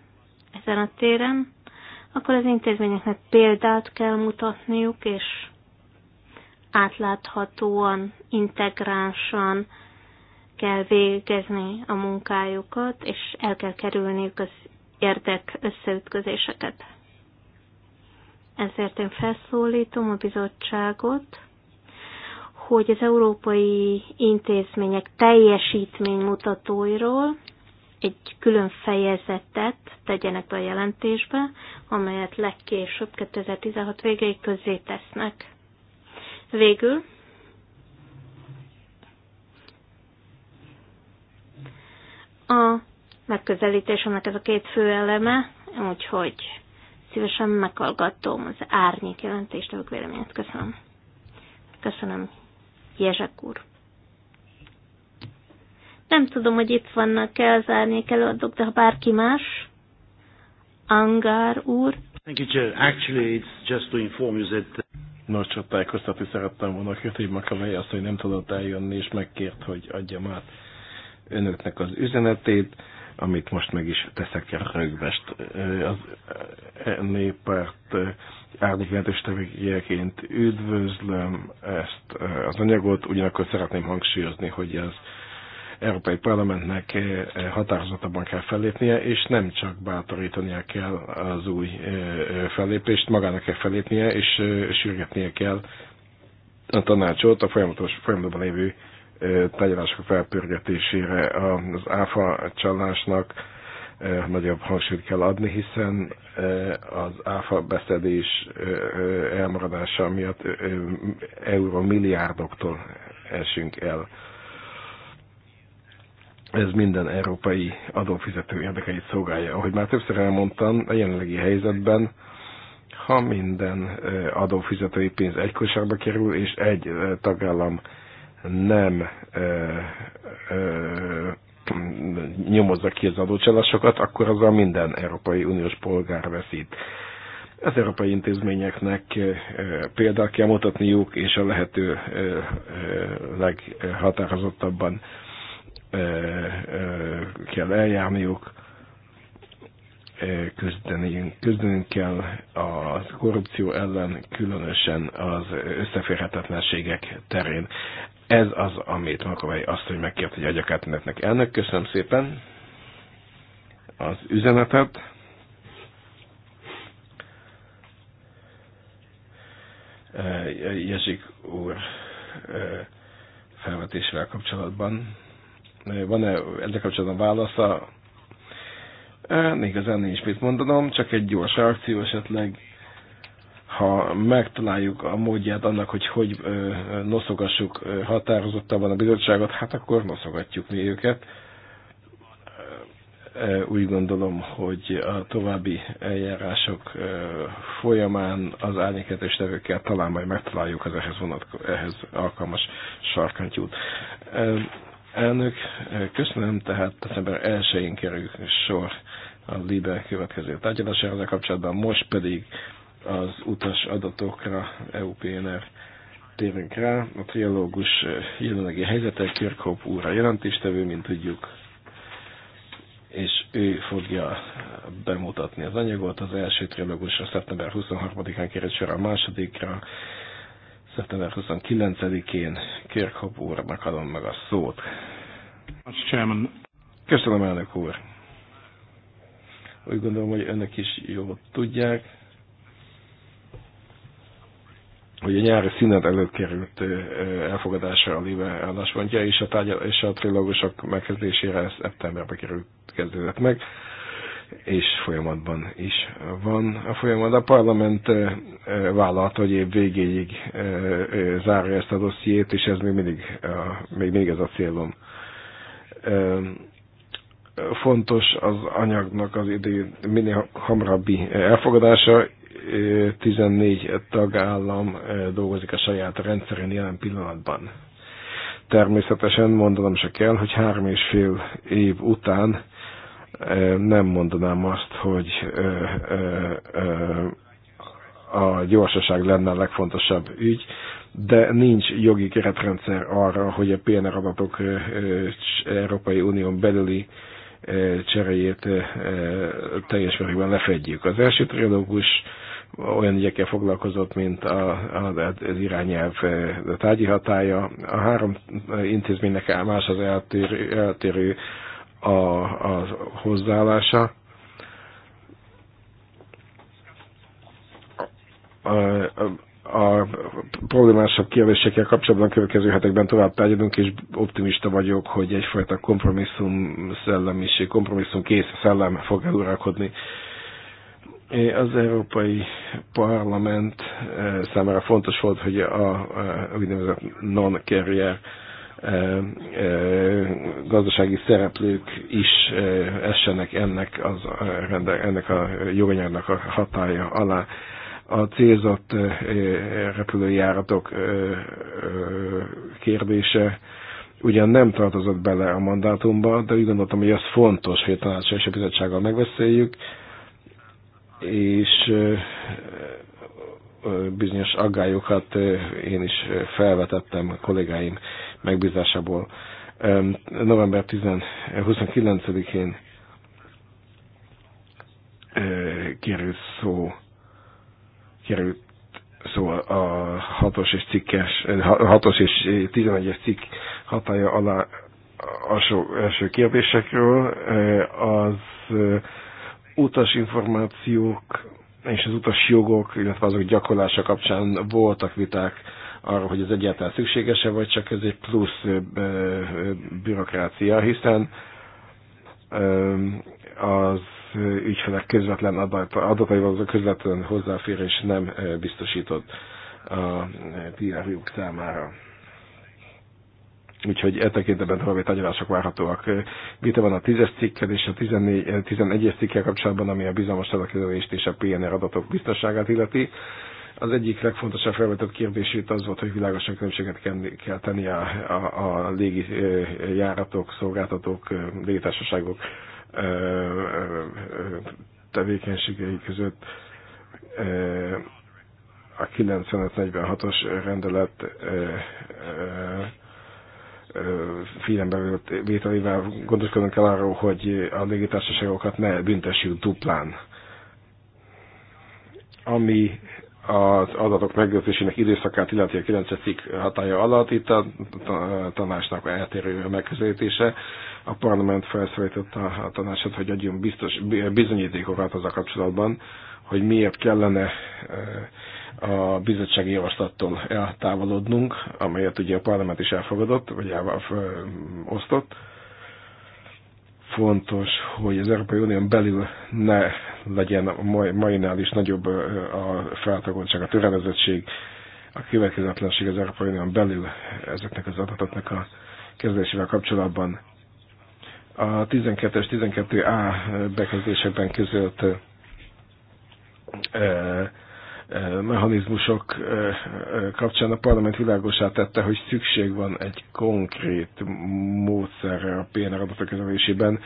ezen a téren, akkor az intézményeknek példát kell mutatniuk, és átláthatóan, integránsan kell végezni a munkájukat, és el kell kerülniük az érdek összeütközéseket. Ezért én felszólítom a bizottságot, hogy az európai intézmények teljesítménymutatóiról egy külön fejezetet tegyenek be a jelentésbe, amelyet legkésőbb 2016 végéig közzé tesznek. Végül a megközelítésemnek ez a két fő eleme, úgyhogy szívesen meghallgatom az árnyék jelentést, a véleményét. Köszönöm. Köszönöm, Jezsek úr. Nem tudom, hogy itt vannak-e az árnyék előadók, de ha bárki más, Angár úr. Thank you, Chair. Actually, it's just to inform you that Nos, csak tájékoztatni szerettem volna, hogy amely azt, hogy nem tudott eljönni, és megkért, hogy adjam át önöknek az üzenetét, amit most meg is teszek el rögvest. Az e, néppárt árnyékjelentős tevékenyeként üdvözlöm ezt az anyagot, ugyanakkor szeretném hangsúlyozni, hogy ez Európai Parlamentnek eh, eh, határozottabban kell fellépnie, és nem csak bátorítania kell az új eh, fellépést, magának kell fellépnie, és sürgetnie kell a tanácsot a folyamatos folyamatban lévő tárgyalások felpörgetésére az áfa csalásnak nagyobb hangsúlyt kell adni, hiszen az áfa beszedés elmaradása miatt euromilliárdoktól esünk el ez minden európai adófizető érdekeit szolgálja. Ahogy már többször elmondtam, a jelenlegi helyzetben, ha minden adófizetői pénz egy kosárba kerül, és egy tagállam nem ö, ö, nyomozza ki az adócsalásokat, akkor azzal minden Európai Uniós polgár veszít. Az európai intézményeknek példát kell mutatniuk, és a lehető leghatározottabban kell eljárniuk, küzdeni, küzdenünk kell a korrupció ellen, különösen az összeférhetetlenségek terén. Ez az, amit Makovely azt, hogy megkért, hogy adjak át önöknek. Elnök, köszönöm szépen az üzenetet. Jezsik úr felvetésvel kapcsolatban van-e ezzel kapcsolatban válasza? az ennél is, mit mondanom, csak egy gyors reakció esetleg, ha megtaláljuk a módját annak, hogy hogy noszogassuk határozottabban a bizottságot, hát akkor noszogatjuk mi őket úgy gondolom, hogy a további eljárások folyamán az árnyéketős tevőkkel talán majd megtaláljuk az ehhez, vonatko- ehhez alkalmas sarkantyút. Elnök, köszönöm, tehát december 1-én kerül sor a LIBE következő tárgyalására, ezzel kapcsolatban most pedig az utas adatokra, EUPNR térünk rá. A trialógus jelenlegi helyzete Kirkhope úr a jelentéstevő, mint tudjuk, és ő fogja bemutatni az anyagot. Az első trilógusra szeptember 23-án került sor, a másodikra szeptember 29-én Kirchhoff úrnak adom meg a szót. Köszönöm, elnök úr. Úgy gondolom, hogy önök is jól tudják, hogy a nyári színed előtt került elfogadásra a Libe álláspontja, és a, tárgyal, és a trilógusok megkezdésére szeptemberbe került kezdődött meg és folyamatban is van a folyamat. A parlament vállalta, hogy év végéig zárja ezt a dossziét, és ez még mindig, még mindig ez a célom. Fontos az anyagnak az idő minél hamarabbi elfogadása, 14 tagállam dolgozik a saját rendszerén jelen pillanatban. Természetesen mondanom se kell, hogy három és fél év után nem mondanám azt, hogy a gyorsaság lenne a legfontosabb ügy, de nincs jogi keretrendszer arra, hogy a PNR adatok Európai Unión belüli cseréjét teljes mértékben lefedjük. Az első trilógus olyan ügyekkel foglalkozott, mint az irányelv tárgyi hatája. A három intézménynek más az eltérő, eltérő a, a hozzáállása. A, a, a problémásabb kérdésekkel kapcsolatban következő hetekben tovább tárgyalunk, és optimista vagyok, hogy egyfajta kompromisszum szellemiség, kompromisszum kész szellem fog eluralkodni. Az Európai Parlament eh, számára fontos volt, hogy a úgynevezett non-carrier gazdasági szereplők is essenek ennek, az, ennek a joganyagnak a hatája alá. A célzott repülőjáratok kérdése ugyan nem tartozott bele a mandátumba, de úgy gondoltam, hogy az fontos, hogy a tanács és a bizottsággal megbeszéljük, és bizonyos aggályokat én is felvetettem kollégáim megbízásából november 29-én eh, eh, került szó, került szó a 6-os és, cikkes, 6 eh, és 11-es cikk hatája alá alsó, első kérdésekről. Az utasinformációk és az utasjogok, illetve azok gyakorlása kapcsán voltak viták arra, hogy ez egyáltalán szükséges-e, vagy csak ez egy plusz bürokrácia, hiszen az ügyfelek közvetlen adataival, a közvetlen hozzáférés nem biztosított a pr számára. Úgyhogy e tekintetben további tárgyalások várhatóak. Vita van a 10-es cikkel és a 14, 11-es cikkel kapcsolatban, ami a bizalmas adatkezelést és a PNR adatok biztonságát illeti. Az egyik legfontosabb felvetett kérdését az volt, hogy világosan különbséget kell tenni a, a, a légi járatok, szolgáltatók, légitársaságok tevékenységei között a 95-46-os rendelet figyelembe vételével gondoskodunk kell arról, hogy a légitársaságokat ne büntessük duplán. Ami az adatok megőrzésének időszakát illetve a 9. cikk hatája alatt. Itt a tanácsnak eltérő megközelítése. A parlament felszólított a tanácsot, hogy adjon biztos, bizonyítékokat hát az a kapcsolatban, hogy miért kellene a bizottsági javaslattól eltávolodnunk, amelyet ugye a parlament is elfogadott, vagy osztott fontos, hogy az Európai Unión belül ne legyen mai, mainál is nagyobb a feltagoltság, a töredezettség, a következetlenség az Európai Unión belül ezeknek az adatoknak a kezelésével kapcsolatban. A 12-es, 12A bekezdésekben között mechanizmusok kapcsán a parlament világosá tette, hogy szükség van egy konkrét módszerre a PNR adatok kezelésében,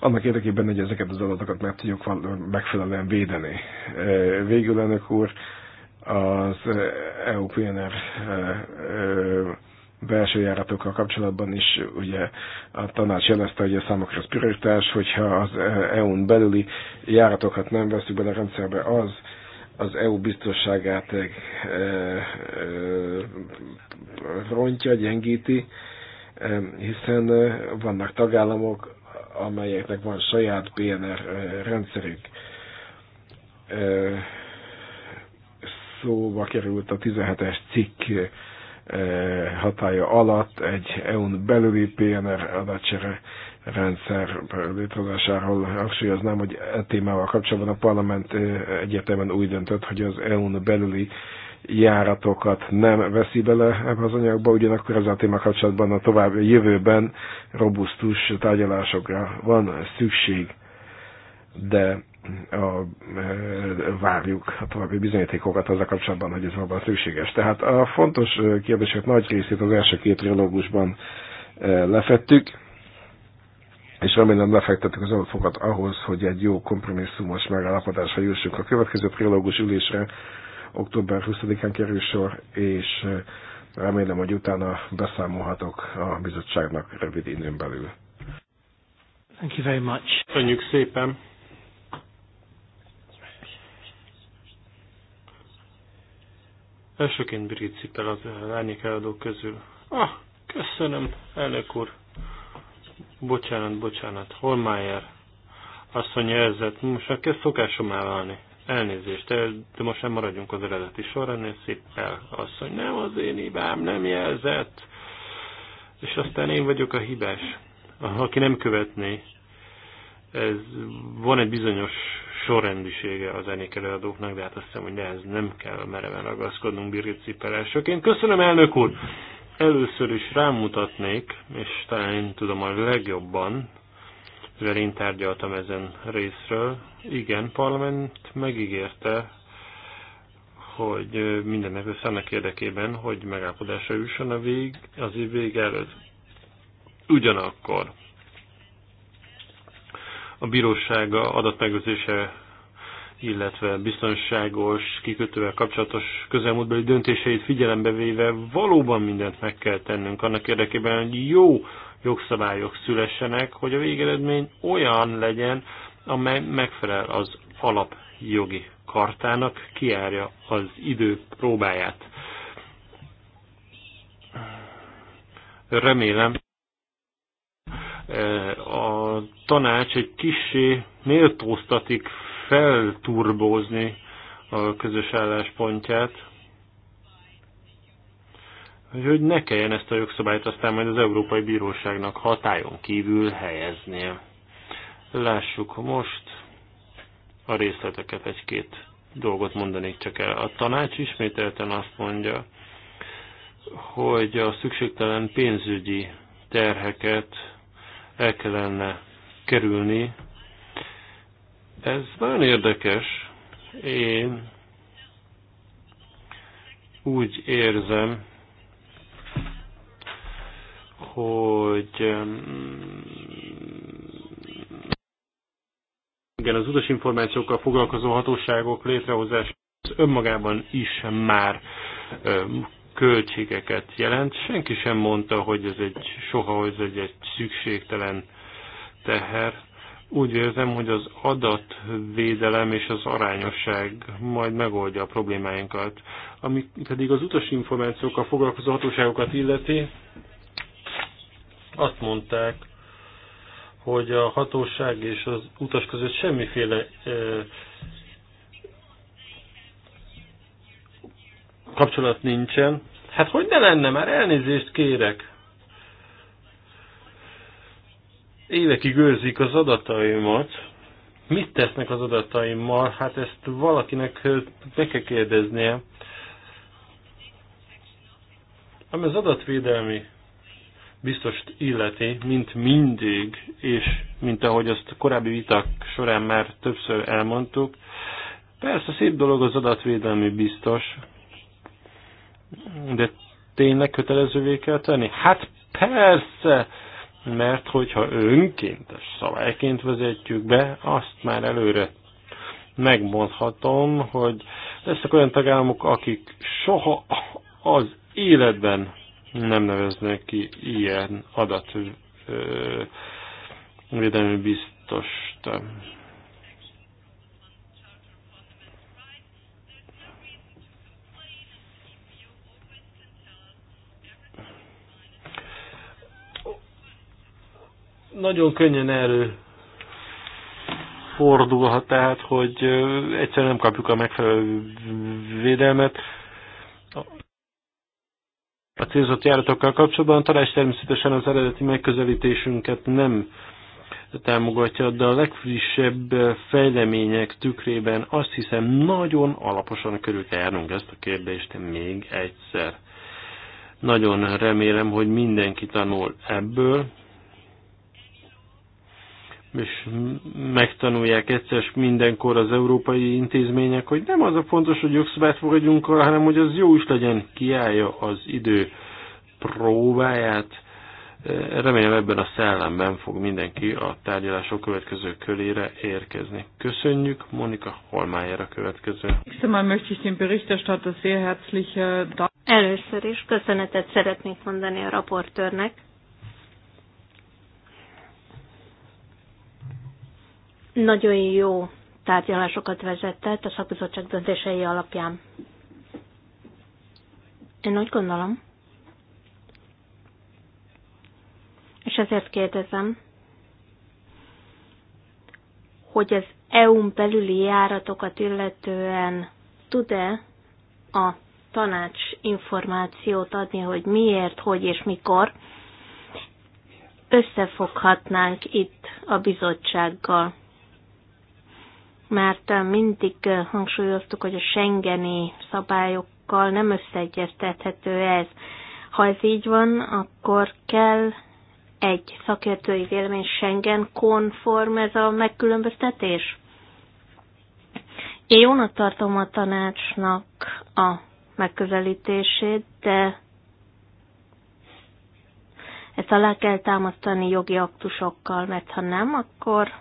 annak érdekében, hogy ezeket az adatokat meg tudjuk megfelelően védeni. Végül, elnök úr, az EU PNR belső járatokkal kapcsolatban is ugye a tanács jelezte, hogy a számokra az prioritás, hogyha az EU-n belüli járatokat nem veszük bele a rendszerbe, az az EU biztonságát eh, eh, rontja, gyengíti, eh, hiszen vannak tagállamok, amelyeknek van saját PNR rendszerük. Szóba került a 17-es cikk hatája alatt egy EU-n belüli PNR adatcsere rendszer létrehozásáról hangsúlyoznám, hogy e témával kapcsolatban a parlament egyértelműen úgy döntött, hogy az EU-n belüli járatokat nem veszi bele ebbe az anyagba, ugyanakkor ezzel a téma kapcsolatban a tovább jövőben robusztus tárgyalásokra van szükség, de a, várjuk a további bizonyítékokat az a kapcsolatban, hogy ez valóban szükséges. Tehát a fontos kérdések nagy részét az első két trilógusban lefettük és remélem lefektettük az alapokat ahhoz, hogy egy jó kompromisszumos megállapodásra jussunk. A következő trilógus ülésre október 20-án kerül sor, és eh, remélem, hogy utána beszámolhatok a bizottságnak rövid időn belül. Thank you very much. Köszönjük szépen. Elsőként Birgit Cipel az árnyék közül. Ah, köszönöm, elnök úr. Bocsánat, bocsánat, Holmeyer asszony jelzett, most már kezd szokásom elválni. Elnézést, de, de most nem maradjunk az eredeti sorrendnél, szippel mondja, nem az én hibám, nem jelzett. És aztán én vagyok a hibás, aki nem követné. Ez van egy bizonyos sorrendisége az zenék előadóknak, de hát azt hiszem, hogy ehhez nem kell mereven ragaszkodnunk Birgit Cippel elsőként. Köszönöm, elnök úr! Először is rámutatnék, és talán én tudom a legjobban, mivel én tárgyaltam ezen részről. Igen, parlament megígérte, hogy mindennek össze annak érdekében, hogy megállapodásra jusson a vég, az év vég előtt. Ugyanakkor a bíróság adatmegőrzése illetve biztonságos kikötővel kapcsolatos közelmúltbeli döntéseit figyelembe véve valóban mindent meg kell tennünk annak érdekében, hogy jó jogszabályok szülessenek, hogy a végeredmény olyan legyen, amely megfelel az alapjogi kartának, kiárja az idő próbáját. Remélem, eh, a tanács egy kisé méltóztatik felturbózni a közös álláspontját, hogy ne kelljen ezt a jogszabályt aztán majd az Európai Bíróságnak hatájon kívül helyeznie. Lássuk most a részleteket, egy-két dolgot mondanék csak el. A tanács ismételten azt mondja, hogy a szükségtelen pénzügyi terheket el kellene kerülni ez nagyon érdekes. Én úgy érzem, hogy igen, az utas információkkal foglalkozó hatóságok létrehozása önmagában is már költségeket jelent. Senki sem mondta, hogy ez egy soha, hogy ez egy, egy szükségtelen teher. Úgy érzem, hogy az adatvédelem és az arányosság majd megoldja a problémáinkat. Ami pedig az utas információkkal foglalkozó hatóságokat illeti, azt mondták, hogy a hatóság és az utas között semmiféle kapcsolat nincsen. Hát hogy ne lenne már, elnézést kérek. évekig őrzik az adataimat. Mit tesznek az adataimmal? Hát ezt valakinek meg kell kérdeznie. Ami az adatvédelmi biztos illeti, mint mindig, és mint ahogy azt a korábbi vitak során már többször elmondtuk, persze szép dolog az adatvédelmi biztos, de tényleg kötelezővé kell tenni? Hát persze, mert hogyha önkéntes szabályként vezetjük be, azt már előre megmondhatom, hogy lesznek olyan tagállamok, akik soha az életben nem neveznek ki ilyen adatvédelmi biztost. Nagyon könnyen elő fordulhat tehát, hogy egyszerűen nem kapjuk a megfelelő védelmet. A célzott járatokkal kapcsolatban a természetesen az eredeti megközelítésünket nem támogatja, de a legfrissebb fejlemények tükrében azt hiszem nagyon alaposan körül kell járnunk ezt a kérdést még egyszer. Nagyon remélem, hogy mindenki tanul ebből, és megtanulják egyszer mindenkor az európai intézmények, hogy nem az a fontos, hogy jogszabályt fogadjunk arra, hanem hogy az jó is legyen, kiállja az idő próbáját. Remélem ebben a szellemben fog mindenki a tárgyalások következő körére érkezni. Köszönjük, Monika Holmájer a következő. Először is köszönetet szeretnék mondani a raportőrnek nagyon jó tárgyalásokat vezetett a szakbizottság döntései alapján. Én úgy gondolom. És ezért kérdezem, hogy az EU-n belüli járatokat illetően tud-e a tanács információt adni, hogy miért, hogy és mikor összefoghatnánk itt a bizottsággal mert eh, mindig eh, hangsúlyoztuk, hogy a Schengeni szabályokkal nem összeegyeztethető ez. Ha ez így van, akkor kell egy szakértői vélemény Schengen konform ez a megkülönböztetés? Én jónak tartom a tanácsnak a megközelítését, de ezt alá kell támasztani jogi aktusokkal, mert ha nem, akkor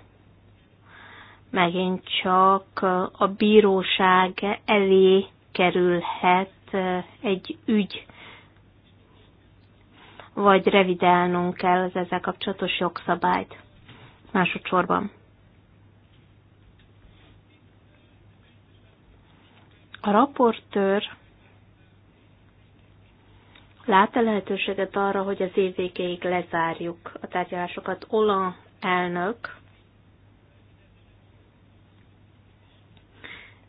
megint csak a bíróság elé kerülhet eh, egy ügy, vagy revidálnunk kell az ezzel kapcsolatos jogszabályt másodszorban. A raportőr lát-e lehetőséget arra, hogy az év végéig lezárjuk a tárgyalásokat? Ola elnök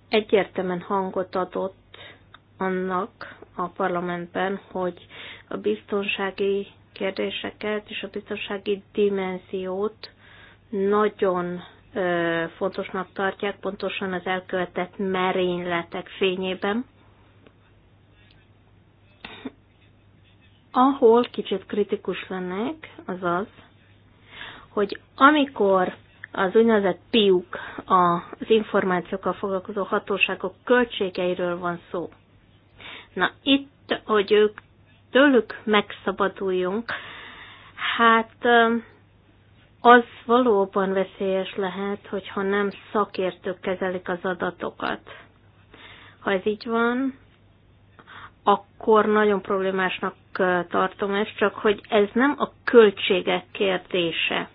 egyértelműen hangot adott annak a parlamentben, hogy a biztonsági kérdéseket és a biztonsági dimenziót nagyon fontosnak tartják, pontosan az elkövetett merényletek fényében, ahol kicsit kritikus lennék, az az, hogy amikor az úgynevezett PIUK, az információkkal foglalkozó hatóságok költségeiről van szó. Na itt, hogy ők tőlük megszabaduljunk, hát az valóban veszélyes lehet, hogyha nem szakértők kezelik az adatokat. Ha ez így van, akkor nagyon problémásnak tartom ezt, csak hogy ez nem a költségek kérdése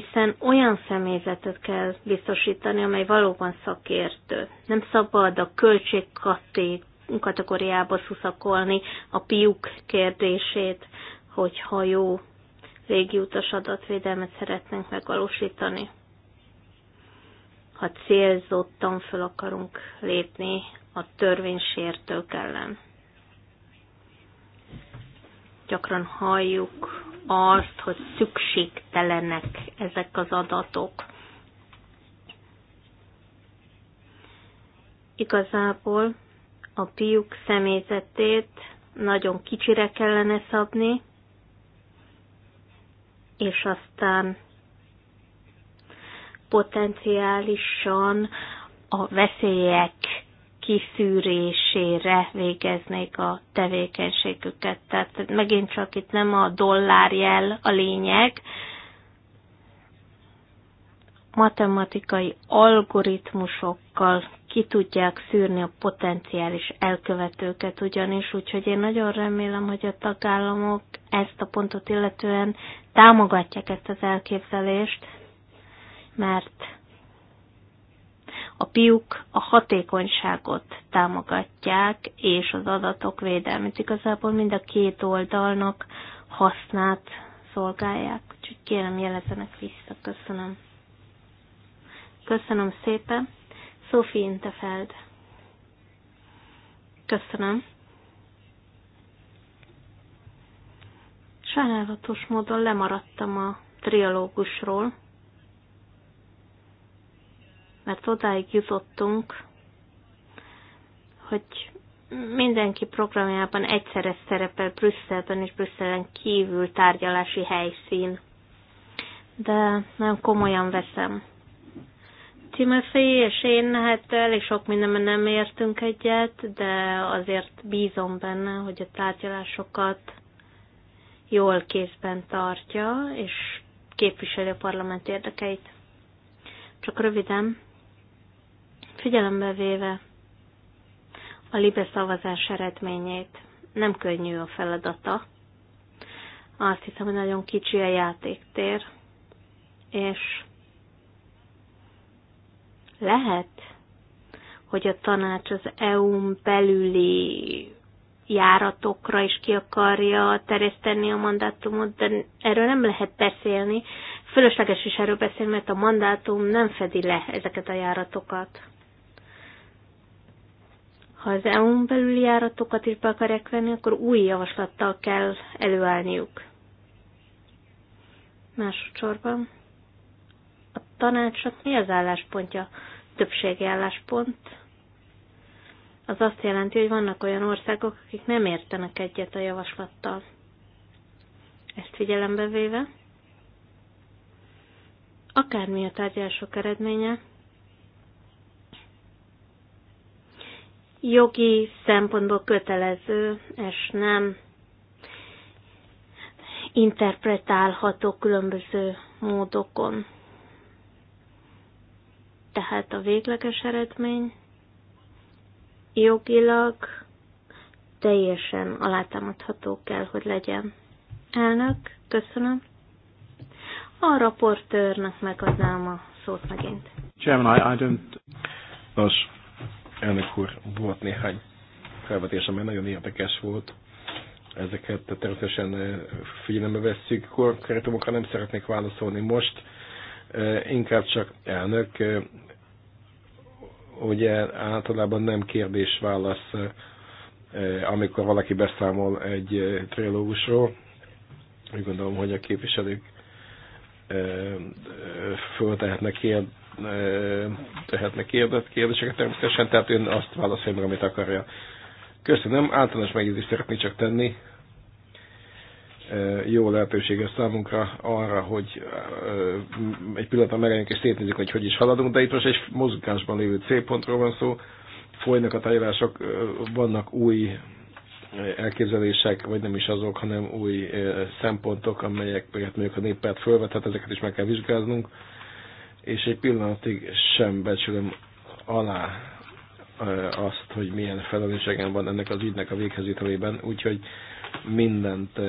hiszen olyan személyzetet kell biztosítani, amely valóban szakértő. Nem szabad a költség kategóriába szuszakolni a piuk kérdését, hogyha jó légiutas adatvédelmet szeretnénk megvalósítani. Ha célzottan fel akarunk lépni a törvénysértők ellen. Gyakran halljuk azt, hogy szükségtelenek ezek az adatok. Igazából a piuk személyzetét nagyon kicsire kellene szabni, és aztán potenciálisan a veszélyek kiszűrésére végeznék a tevékenységüket. Tehát megint csak itt nem a dollárjel a lényeg, matematikai algoritmusokkal ki tudják szűrni a potenciális elkövetőket ugyanis, úgyhogy én nagyon remélem, hogy a tagállamok ezt a pontot illetően támogatják ezt az elképzelést, mert a piuk a hatékonyságot támogatják, és az adatok védelmét igazából mind a két oldalnak hasznát szolgálják. Úgyhogy kérem, jelezenek vissza. Köszönöm. Köszönöm szépen. Sophie Intefeld. Köszönöm. Sajnálatos módon lemaradtam a trialógusról, mert odáig jutottunk, hogy mindenki programjában egyszerre szerepel Brüsszelben és Brüsszelen kívül tárgyalási helyszín. De nem komolyan veszem. Timothy és én, hát elég sok mindenben nem értünk egyet, de azért bízom benne, hogy a tárgyalásokat jól kézben tartja, és képviseli a parlament érdekeit. Csak röviden, Figyelembe véve a Libe szavazás eredményét, nem könnyű a feladata. Azt hiszem, hogy nagyon kicsi a játéktér, és lehet, hogy a tanács az EU-n belüli járatokra is ki akarja terjeszteni a mandátumot, de erről nem lehet beszélni. Fölösleges is erről beszélni, mert a mandátum nem fedi le ezeket a járatokat. Ha az EU-n belüli járatokat is be akarják venni, akkor új javaslattal kell előállniuk. Másodszorban a tanácsnak mi az álláspontja? Többségi álláspont az azt jelenti, hogy vannak olyan országok, akik nem értenek egyet a javaslattal. Ezt figyelembe véve, akármi a tárgyalások eredménye, jogi szempontból kötelező, és nem interpretálható különböző módokon. Tehát a végleges eredmény jogilag teljesen alátámadható kell, hogy legyen. Elnök, köszönöm. A raportőrnek megadnám a szót megint. Chairman, I, I don't... Nos, elnök úr, volt néhány felvetés, amely nagyon érdekes volt. Ezeket természetesen figyelembe vesszük. Konkrétumokra nem szeretnék válaszolni most, inkább csak elnök. Ugye általában nem kérdés-válasz, amikor valaki beszámol egy trilógusról. Úgy gondolom, hogy a képviselők föltehetnek ilyen tehetnek kérdéseket természetesen, tehát ön azt válaszolja meg, amit akarja. Köszönöm, általános megjegyzést szeretnék csak tenni. Jó lehetőség ez számunkra arra, hogy egy pillanatban megálljunk és szétnézzük, hogy hogy is haladunk, de itt most egy mozgásban lévő célpontról van szó, folynak a tárgyalások, vannak új elképzelések, vagy nem is azok, hanem új szempontok, amelyek mondjuk a néppárt fölvetett, ezeket is meg kell vizsgálnunk és egy pillanatig sem becsülöm alá azt, hogy milyen felelősségem van ennek az ügynek a véghezítelében, úgyhogy mindent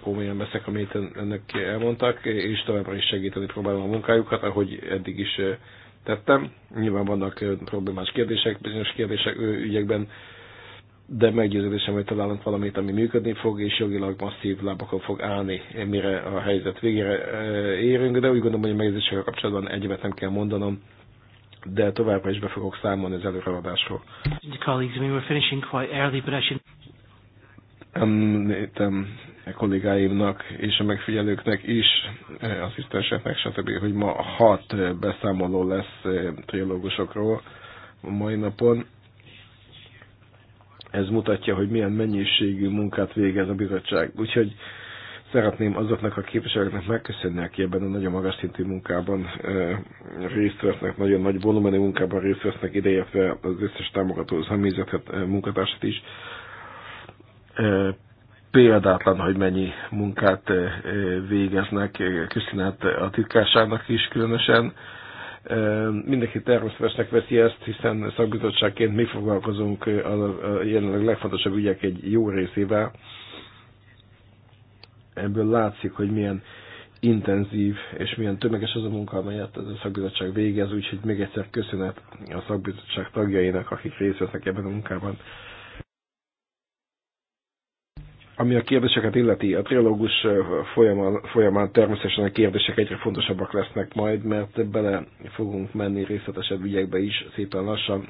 komolyan veszek, amit önök elmondtak, és továbbra is segíteni próbálom a munkájukat, ahogy eddig is tettem. Nyilván vannak problémás kérdések, bizonyos kérdések ügyekben, de meggyőződésem, hogy találunk valamit, ami működni fog, és jogilag masszív lábakon fog állni, mire a helyzet végére eh, érünk, de úgy gondolom, hogy a megjegyzésekkel kapcsolatban egyebet nem kell mondanom, de továbbra is be fogok számolni az előreadásról. Említem kollégáimnak és a megfigyelőknek is, eh, asszisztenseknek, stb., hogy ma hat eh, beszámoló lesz trilógusokról a mai napon ez mutatja, hogy milyen mennyiségű munkát végez a bizottság. Úgyhogy szeretném azoknak a képviselőknek megköszönni, aki ebben a nagyon magas szintű munkában részt vesznek, nagyon nagy volumenű munkában részt vesznek, idejefe az összes támogató személyzetet, munkatársat is. Példátlan, hogy mennyi munkát végeznek, köszönet a titkárságnak is különösen, Mindenki természetesnek veszi ezt, hiszen szakbizottságként mi foglalkozunk a jelenleg legfontosabb ügyek egy jó részével. Ebből látszik, hogy milyen intenzív és milyen tömeges az a munka, amelyet ez a szakbizottság végez, úgyhogy még egyszer köszönet a szakbizottság tagjainak, akik részt vesznek ebben a munkában. Ami a kérdéseket illeti, a trilógus folyamán, folyamán természetesen a kérdések egyre fontosabbak lesznek majd, mert bele fogunk menni részletesebb ügyekbe is szépen lassan.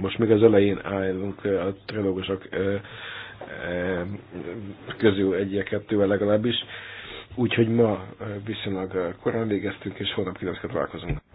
Most még az elején állunk a trilógusok közül egyet-kettővel legalábbis. Úgyhogy ma viszonylag korán végeztünk, és holnap 9 találkozunk.